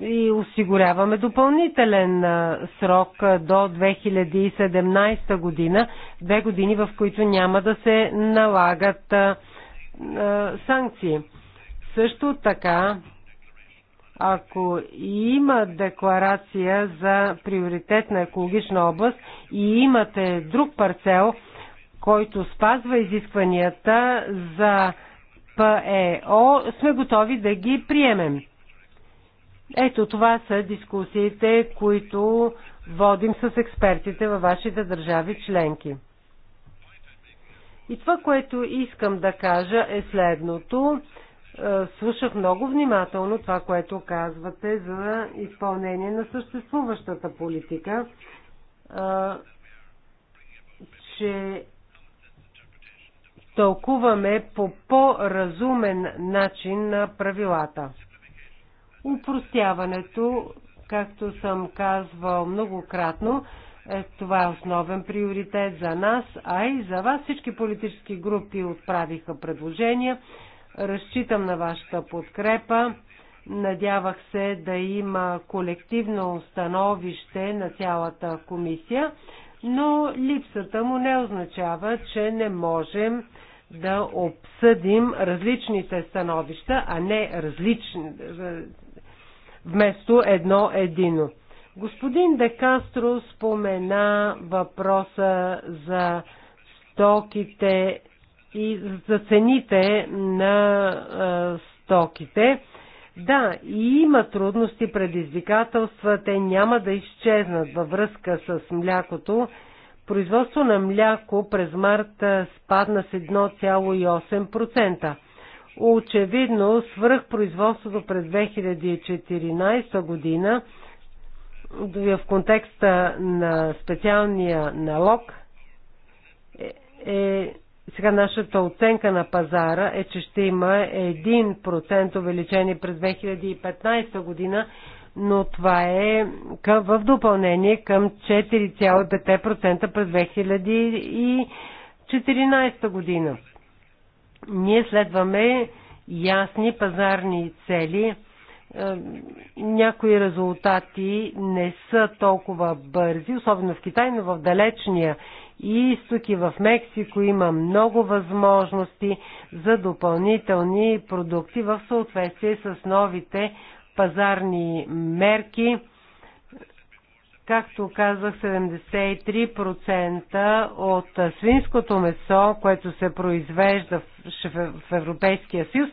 и осигуряваме допълнителен срок до 2017 година, две години в които няма да се налагат санкции. Също така, ако има декларация за приоритет на екологична област и имате друг парцел, който спазва изискванията за ПЕО, сме готови да ги приемем. Ето това са дискусиите, които водим с експертите във вашите държави членки. И това, което искам да кажа е следното. Е, слушах много внимателно това, което казвате за изпълнение на съществуващата политика, е, че тълкуваме по по-разумен начин на правилата. Упростяването, както съм казвал многократно, е, това е основен приоритет за нас, а и за вас. Всички политически групи отправиха предложения. Разчитам на вашата подкрепа. Надявах се да има колективно становище на цялата комисия, но липсата му не означава, че не можем да обсъдим различните становища, а не различни, вместо едно едино. Господин Декастро спомена въпроса за стоките и за цените на стоките. Да, и има трудности, предизвикателства, те няма да изчезнат във връзка с млякото. Производство на мляко през март спадна с 1,8%. Очевидно, свръхпроизводството през 2014 година в контекста на специалния налог е, е сега нашата оценка на пазара е, че ще има 1% увеличение през 2015 година но това е към, в допълнение към 4,5% през 2014 година. Ние следваме ясни пазарни цели. Е, някои резултати не са толкова бързи, особено в Китай, но в далечния и изтоки в Мексико има много възможности за допълнителни продукти в съответствие с новите пазарни мерки. Както казах, 73% от свинското месо, което се произвежда в Европейския съюз,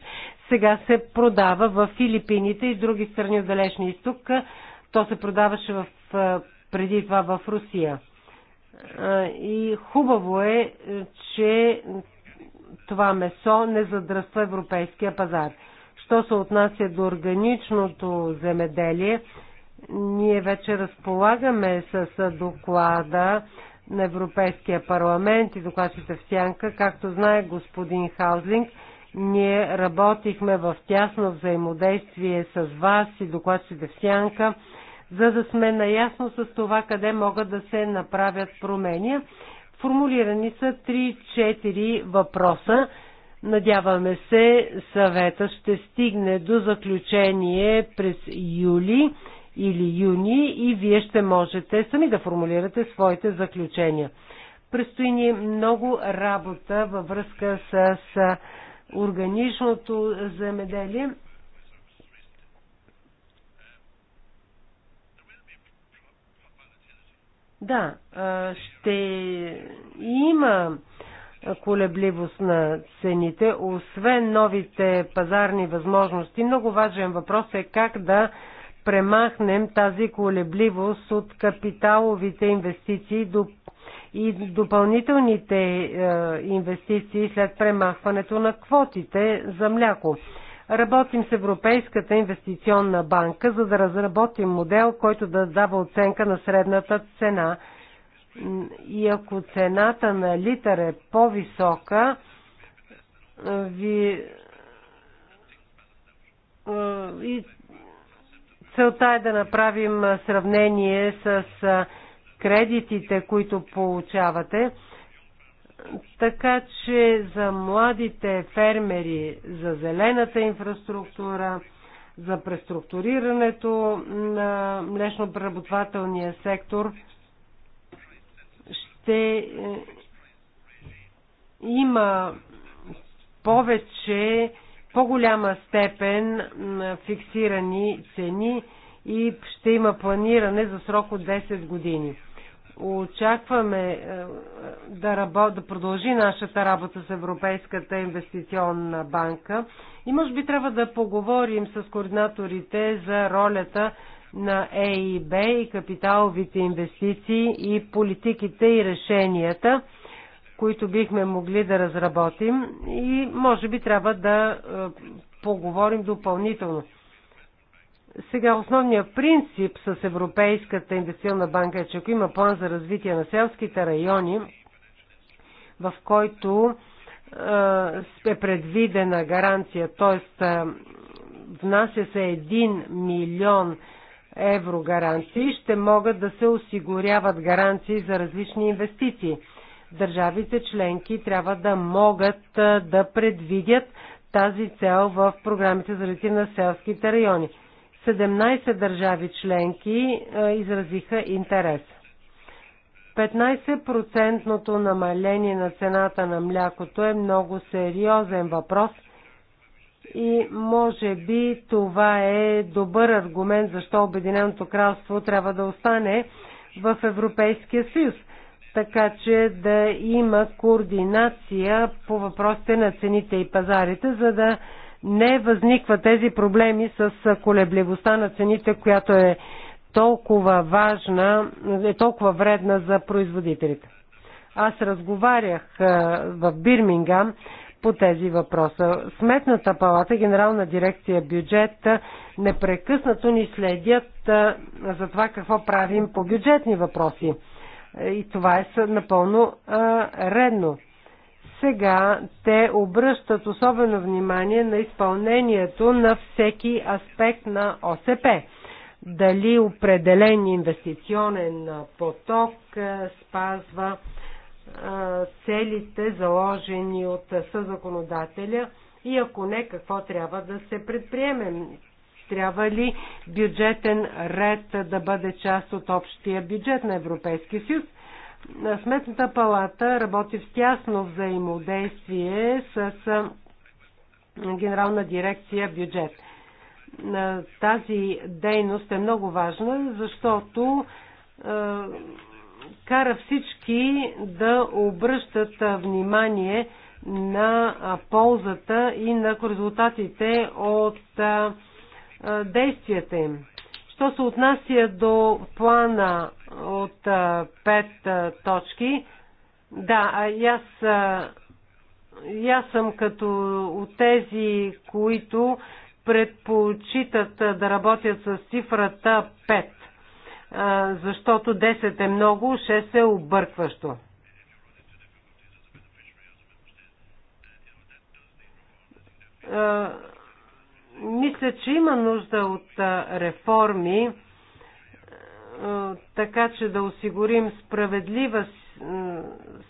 сега се продава в Филипините и други страни от Далечния изток. То се продаваше в, преди това в Русия. И хубаво е, че това месо не задръства европейския пазар. Що се отнася до органичното земеделие, ние вече разполагаме с доклада на Европейския парламент и докладчите в Сянка. Както знае господин Хаузлинг, ние работихме в тясно взаимодействие с вас и докладчите в Сянка, за да сме наясно с това къде могат да се направят промени. Формулирани са 3-4 въпроса Надяваме се, съвета ще стигне до заключение през юли или юни и вие ще можете сами да формулирате своите заключения. Престои ни много работа във връзка с органичното земеделие. Да, ще има колебливост на цените. Освен новите пазарни възможности, много важен въпрос е как да премахнем тази колебливост от капиталовите инвестиции до и допълнителните е, инвестиции след премахването на квотите за мляко. Работим с Европейската инвестиционна банка, за да разработим модел, който да дава оценка на средната цена – и ако цената на литър е по-висока, ви... И целта е да направим сравнение с кредитите, които получавате. Така че за младите фермери, за зелената инфраструктура, за преструктурирането на млечно-преработвателния сектор – ще е, има повече, по-голяма степен на фиксирани цени и ще има планиране за срок от 10 години. Очакваме е, да, работ, да продължи нашата работа с Европейската инвестиционна банка и може би трябва да поговорим с координаторите за ролята на ЕИБ и капиталовите инвестиции и политиките и решенията, които бихме могли да разработим и може би трябва да е, поговорим допълнително. Сега основният принцип с Европейската инвестиционна банка е, че ако има план за развитие на селските райони, в който е, е предвидена гаранция, т.е. Е, внася се 1 милион еврогаранции, ще могат да се осигуряват гаранции за различни инвестиции. Държавите членки трябва да могат да предвидят тази цел в програмите за развитие на селските райони. 17 държави членки изразиха интерес. 15 намаление на цената на млякото е много сериозен въпрос – и може би това е добър аргумент защо Обединеното кралство трябва да остане в Европейския съюз, така че да има координация по въпросите на цените и пазарите, за да не възниква тези проблеми с колебливостта на цените, която е толкова важна, е толкова вредна за производителите. Аз разговарях в Бирмингам по тези въпроса. Сметната палата, Генерална дирекция бюджет непрекъснато ни следят за това какво правим по бюджетни въпроси. И това е напълно редно. Сега те обръщат особено внимание на изпълнението на всеки аспект на ОСП дали определен инвестиционен поток спазва целите заложени от съзаконодателя и ако не, какво трябва да се предприеме? Трябва ли бюджетен ред да бъде част от общия бюджет на Европейския съюз? Сметната палата работи в тясно взаимодействие с Генерална дирекция бюджет. Тази дейност е много важна, защото кара всички да обръщат внимание на ползата и на резултатите от действията им. Що се отнася до плана от пет точки, да, и аз, и аз съм като от тези, които предпочитат да работят с цифрата 5 защото 10 е много, 6 е объркващо. Мисля, че има нужда от реформи, така че да осигурим справедлива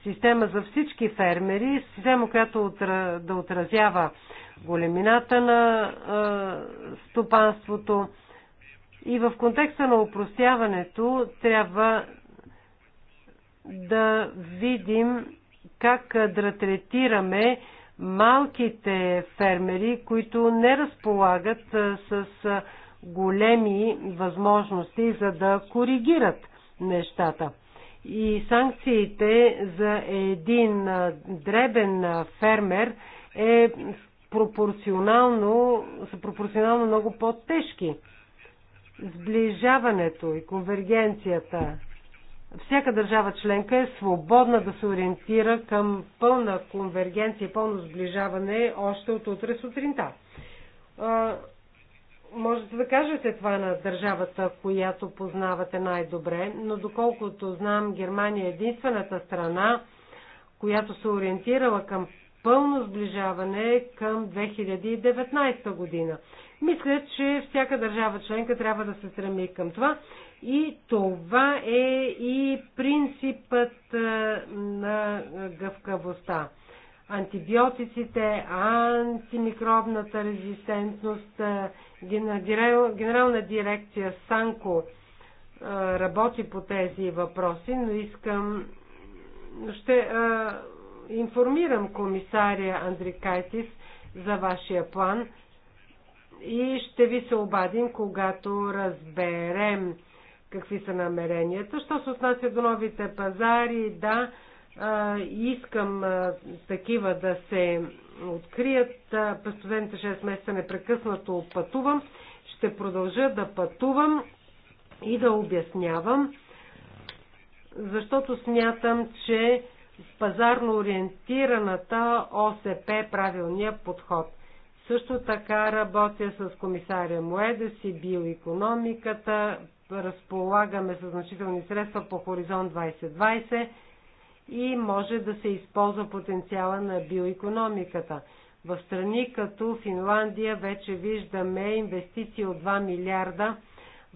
система за всички фермери, система, която да отразява големината на стопанството, и в контекста на упростяването трябва да видим как да третираме малките фермери, които не разполагат с големи възможности за да коригират нещата. И санкциите за един дребен фермер е пропорционално, са пропорционално много по-тежки сближаването и конвергенцията. Всяка държава членка е свободна да се ориентира към пълна конвергенция и пълно сближаване още от утре сутринта. Можете да кажете това е на държавата, която познавате най-добре, но доколкото знам, Германия е единствената страна, която се ориентирала към пълно сближаване към 2019 година. Мисля, че всяка държава членка трябва да се стреми към това и това е и принципът е, на гъвкавостта. Антибиотиците, антимикробната резистентност, е, генерална дирекция Санко е, работи по тези въпроси, но искам ще информирам комисаря Андрикайтис за вашия план и ще ви се обадим, когато разберем какви са намеренията. Що се отнася до новите пазари, да, искам такива да се открият. През последните 6 месеца непрекъснато пътувам. Ще продължа да пътувам и да обяснявам, защото смятам, че пазарно ориентираната ОСП правилния подход. Също така работя с комисаря Моедес и биоекономиката. Разполагаме с значителни средства по Хоризонт 2020 и може да се използва потенциала на биоекономиката. В страни като Финландия вече виждаме инвестиции от 2 милиарда –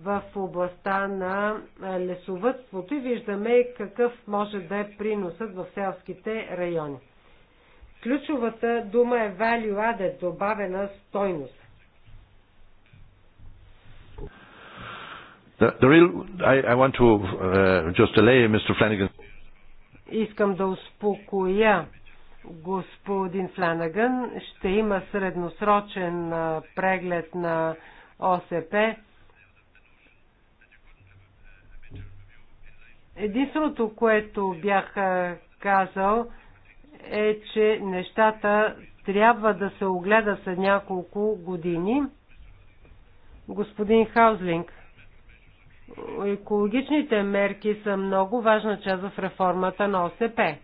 в областта на лесовътството и виждаме какъв може да е приносът в селските райони. Ключовата дума е value added, добавена стойност. The, the real, I, I want to uh, just delay Mr. Flanagan. Искам да успокоя господин Фланаган. Ще има средносрочен преглед на ОСП Единственото, което бях казал е, че нещата трябва да се огледа след няколко години. Господин Хаузлинг, екологичните мерки са много важна част в реформата на ОСП.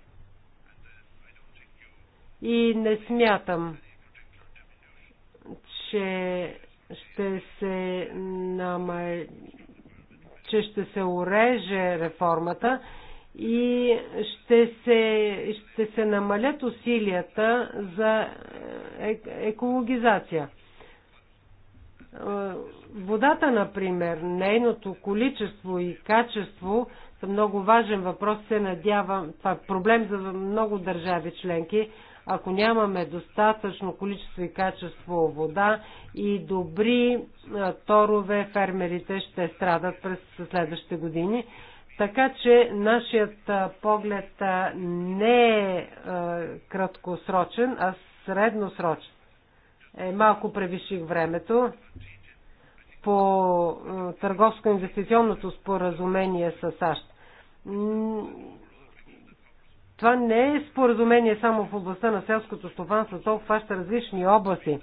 И не смятам, че ще се намали че ще се уреже реформата и ще се, ще се намалят усилията за е, екологизация. Водата, например, нейното количество и качество са много важен въпрос. Се надявам, това е проблем за много държави членки. Ако нямаме достатъчно количество и качество вода и добри торове, фермерите ще страдат през следващите години. Така че нашият поглед не е краткосрочен, а средносрочен. Е, малко превиших времето. По търговско-инвестиционното споразумение с САЩ. Това не е споразумение само в областта на селското стопанство, то обхваща различни области.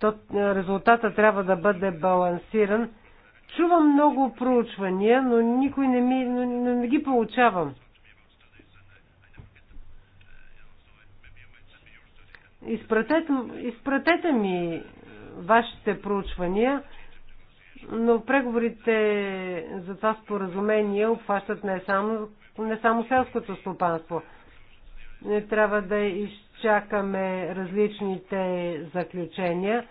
То, е, резултата трябва да бъде балансиран. Чувам много проучвания, но никой не, ми, но, но не ги получавам. Изпратете, изпратете ми е, вашите проучвания, но преговорите за това споразумение обхващат не само, не само селското стопанство – не трябва да изчакаме различните заключения.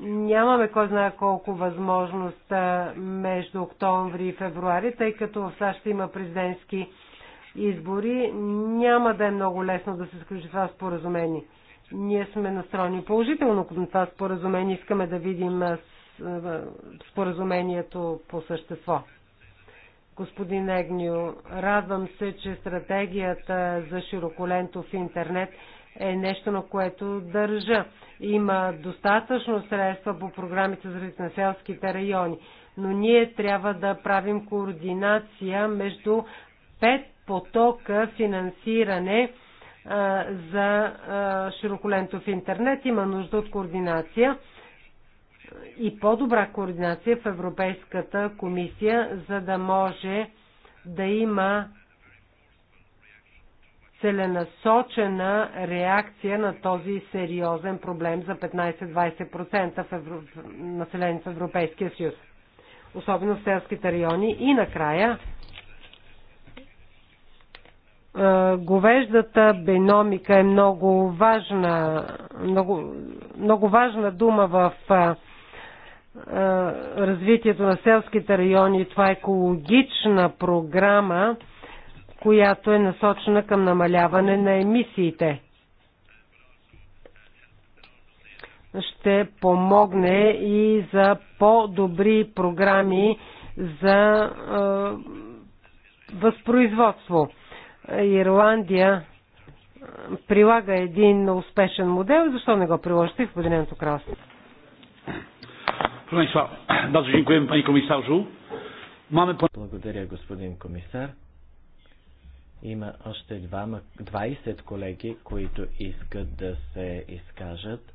Нямаме кой знае колко възможност между октомври и февруари, тъй като в САЩ има президентски избори. Няма да е много лесно да се сключи това споразумение. Ние сме настроени положително към това споразумение. Искаме да видим споразумението по същество господин Егню. Радвам се, че стратегията за широколентов интернет е нещо, на което държа. Има достатъчно средства по програмите за на селските райони, но ние трябва да правим координация между пет потока финансиране а, за а, широколентов интернет. Има нужда от координация и по-добра координация в Европейската комисия, за да може да има целенасочена реакция на този сериозен проблем за 15-20% в евро... населението в Европейския съюз, особено в селските райони. И накрая, говеждата беномика е много важна, много, много важна дума в развитието на селските райони. Това е екологична програма, която е насочена към намаляване на емисиите. Ще помогне и за по-добри програми за е, възпроизводство. Ирландия прилага един успешен модел, защо не го приложите в Обединеното кралство? Proszę Państwa, *clears throat* bardzo dziękujemy Panie Komisarzu. Mamy... Благодаря, господин комисар. Има още 20 колеги, които искат да се изкажат.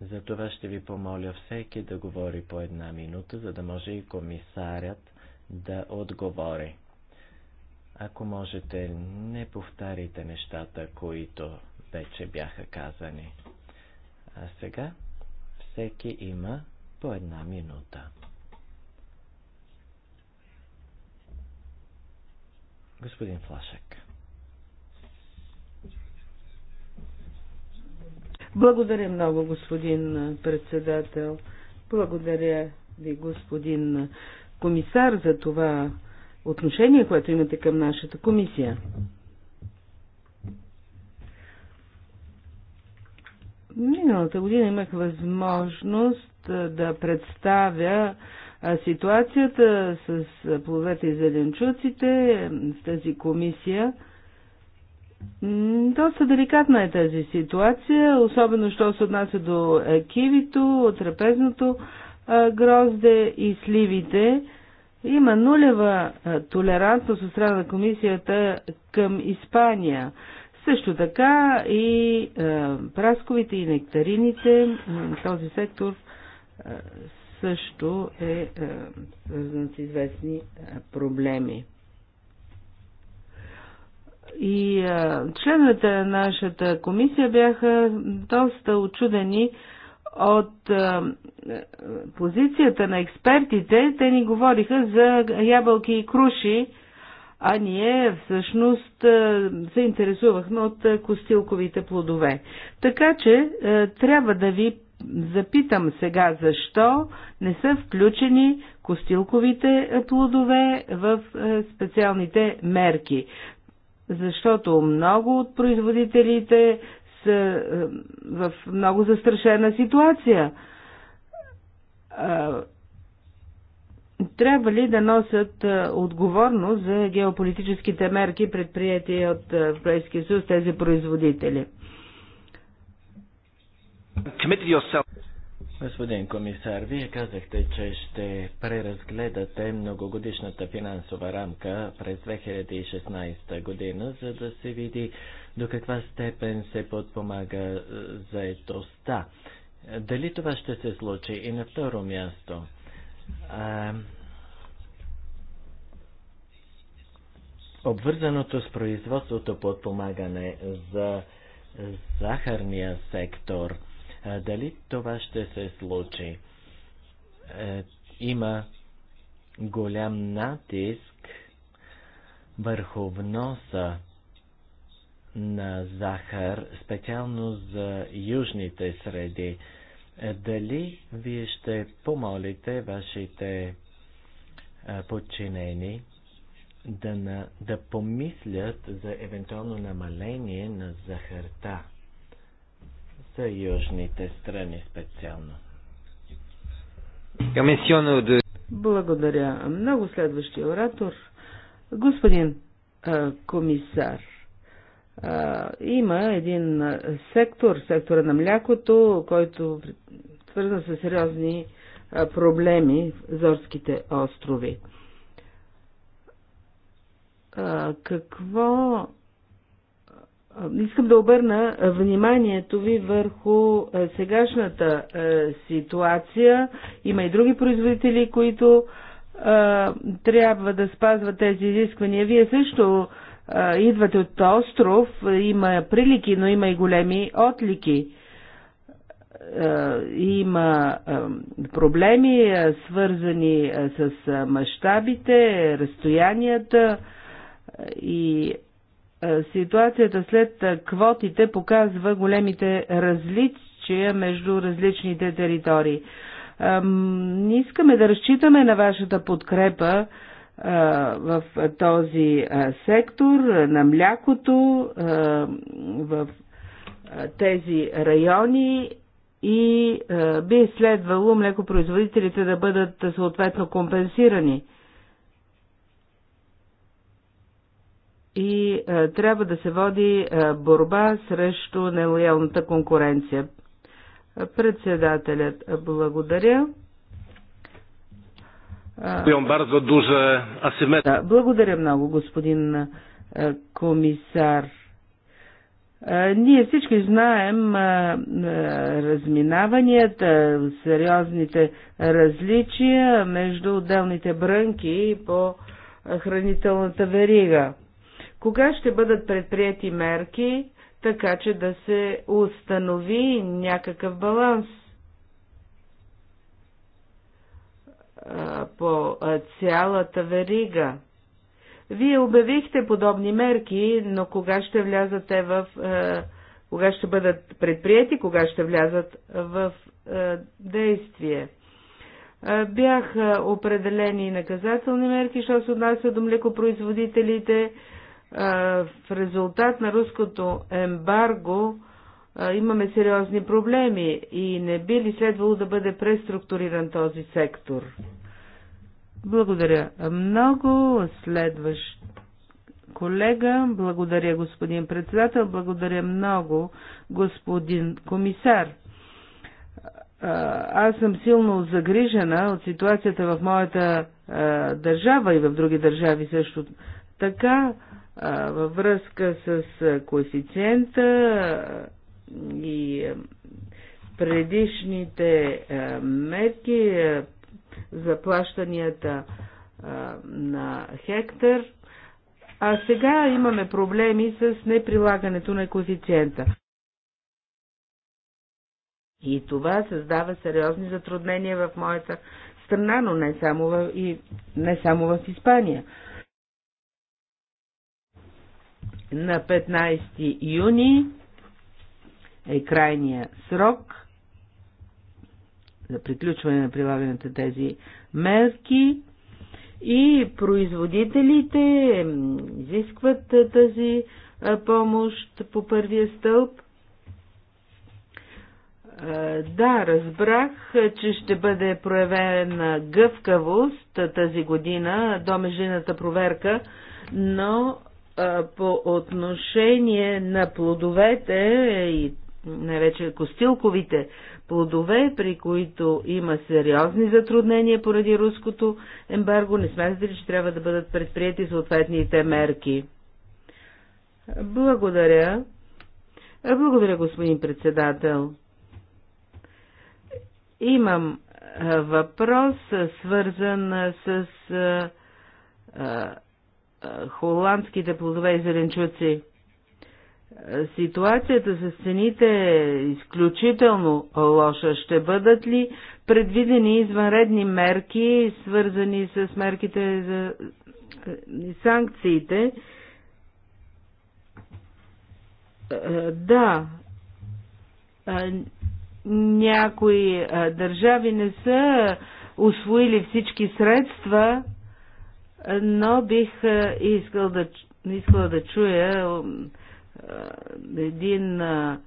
За това ще ви помоля всеки да говори по една минута, за да може и комисарят да отговори. Ако можете, не повтарите нещата, които вече бяха казани. А сега всеки има по една минута. Господин Флашек. Благодаря много, господин председател. Благодаря ви, господин комисар, за това отношение, което имате към нашата комисия. Миналата година имах възможност да представя ситуацията с плодовете и зеленчуците в тази комисия. Доста деликатна е тази ситуация, особено що се отнася до кивито, трапезното грозде и сливите. Има нулева толерантност от страна на комисията към Испания. Също така и прасковите и нектарините, този сектор също е, е свързан с известни е, проблеми. И е, членовете на нашата комисия бяха доста очудени от позицията на експертите. Те ни говориха за ябълки и круши, а ние всъщност се интересувахме от костилковите плодове. Така че трябва да ви запитам сега защо не са включени костилковите плодове в е, специалните мерки. Защото много от производителите са е, в много застрашена ситуация. Е, трябва ли да носят отговорност за геополитическите мерки, предприятия от Европейския съюз тези производители? Господин комисар, вие казахте, че ще преразгледате многогодишната финансова рамка през 2016 година, за да се види до каква степен се подпомага е, заетостта. Дали това ще се случи? И на второ място. А, е, обвързаното с производството подпомагане за захарния сектор – дали това ще се случи? Е, има голям натиск върху вноса на захар, специално за южните среди. Е, дали вие ще помолите вашите подчинени да, на, да помислят за евентуално намаление на захарта за южните страни специално. Благодаря. Много следващия оратор. Господин а, комисар, а, има един сектор, сектора на млякото, който свързан с сериозни а, проблеми в Зорските острови. А, какво Искам да обърна вниманието ви върху е, сегашната е, ситуация. Има и други производители, които е, трябва да спазват тези изисквания. Вие също идвате от остров, има прилики, но има и големи отлики. Има проблеми, свързани с мащабите, разстоянията и е, ситуацията след е, квотите показва големите различия между различните територии. Не искаме да разчитаме на вашата подкрепа е, в този сектор, на млякото, в тези райони и би следвало млекопроизводителите да бъдат съответно компенсирани – и е, трябва да се води е, борба срещу нелоялната конкуренция. Председателят, е, благодаря. Да, благодаря много, господин е, комисар. Е, ние всички знаем разминаванията, сериозните различия между отделните брънки по хранителната верига. Кога ще бъдат предприяти мерки, така че да се установи някакъв баланс по цялата верига? Вие обявихте подобни мерки, но кога ще влязат в... кога ще бъдат предприяти, кога ще влязат в действие? Бяха определени наказателни мерки, що се отнася до млекопроизводителите, в резултат на руското ембарго имаме сериозни проблеми и не би ли следвало да бъде преструктуриран този сектор? Благодаря много. Следващ колега. Благодаря, господин председател. Благодаря много, господин комисар. Аз съм силно загрижена от ситуацията в моята държава и в други държави също така във връзка с коефициента и предишните мерки, заплащанията на хектар, а сега имаме проблеми с неприлагането на коефициента. И това създава сериозни затруднения в моята страна, но не само в, и не само в Испания на 15 юни е крайния срок за приключване на прилагането тези мерки и производителите изискват тази помощ по първия стълб. Да, разбрах, че ще бъде проявена гъвкавост тази година до междинната проверка, но по отношение на плодовете и най-вече костилковите плодове, при които има сериозни затруднения поради руското ембарго, не смятате ли, че трябва да бъдат предприяти съответните мерки? Благодаря. Благодаря, господин председател. Имам въпрос, свързан с холандските плодове и зеленчуци. Е, ситуацията с цените е изключително лоша. Ще бъдат ли предвидени извънредни мерки, свързани с мерките за е, санкциите? Е, да, някои държави не са освоили всички средства, но бих е, искал да, искала да чуя е, един е,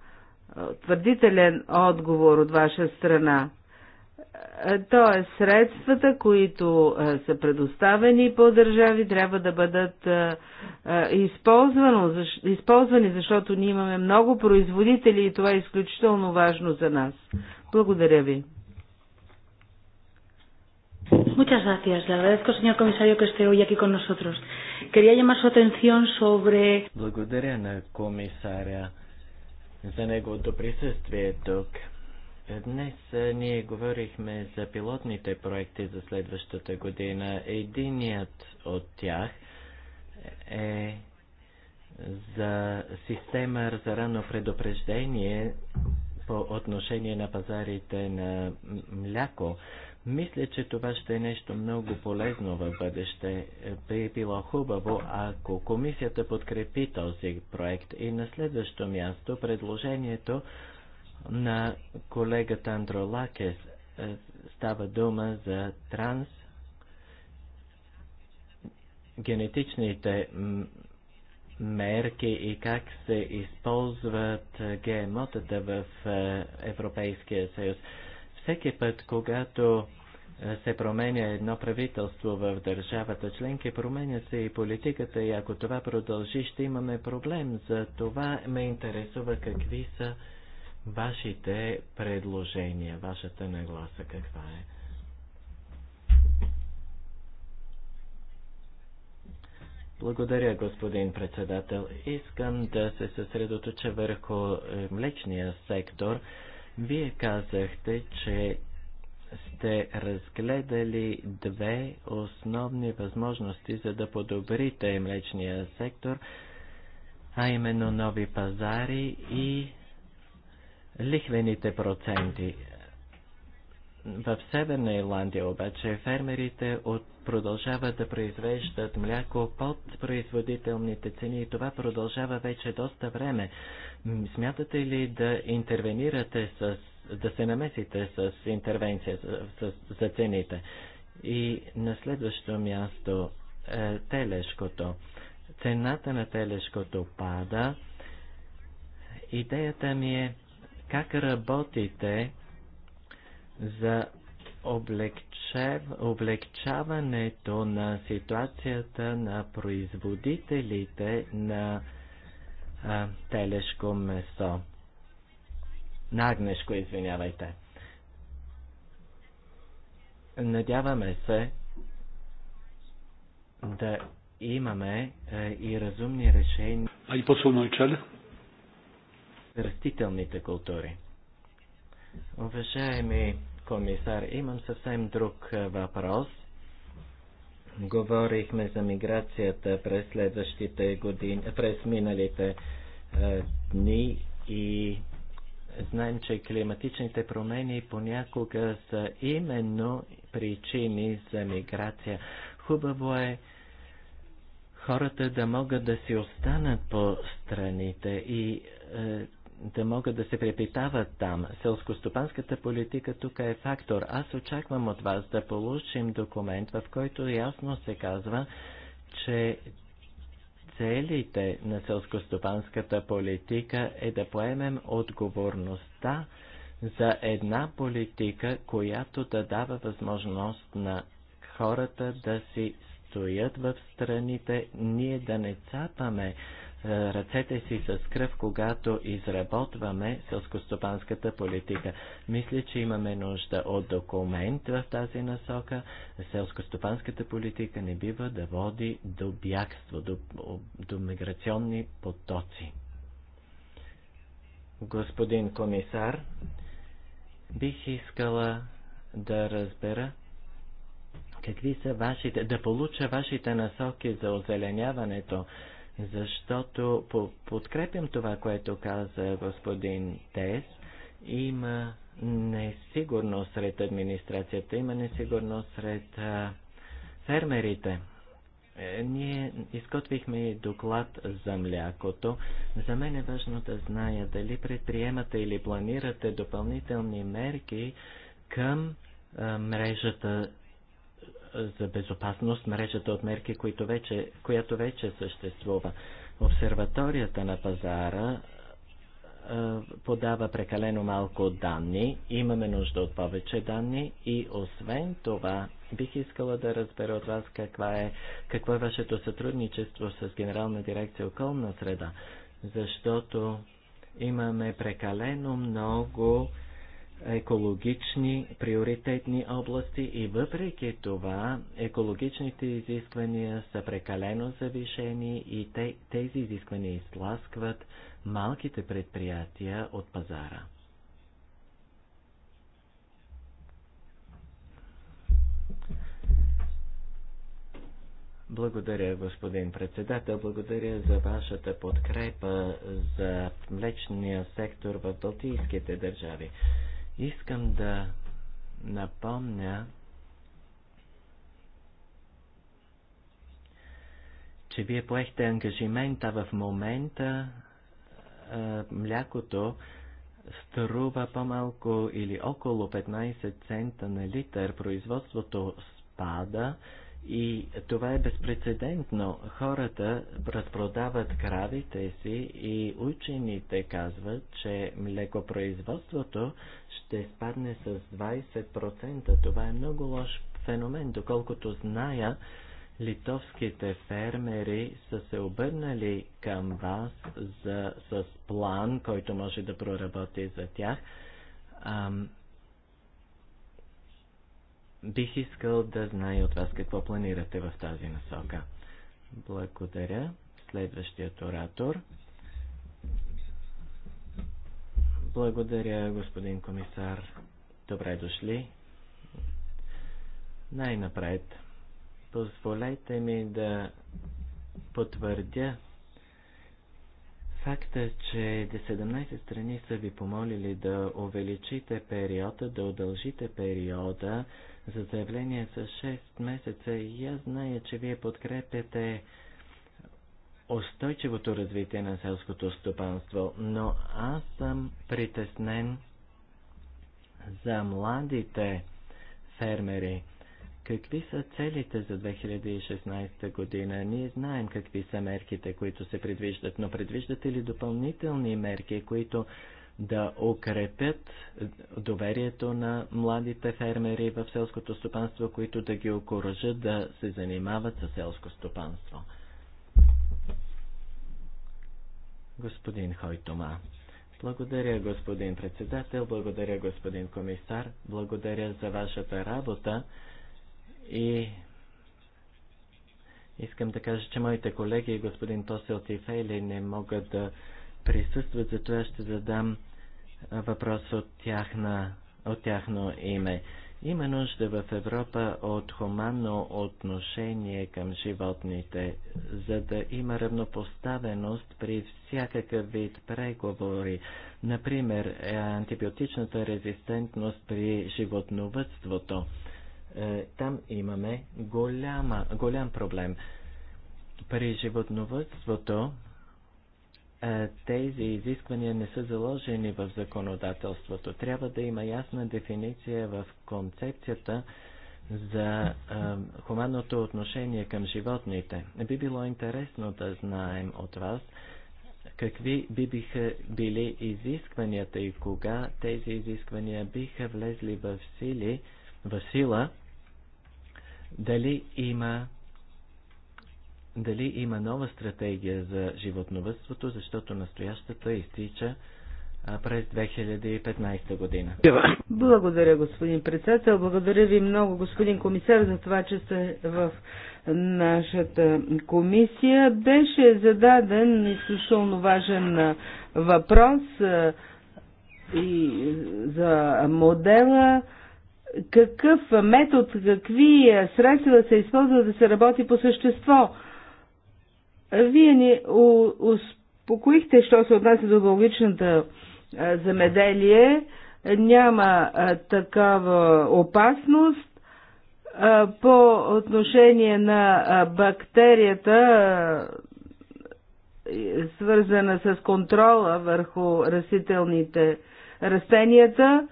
твърдителен отговор от ваша страна. Тоест, средствата, които са предоставени по държави, трябва да бъдат използвани, защото ние имаме много производители и това е изключително важно за нас. Благодаря ви. Muchas gracias. Le agradezco, señor comisario, que esté hoy aquí con nosotros. Quería llamar su atención sobre... Благодаря на за неговото присъствие тук. Днес ние говорихме за пилотните проекти за следващата година. Единият от тях е за система за рано предупреждение по отношение на пазарите на мляко. Мисля, че това ще е нещо много полезно в бъдеще. Е, би било хубаво, ако комисията подкрепи този проект. И на следващо място предложението на колегата Андро Лакес е, става дума за транс генетичните мерки и как се използват ГМО-тата в е, Европейския съюз. Всеки път, когато се променя едно правителство в държавата членки, променя се и политиката и ако това продължи, ще имаме проблем. За това ме интересува какви са вашите предложения, вашата нагласа каква е. Благодаря, господин председател. Искам да се съсредоточа върху е, млечния сектор. Вие казахте, че сте разгледали две основни възможности за да подобрите млечния сектор, а именно нови пазари и лихвените проценти. В Северна Ирландия обаче фермерите от, продължават да произвеждат мляко под производителните цени и това продължава вече доста време. Смятате ли да интервенирате с, да се намесите с интервенция за, с, за цените? И на следващо място е, телешкото. Цената на телешкото пада. Идеята ми е как работите за облегчаването на ситуацията на производителите на а, телешко месо. На агнешко, извинявайте. Надяваме се да имаме а, е, и разумни решения. А и по-сумно Растителните култури. Уважаеми комисар, имам съвсем друг е, въпрос. Говорихме за миграцията през следващите години, през миналите е, дни и знаем, че климатичните промени понякога са именно причини за миграция. Хубаво е хората да могат да си останат по страните и е, да могат да се препитават там. Селскостопанската политика тук е фактор. Аз очаквам от вас да получим документ, в който ясно се казва, че целите на селскостопанската политика е да поемем отговорността за една политика, която да дава възможност на хората да си стоят в страните, ние да не цапаме е, ръцете си с кръв, когато изработваме селскостопанската политика. Мисля, че имаме нужда от документ в тази насока. Селскостопанската политика не бива да води до бягство, до, до миграционни потоци. Господин комисар, бих искала да разбера какви са вашите, да получа вашите насоки за озеленяването защото по подкрепям това, което каза господин Тес. Има несигурност сред администрацията, има несигурност сред а, фермерите. Е, ние изготвихме доклад за млякото. За мен е важно да зная дали предприемате или планирате допълнителни мерки към а, мрежата за безопасност, мрежата от мерки, които вече, която вече съществува. Обсерваторията на пазара е, подава прекалено малко данни, имаме нужда от повече данни и освен това бих искала да разбера от вас каква е, какво е вашето сътрудничество с Генерална дирекция околна среда, защото имаме прекалено много екологични приоритетни области и въпреки това екологичните изисквания са прекалено завишени и те, тези изисквания изтласкват малките предприятия от пазара. Благодаря, господин председател. Благодаря за вашата подкрепа за млечния сектор в Балтийските държави. Искам да напомня, че вие поехте ангажимента в момента а, млякото струва по-малко или около 15 цента на литър. Производството спада, и това е безпредседентно. Хората разпродават кравите си и учените казват, че млекопроизводството ще спадне с 20%. Това е много лош феномен. Доколкото зная, литовските фермери са се обърнали към вас за, с план, който може да проработи за тях. Ам, Бих искал да знае от вас какво планирате в тази насока. Благодаря. Следващият оратор. Благодаря, господин комисар. Добре дошли. Най-напред, позволете ми да потвърдя факта, че 17 страни са ви помолили да увеличите периода, да удължите периода за заявление за 6 месеца и аз зная, че вие подкрепяте устойчивото развитие на селското стопанство, но аз съм притеснен за младите фермери. Какви са целите за 2016 година? Ние знаем какви са мерките, които се предвиждат, но предвиждате ли допълнителни мерки, които да укрепят доверието на младите фермери в селското стопанство, които да ги окоръжат да се занимават със селско стопанство. Господин Хойтома. Благодаря, господин председател, благодаря, господин комисар, благодаря за вашата работа и искам да кажа, че моите колеги, господин Тосел Тифейли, не могат да присъстват, затова ще задам въпрос от, тяхна, от тяхно име. Има нужда в Европа от хуманно отношение към животните, за да има равнопоставеност при всякакъв вид преговори. Например, е, антибиотичната резистентност при животновътството. Е, там имаме голяма, голям проблем. При животновътството е, тези изисквания не са заложени в законодателството. Трябва да има ясна дефиниция в концепцията за а, е, хуманното отношение към животните. Би било интересно да знаем от вас какви би биха били изискванията и кога тези изисквания биха влезли в, сили, в сила, дали има дали има нова стратегия за животновътството, защото настоящата изтича през 2015 година. Благодаря, господин председател. Благодаря ви много, господин комисар, за това, че сте в нашата комисия. Беше зададен изключително важен въпрос и за модела какъв метод, какви средства да се използват да се работи по същество. Вие ни успокоихте, що се отнася до биологичната замеделие, Няма такава опасност. По отношение на бактерията, свързана с контрола върху растителните растенията,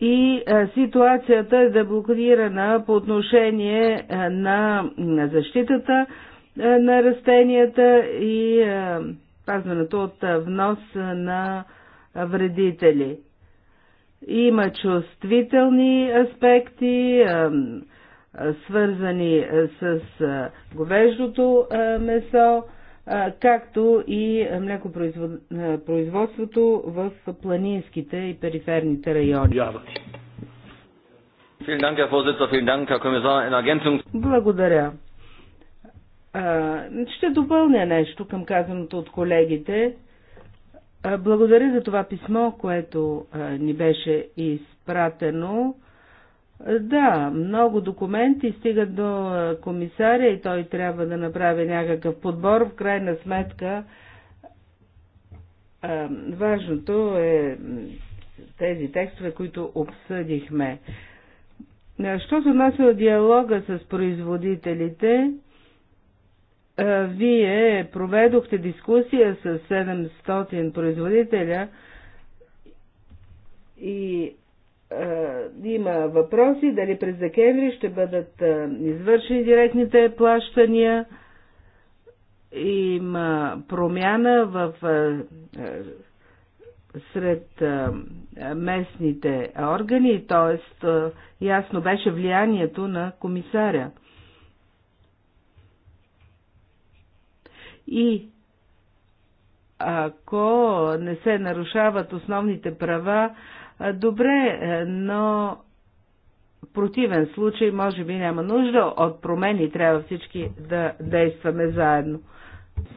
и ситуацията е деблокирана по отношение на защитата е, на растенията и е, пазването от е, внос на вредители. Има чувствителни аспекти, свързани с говеждото месо, както и млекопроизводството в планинските и периферните райони. Благодаря. А, ще допълня нещо към казаното от колегите. А, благодаря за това писмо, което а, ни беше изпратено. Да, много документи стигат до комисаря и той трябва да направи някакъв подбор. В крайна сметка, важното е тези текстове, които обсъдихме. Що се отнася от диалога с производителите, е, вие проведохте дискусия с 700 производителя и е, има въпроси дали през декември ще бъдат е, извършени директните плащания. Има промяна в сред местните органи, т.е. ясно беше влиянието на комисаря. И ако не се нарушават основните права, добре, е, но в противен случай може би няма нужда от промени, трябва всички да действаме заедно.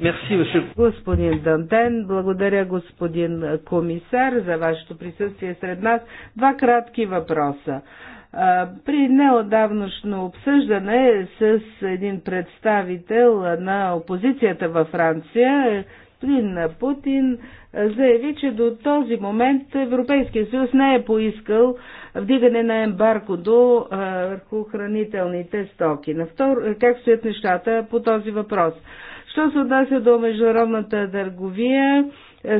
Мерси, господин Дантен, благодаря господин комисар за вашето присъствие сред нас. Два кратки въпроса. При неодавнашно обсъждане с един представител на опозицията във Франция, господин Путин, заяви, че до този момент Европейския съюз не е поискал вдигане на до върху хранителните стоки. На втор... Как стоят нещата по този въпрос? Що се отнася до международната търговия,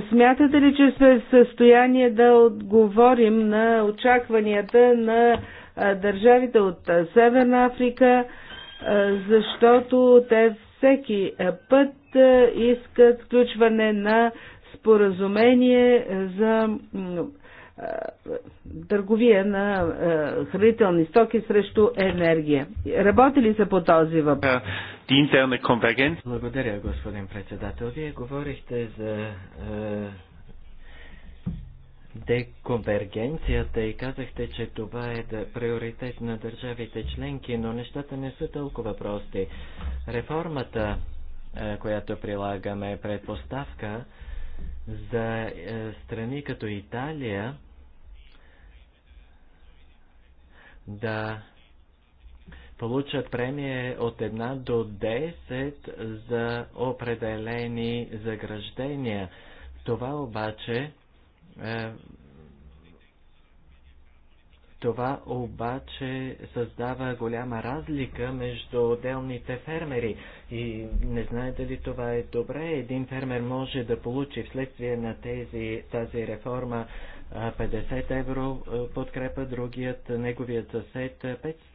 смятате ли, че сме в състояние да отговорим на очакванията на държавите от Северна Африка, защото те всеки път искат включване на споразумение за търговия на хранителни стоки срещу енергия. Работили са по този въпрос? Благодаря, господин председател. Вие говорихте за деконвергенцията и казахте, че това е да приоритет на държавите членки, но нещата не са толкова прости. Реформата, е, която прилагаме, е предпоставка за е, страни като Италия да получат премия от 1 до 10 за определени заграждения. Това обаче е, това обаче създава голяма разлика между отделните фермери и не знаете дали това е добре. Един фермер може да получи вследствие на тези, тази реформа 50 евро е, подкрепа, другият, неговият съсед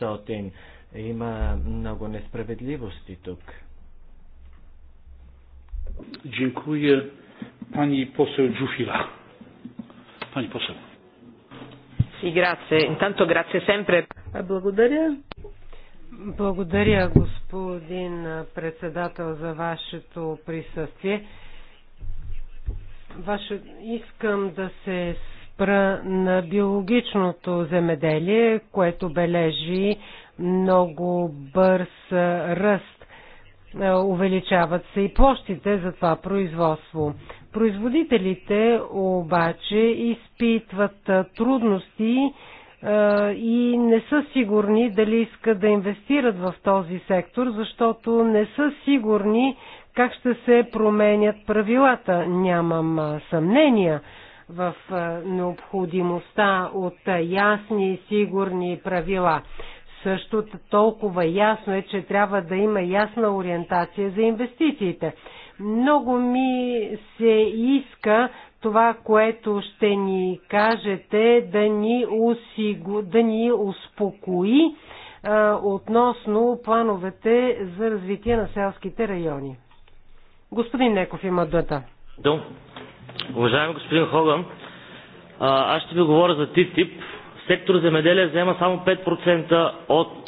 500. Е, Има много несправедливости тук. Дякую, пани посел Джуфила. Благодаря. Благодаря, господин председател, за вашето присъствие. Ваше... Искам да се спра на биологичното земеделие, което бележи много бърз ръст. Увеличават се и площите за това производство. Производителите обаче изпитват трудности и не са сигурни дали искат да инвестират в този сектор, защото не са сигурни как ще се променят правилата. Нямам съмнения в необходимостта от ясни и сигурни правила. Също толкова ясно е, че трябва да има ясна ориентация за инвестициите. Много ми се иска това, което ще ни кажете, да ни, усигу, да ни успокои а, относно плановете за развитие на селските райони. Господин Неков има дата. Уважаеми господин Хоган, аз ще ви говоря за ТИТИП. Сектор земеделие взема само 5% от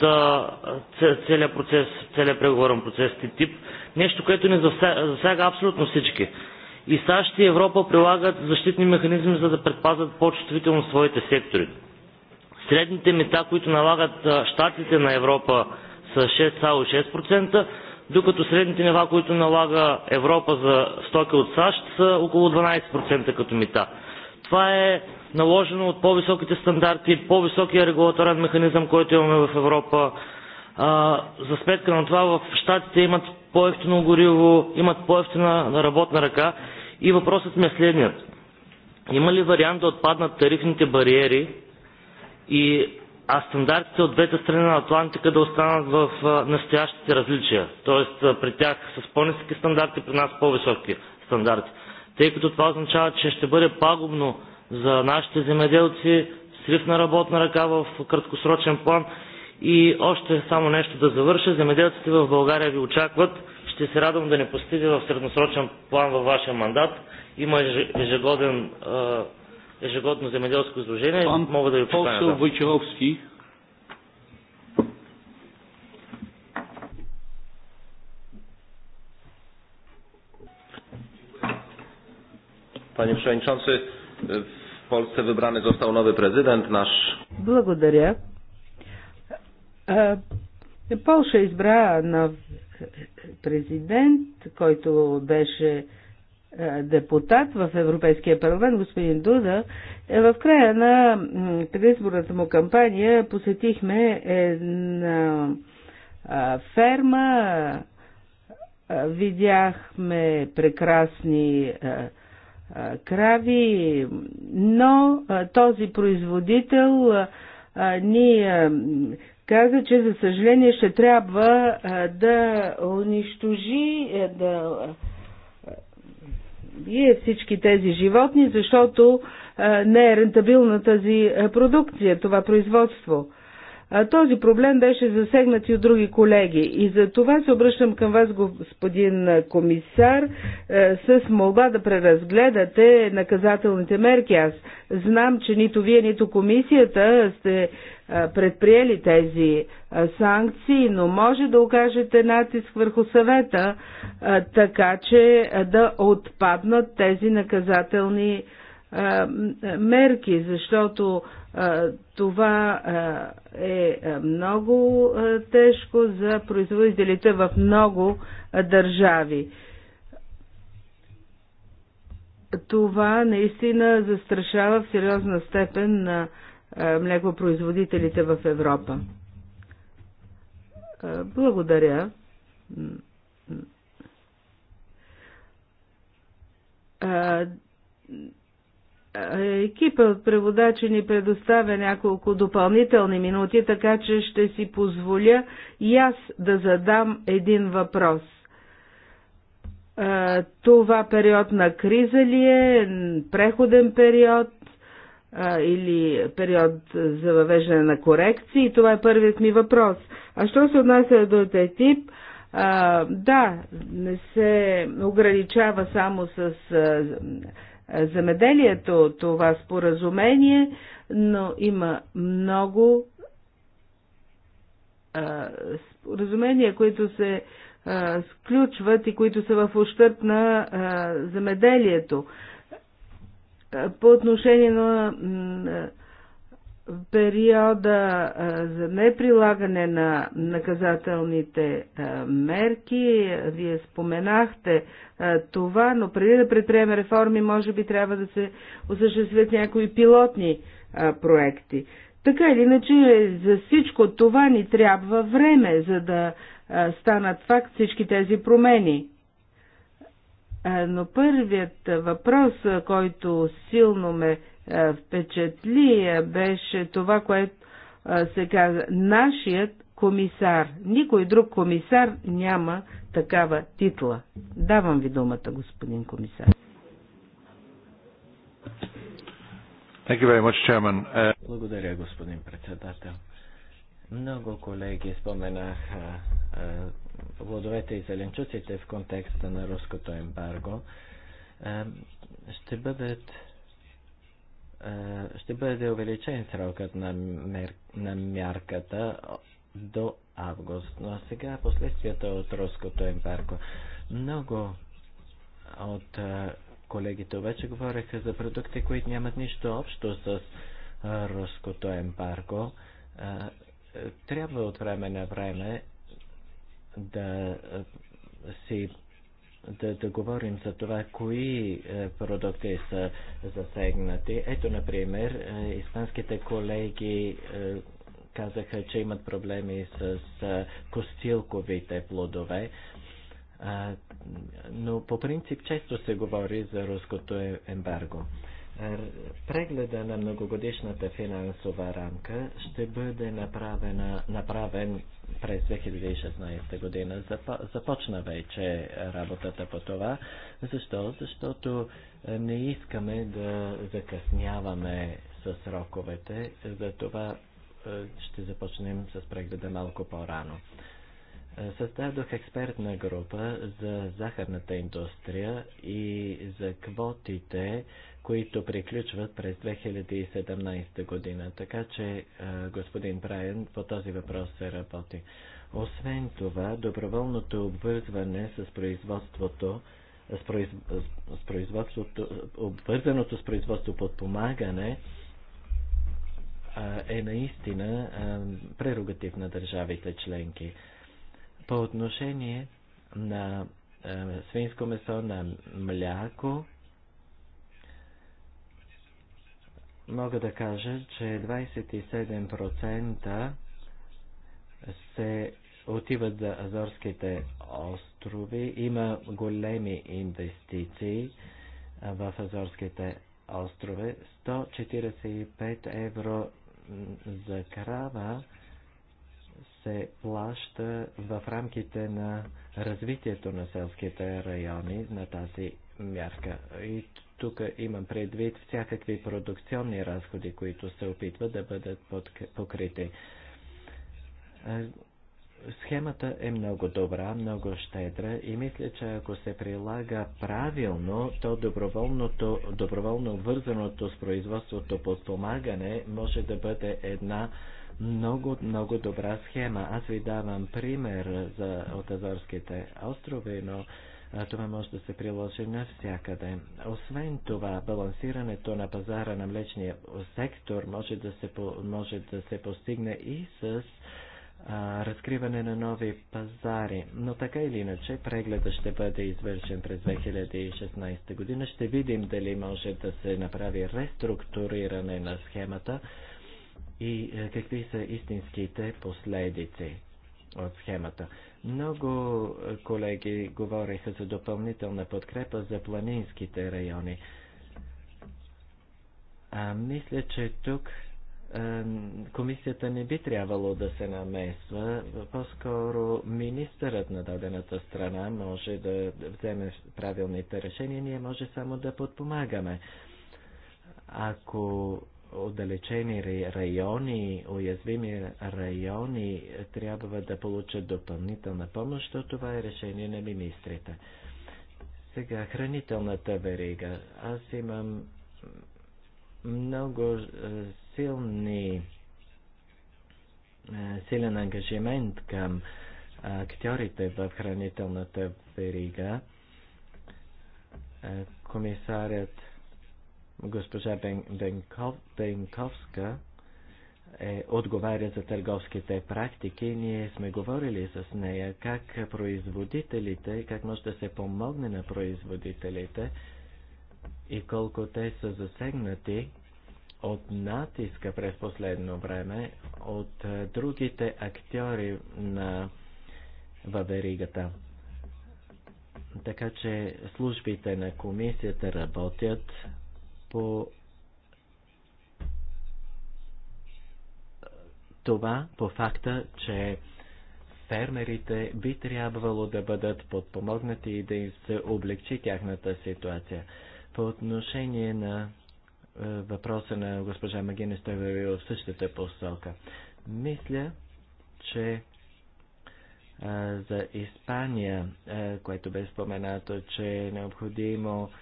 целият процес, целият преговорен процес ТИТИП нещо, което не засяга, засяга абсолютно всички. И САЩ и Европа прилагат защитни механизми, за да предпазват по-чувствително своите сектори. Средните мета, които налагат щатите на Европа са 6,6%, докато средните нива, които налага Европа за стоки от САЩ са около 12% като мета. Това е наложено от по-високите стандарти, по-високия регулаторен механизъм, който имаме в Европа. за сметка на това в Штатите имат по-ефтино гориво, имат по-ефтина работна ръка. И въпросът ми е следният. Има ли вариант да отпаднат тарифните бариери, и, а стандартите от двете страни на Атлантика да останат в настоящите различия? Тоест при тях с по-низки стандарти, при нас по-високи стандарти. Тъй като това означава, че ще бъде пагубно за нашите земеделци, срив на работна ръка в краткосрочен план – и още само нещо да завърша. Земеделците в България ви очакват. Ще се радвам да не постига в средносрочен план във вашия мандат. Има ежегоден, ежегодно земеделско изложение. Пан Мога да ви поканя. Panie Przewodniczący, w Polsce wybrany został nowy prezydent, nasz... Благодаря. Полша избра нов президент, който беше депутат в Европейския парламент, господин Дуда. Е, в края на предизборната му кампания посетихме една ферма, видяхме прекрасни крави, но този производител ни каза, че за съжаление ще трябва да унищожи, е, да бие е, всички тези животни, защото не е рентабилна тази е, продукция, това производство. Този проблем беше засегнат и от други колеги и за това се обръщам към вас, господин комисар, е, с молба да преразгледате наказателните мерки. Аз знам, че нито вие, нито комисията сте е, предприели тези е, санкции, но може да окажете натиск върху съвета, така че да отпаднат тези наказателни мерки, защото това е много тежко за производителите в много държави. Това наистина застрашава в сериозна степен на млекопроизводителите в Европа. Благодаря. Е, екипа от преводачи ни предоставя няколко допълнителни минути, така че ще си позволя и аз да задам един въпрос. Е, това период на криза ли е, преходен период е, или период за въвеждане на корекции? Това е първият ми въпрос. А що се отнася до този тип? Да, не се ограничава само с земеделието това споразумение, но има много споразумения, които се сключват и които са в ущърп на земеделието. По отношение на периода за неприлагане на наказателните мерки. Вие споменахте това, но преди да предприеме реформи, може би трябва да се осъществят някои пилотни проекти. Така или иначе, за всичко това ни трябва време, за да станат факт всички тези промени. Но първият въпрос, който силно ме е, впечатли, е, беше това, което е, се каза. Нашият комисар. Никой друг комисар няма такава титла. Давам ви думата, господин комисар. Much, Благодаря, господин председател. Много колеги споменаха плодовете и зеленчуците в контекста на руското ембарго. А, ще бъдат е, ще бъде увеличен срокът на, мер... на мярката до август. Но сега последствията от руското ембарго. Много от е, колегите вече говореха за продукти, които нямат нищо общо с е, руското ембарго. Трябва от време на време да си да, да говорим за това, кои е, продукти са засегнати. Ето, например, е, испанските колеги е, казаха, че имат проблеми с костилковите плодове. Но по принцип често се говори за руското ембарго. Прегледа на многогодишната финансова рамка ще бъде направена, направен през 2016 година. Започна вече работата по това. Защо? Защото е, не искаме да закъсняваме с сроковете, за това е, ще започнем с прегледа малко по-рано. Е, създадох експертна група за захарната индустрия и за квотите които приключват през 2017 година. Така че, е, господин Брайан, по този въпрос се работи. Освен това, доброволното обвързване с производството с, произ... с производството, обвързаното с производство подпомагане е, е наистина е, прерогатив на държавите членки. По отношение на свинско месо, на мляко, мога да кажа, че 27% се отиват за Азорските острови. Има големи инвестиции в Азорските острови. 145 евро за крава се плаща в рамките на развитието на селските райони на тази мярка. И тук имам предвид всякакви продукционни разходи, които се опитват да бъдат покрити. Схемата е много добра, много щедра и мисля, че ако се прилага правилно, то доброволното, доброволно вързаното с производството подпомагане може да бъде една много, много добра схема. Аз ви давам пример за от Азорските острови, но това може да се приложи навсякъде. Освен това, балансирането на пазара на млечния сектор може да се, може да се постигне и с а, разкриване на нови пазари. Но така или иначе, прегледът ще бъде извършен през 2016 година. Ще видим дали може да се направи реструктуриране на схемата и какви са истинските последици от схемата. Много е, колеги говориха за допълнителна подкрепа за планинските райони. А, мисля, че тук а, е, комисията не би трябвало да се намесва. По-скоро министърът на дадената страна може да вземе правилните решения. Ние може само да подпомагаме. Ако отдалечени райони, уязвими райони трябва да получат допълнителна помощ, то това е решение на министрите. Сега, хранителната верига. Аз имам много е, силни, е, силен ангажимент към е, актьорите в хранителната верига. Комисарят Госпожа Бен, Бенков, Бенковска е, отговаря за търговските практики. Ние сме говорили с нея как производителите, как може да се помогне на производителите и колко те са засегнати от натиска през последно време от е, другите актьори на във Така че службите на комисията работят по това, по факта, че фермерите би трябвало да бъдат подпомогнати и да им се облегчи тяхната ситуация. По отношение на е, въпроса на госпожа Магина, той в същата посока. Мисля, че е, за Испания, е, което бе споменато, че е необходимо е,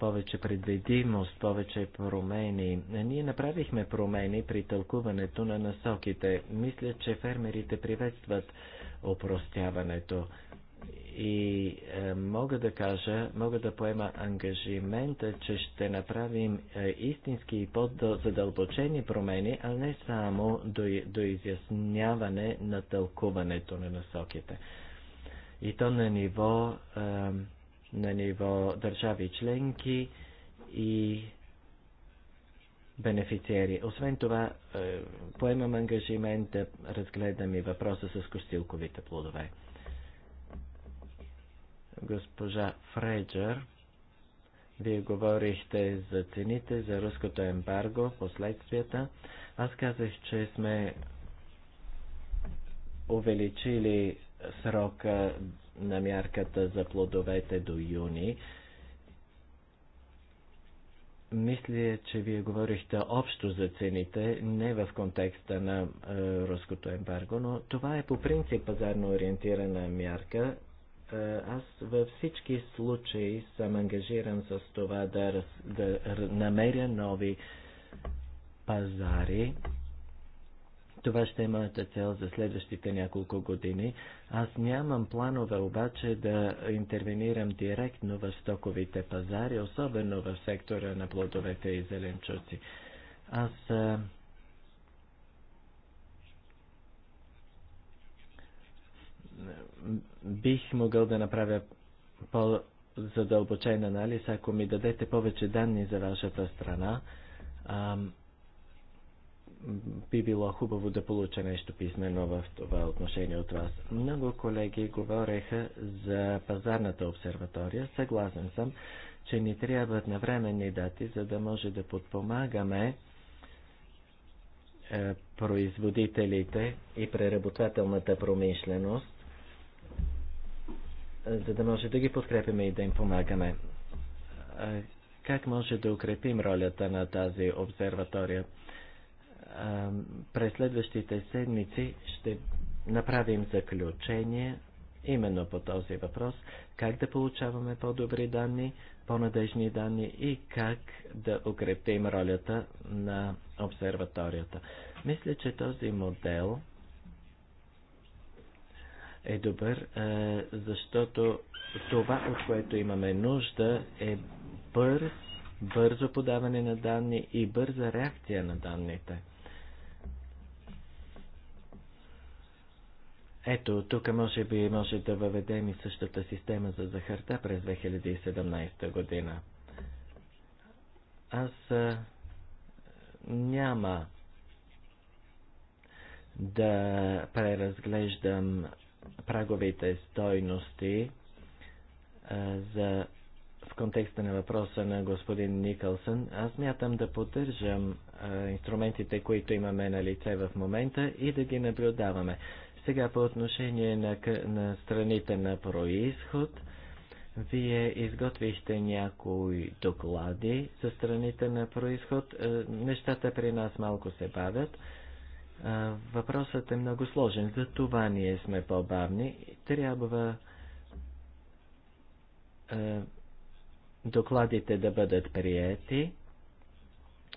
повече предвидимост, повече промени. Ние направихме промени при тълкуването на насоките. Мисля, че фермерите приветстват опростяването. И е, мога да кажа, мога да поема ангажимента, че ще направим е, истински и по-задълбочени промени, а не само до, до изясняване на тълкуването на насоките. И то на ниво е, на ниво държави членки и бенефициери. Освен това, е, поемам ангажимент да разгледам и въпроса с костилковите плодове. Госпожа Фреджер, вие говорихте за цените, за руското ембарго, последствията. Аз казах, че сме увеличили срока на мярката за плодовете до юни. Мисля, че вие говорихте общо за цените, не в контекста на е, руското ембарго, но това е по принцип пазарно ориентирана мярка. Е, аз във всички случаи съм ангажиран с това да, раз, да намеря нови пазари, това ще е моята цел за следващите няколко години. Аз нямам планове обаче да интервенирам директно в стоковите пазари, особено в сектора на плодовете и зеленчуци. Аз бих могъл да направя по-задълбочен анализ, ако ми дадете повече данни за вашата страна би било хубаво да получа нещо писмено в това отношение от вас. Много колеги говореха за пазарната обсерватория. Съгласен съм, че ни трябват навременни дати, за да може да подпомагаме е, производителите и преработвателната промишленост, за да може да ги подкрепиме и да им помагаме. Е, как може да укрепим ролята на тази обсерватория? през следващите седмици ще направим заключение именно по този въпрос, как да получаваме по-добри данни, по-надежни данни и как да укрепим ролята на обсерваторията. Мисля, че този модел е добър, е, защото това, от което имаме нужда, е бърз, бързо подаване на данни и бърза реакция на данните. Ето, тук може би може да въведем и същата система за захарта през 2017 година. Аз а, няма да преразглеждам праговите стойности а, за, в контекста на въпроса на господин Никълсън. Аз мятам да поддържам а, инструментите, които имаме на лице в момента и да ги наблюдаваме. Сега по отношение на, на страните на происход, вие изготвихте някои доклади за страните на происход. Е, нещата при нас малко се бавят. Е, въпросът е много сложен, за това ние сме по-бавни. Трябва е, докладите да бъдат приети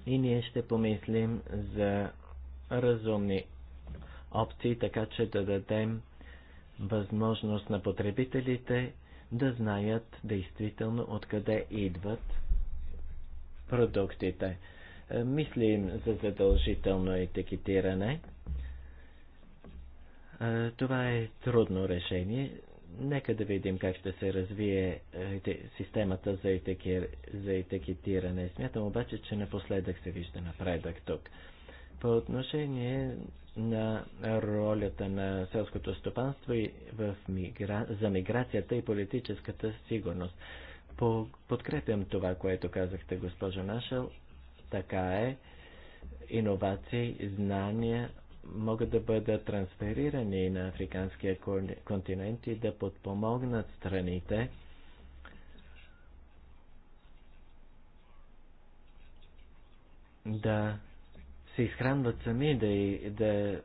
и ние ще помислим за разумни опции, така че да дадем възможност на потребителите да знаят действително откъде идват продуктите. Е, мислим за задължително етикетиране. Е, това е трудно решение. Нека да видим как ще се развие е, системата за, етикер... за етикетиране. Смятам обаче, че напоследък се вижда напредък тук. По отношение на ролята на селското стопанство и в мигра... за миграцията и политическата сигурност. По... Подкрепям това, което казахте, госпожо Нашел. Така е. Иновации, знания могат да бъдат трансферирани на африканския континент и да подпомогнат страните да се изхранват сами, да, и, да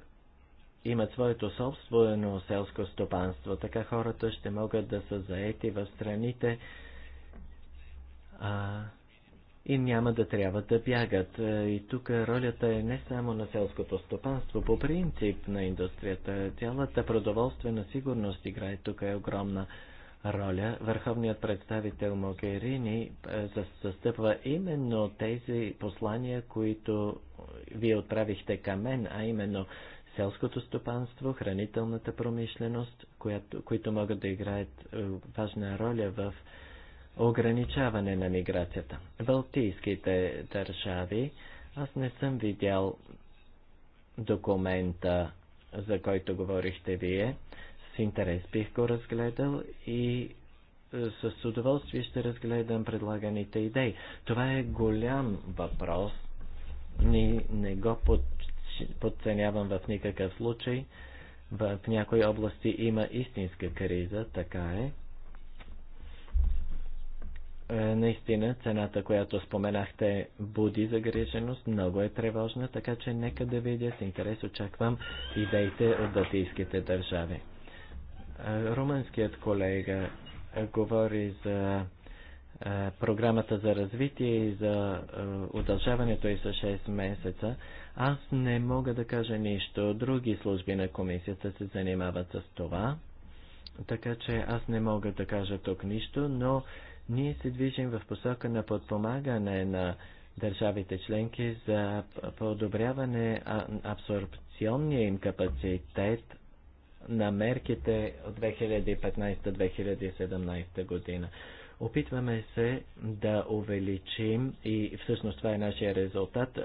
имат своето собствено селско стопанство. Така хората ще могат да са заети в страните а, и няма да трябва да бягат. И тук ролята е не само на селското стопанство, по принцип на индустрията. Цялата продоволствена сигурност играе тук е огромна роля, върховният представител Могерини е, застъпва именно тези послания, които вие отправихте към мен, а именно селското стопанство, хранителната промишленост, която, които могат да играят е, важна роля в ограничаване на миграцията. Балтийските държави, аз не съм видял документа, за който говорихте вие, с интерес бих го разгледал и е, с удоволствие ще разгледам предлаганите идеи. Това е голям въпрос. Не, не го под, подценявам в никакъв случай. В някои области има истинска криза, така е. е. Наистина, цената, която споменахте, буди загриженост, много е тревожна, така че нека да видя с интерес, очаквам идеите от датийските държави. Румънският колега говори за програмата за развитие и за удължаването и за 6 месеца. Аз не мога да кажа нищо. Други служби на комисията се занимават с това. Така че аз не мога да кажа тук нищо, но ние се движим в посока на подпомагане на държавите членки за подобряване абсорбционния им капацитет на мерките от 2015-2017 година. Опитваме се да увеличим и всъщност това е нашия резултат.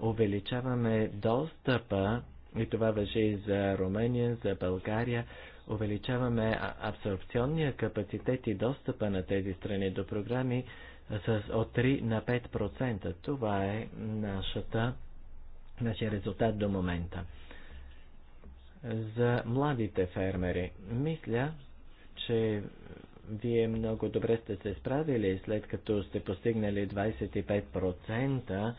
Увеличаваме достъпа и това въжи и за Румъния, за България. Увеличаваме абсорбционния капацитет и достъпа на тези страни до програми с от 3 на 5%. Това е нашата, нашия резултат до момента за младите фермери. Мисля, че вие много добре сте се справили, след като сте постигнали 25%.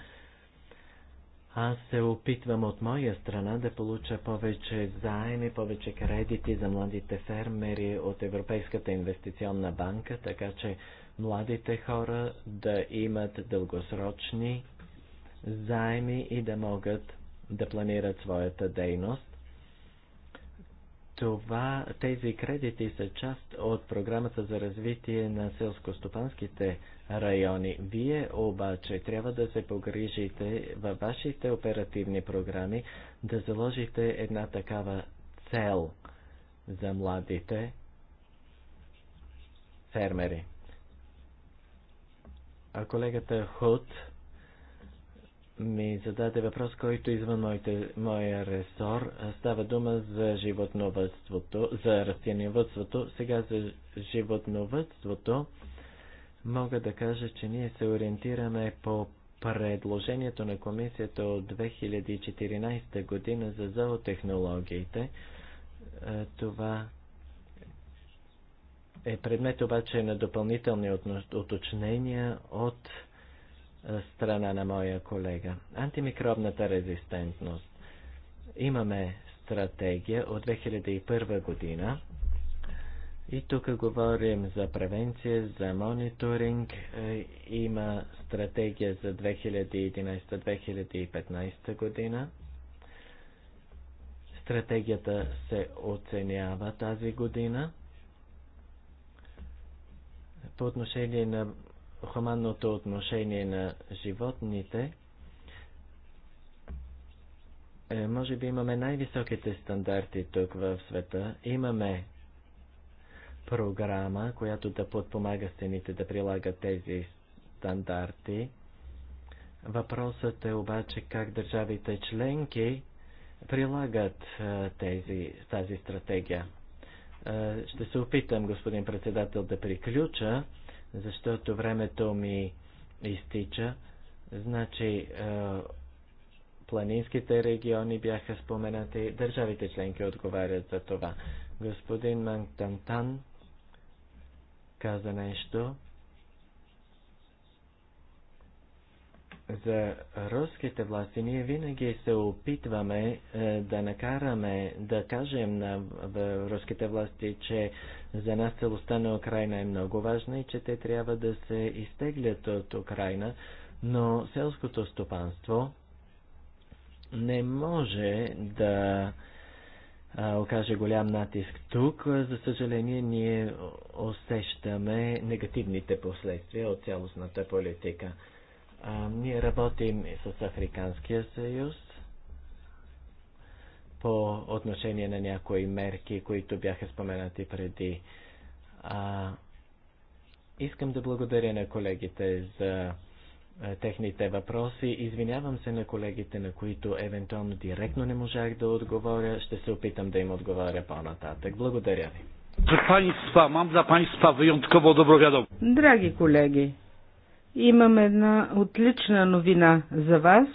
Аз се опитвам от моя страна да получа повече заеми, повече кредити за младите фермери от Европейската инвестиционна банка, така че младите хора да имат дългосрочни заеми и да могат да планират своята дейност това, тези кредити са част от програмата за развитие на селско-стопанските райони. Вие обаче трябва да се погрижите във вашите оперативни програми да заложите една такава цел за младите фермери. А колегата Худ ми зададе въпрос, който е извън моите, моя ресор. Става дума за животновътството, за растениевътството. Сега за животновътството мога да кажа, че ние се ориентираме по предложението на комисията от 2014 година за зоотехнологиите. Е, това е предмет обаче на допълнителни уточнения от страна на моя колега. Антимикробната резистентност. Имаме стратегия от 2001 година и тук говорим за превенция, за мониторинг. Е, има стратегия за 2011-2015 година. Стратегията се оценява тази година. По отношение на хуманното отношение на животните, е, може би имаме най-високите стандарти тук в света. Имаме програма, която да подпомага стените да прилагат тези стандарти. Въпросът е обаче как държавите членки прилагат е, тези, тази стратегия. Е, ще се опитам, господин председател, да приключа защото времето ми изтича. Значи, планинските региони бяха споменати, държавите членки отговарят за това. Господин Мантантан каза нещо за руските власти, ние винаги се опитваме е, да накараме, да кажем на в, руските власти, че за нас целостта на Украина е много важна и че те трябва да се изтеглят от Украина, но селското стопанство не може да окаже голям натиск тук. За съжаление, ние усещаме негативните последствия от цялостната политика. А, ние работим с Африканския съюз по отношение на някои мерки, които бяха споменати преди. А, искам да благодаря на колегите за техните въпроси. Извинявам се на колегите, на които евентуално директно не можах да отговоря. Ще се опитам да им отговоря по-нататък. Благодаря ви. Драги колеги, Имам една отлична новина за вас.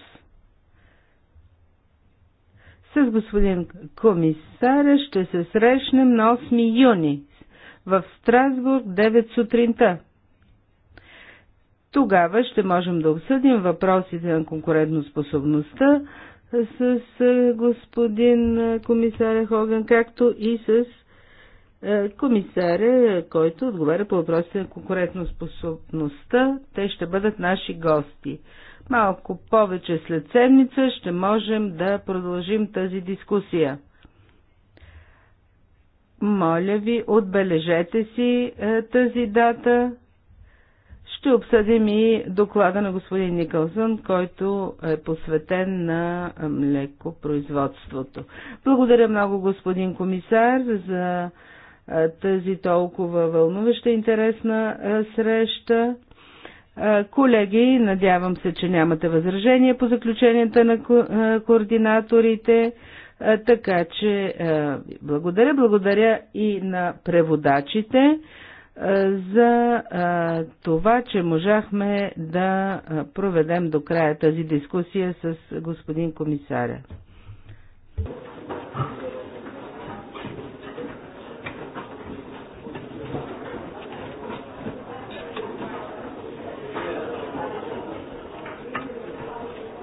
С господин комисаря ще се срещнем на 8 юни в Страсбург 9 сутринта. Тогава ще можем да обсъдим въпросите на конкурентоспособността с господин комисаря Хоган, както и с е, комисаря, който отговаря по въпросите на конкурентоспособността, те ще бъдат наши гости. Малко повече след седмица ще можем да продължим тази дискусия. Моля ви, отбележете си е, тази дата. Ще обсъдим и доклада на господин Никълсън, който е посветен на е, млекопроизводството. Благодаря много, господин комисар, за тази толкова вълнуваща интересна среща. Колеги, надявам се, че нямате възражения по заключенията на координаторите, така че благодаря, благодаря и на преводачите за това, че можахме да проведем до края тази дискусия с господин комисаря.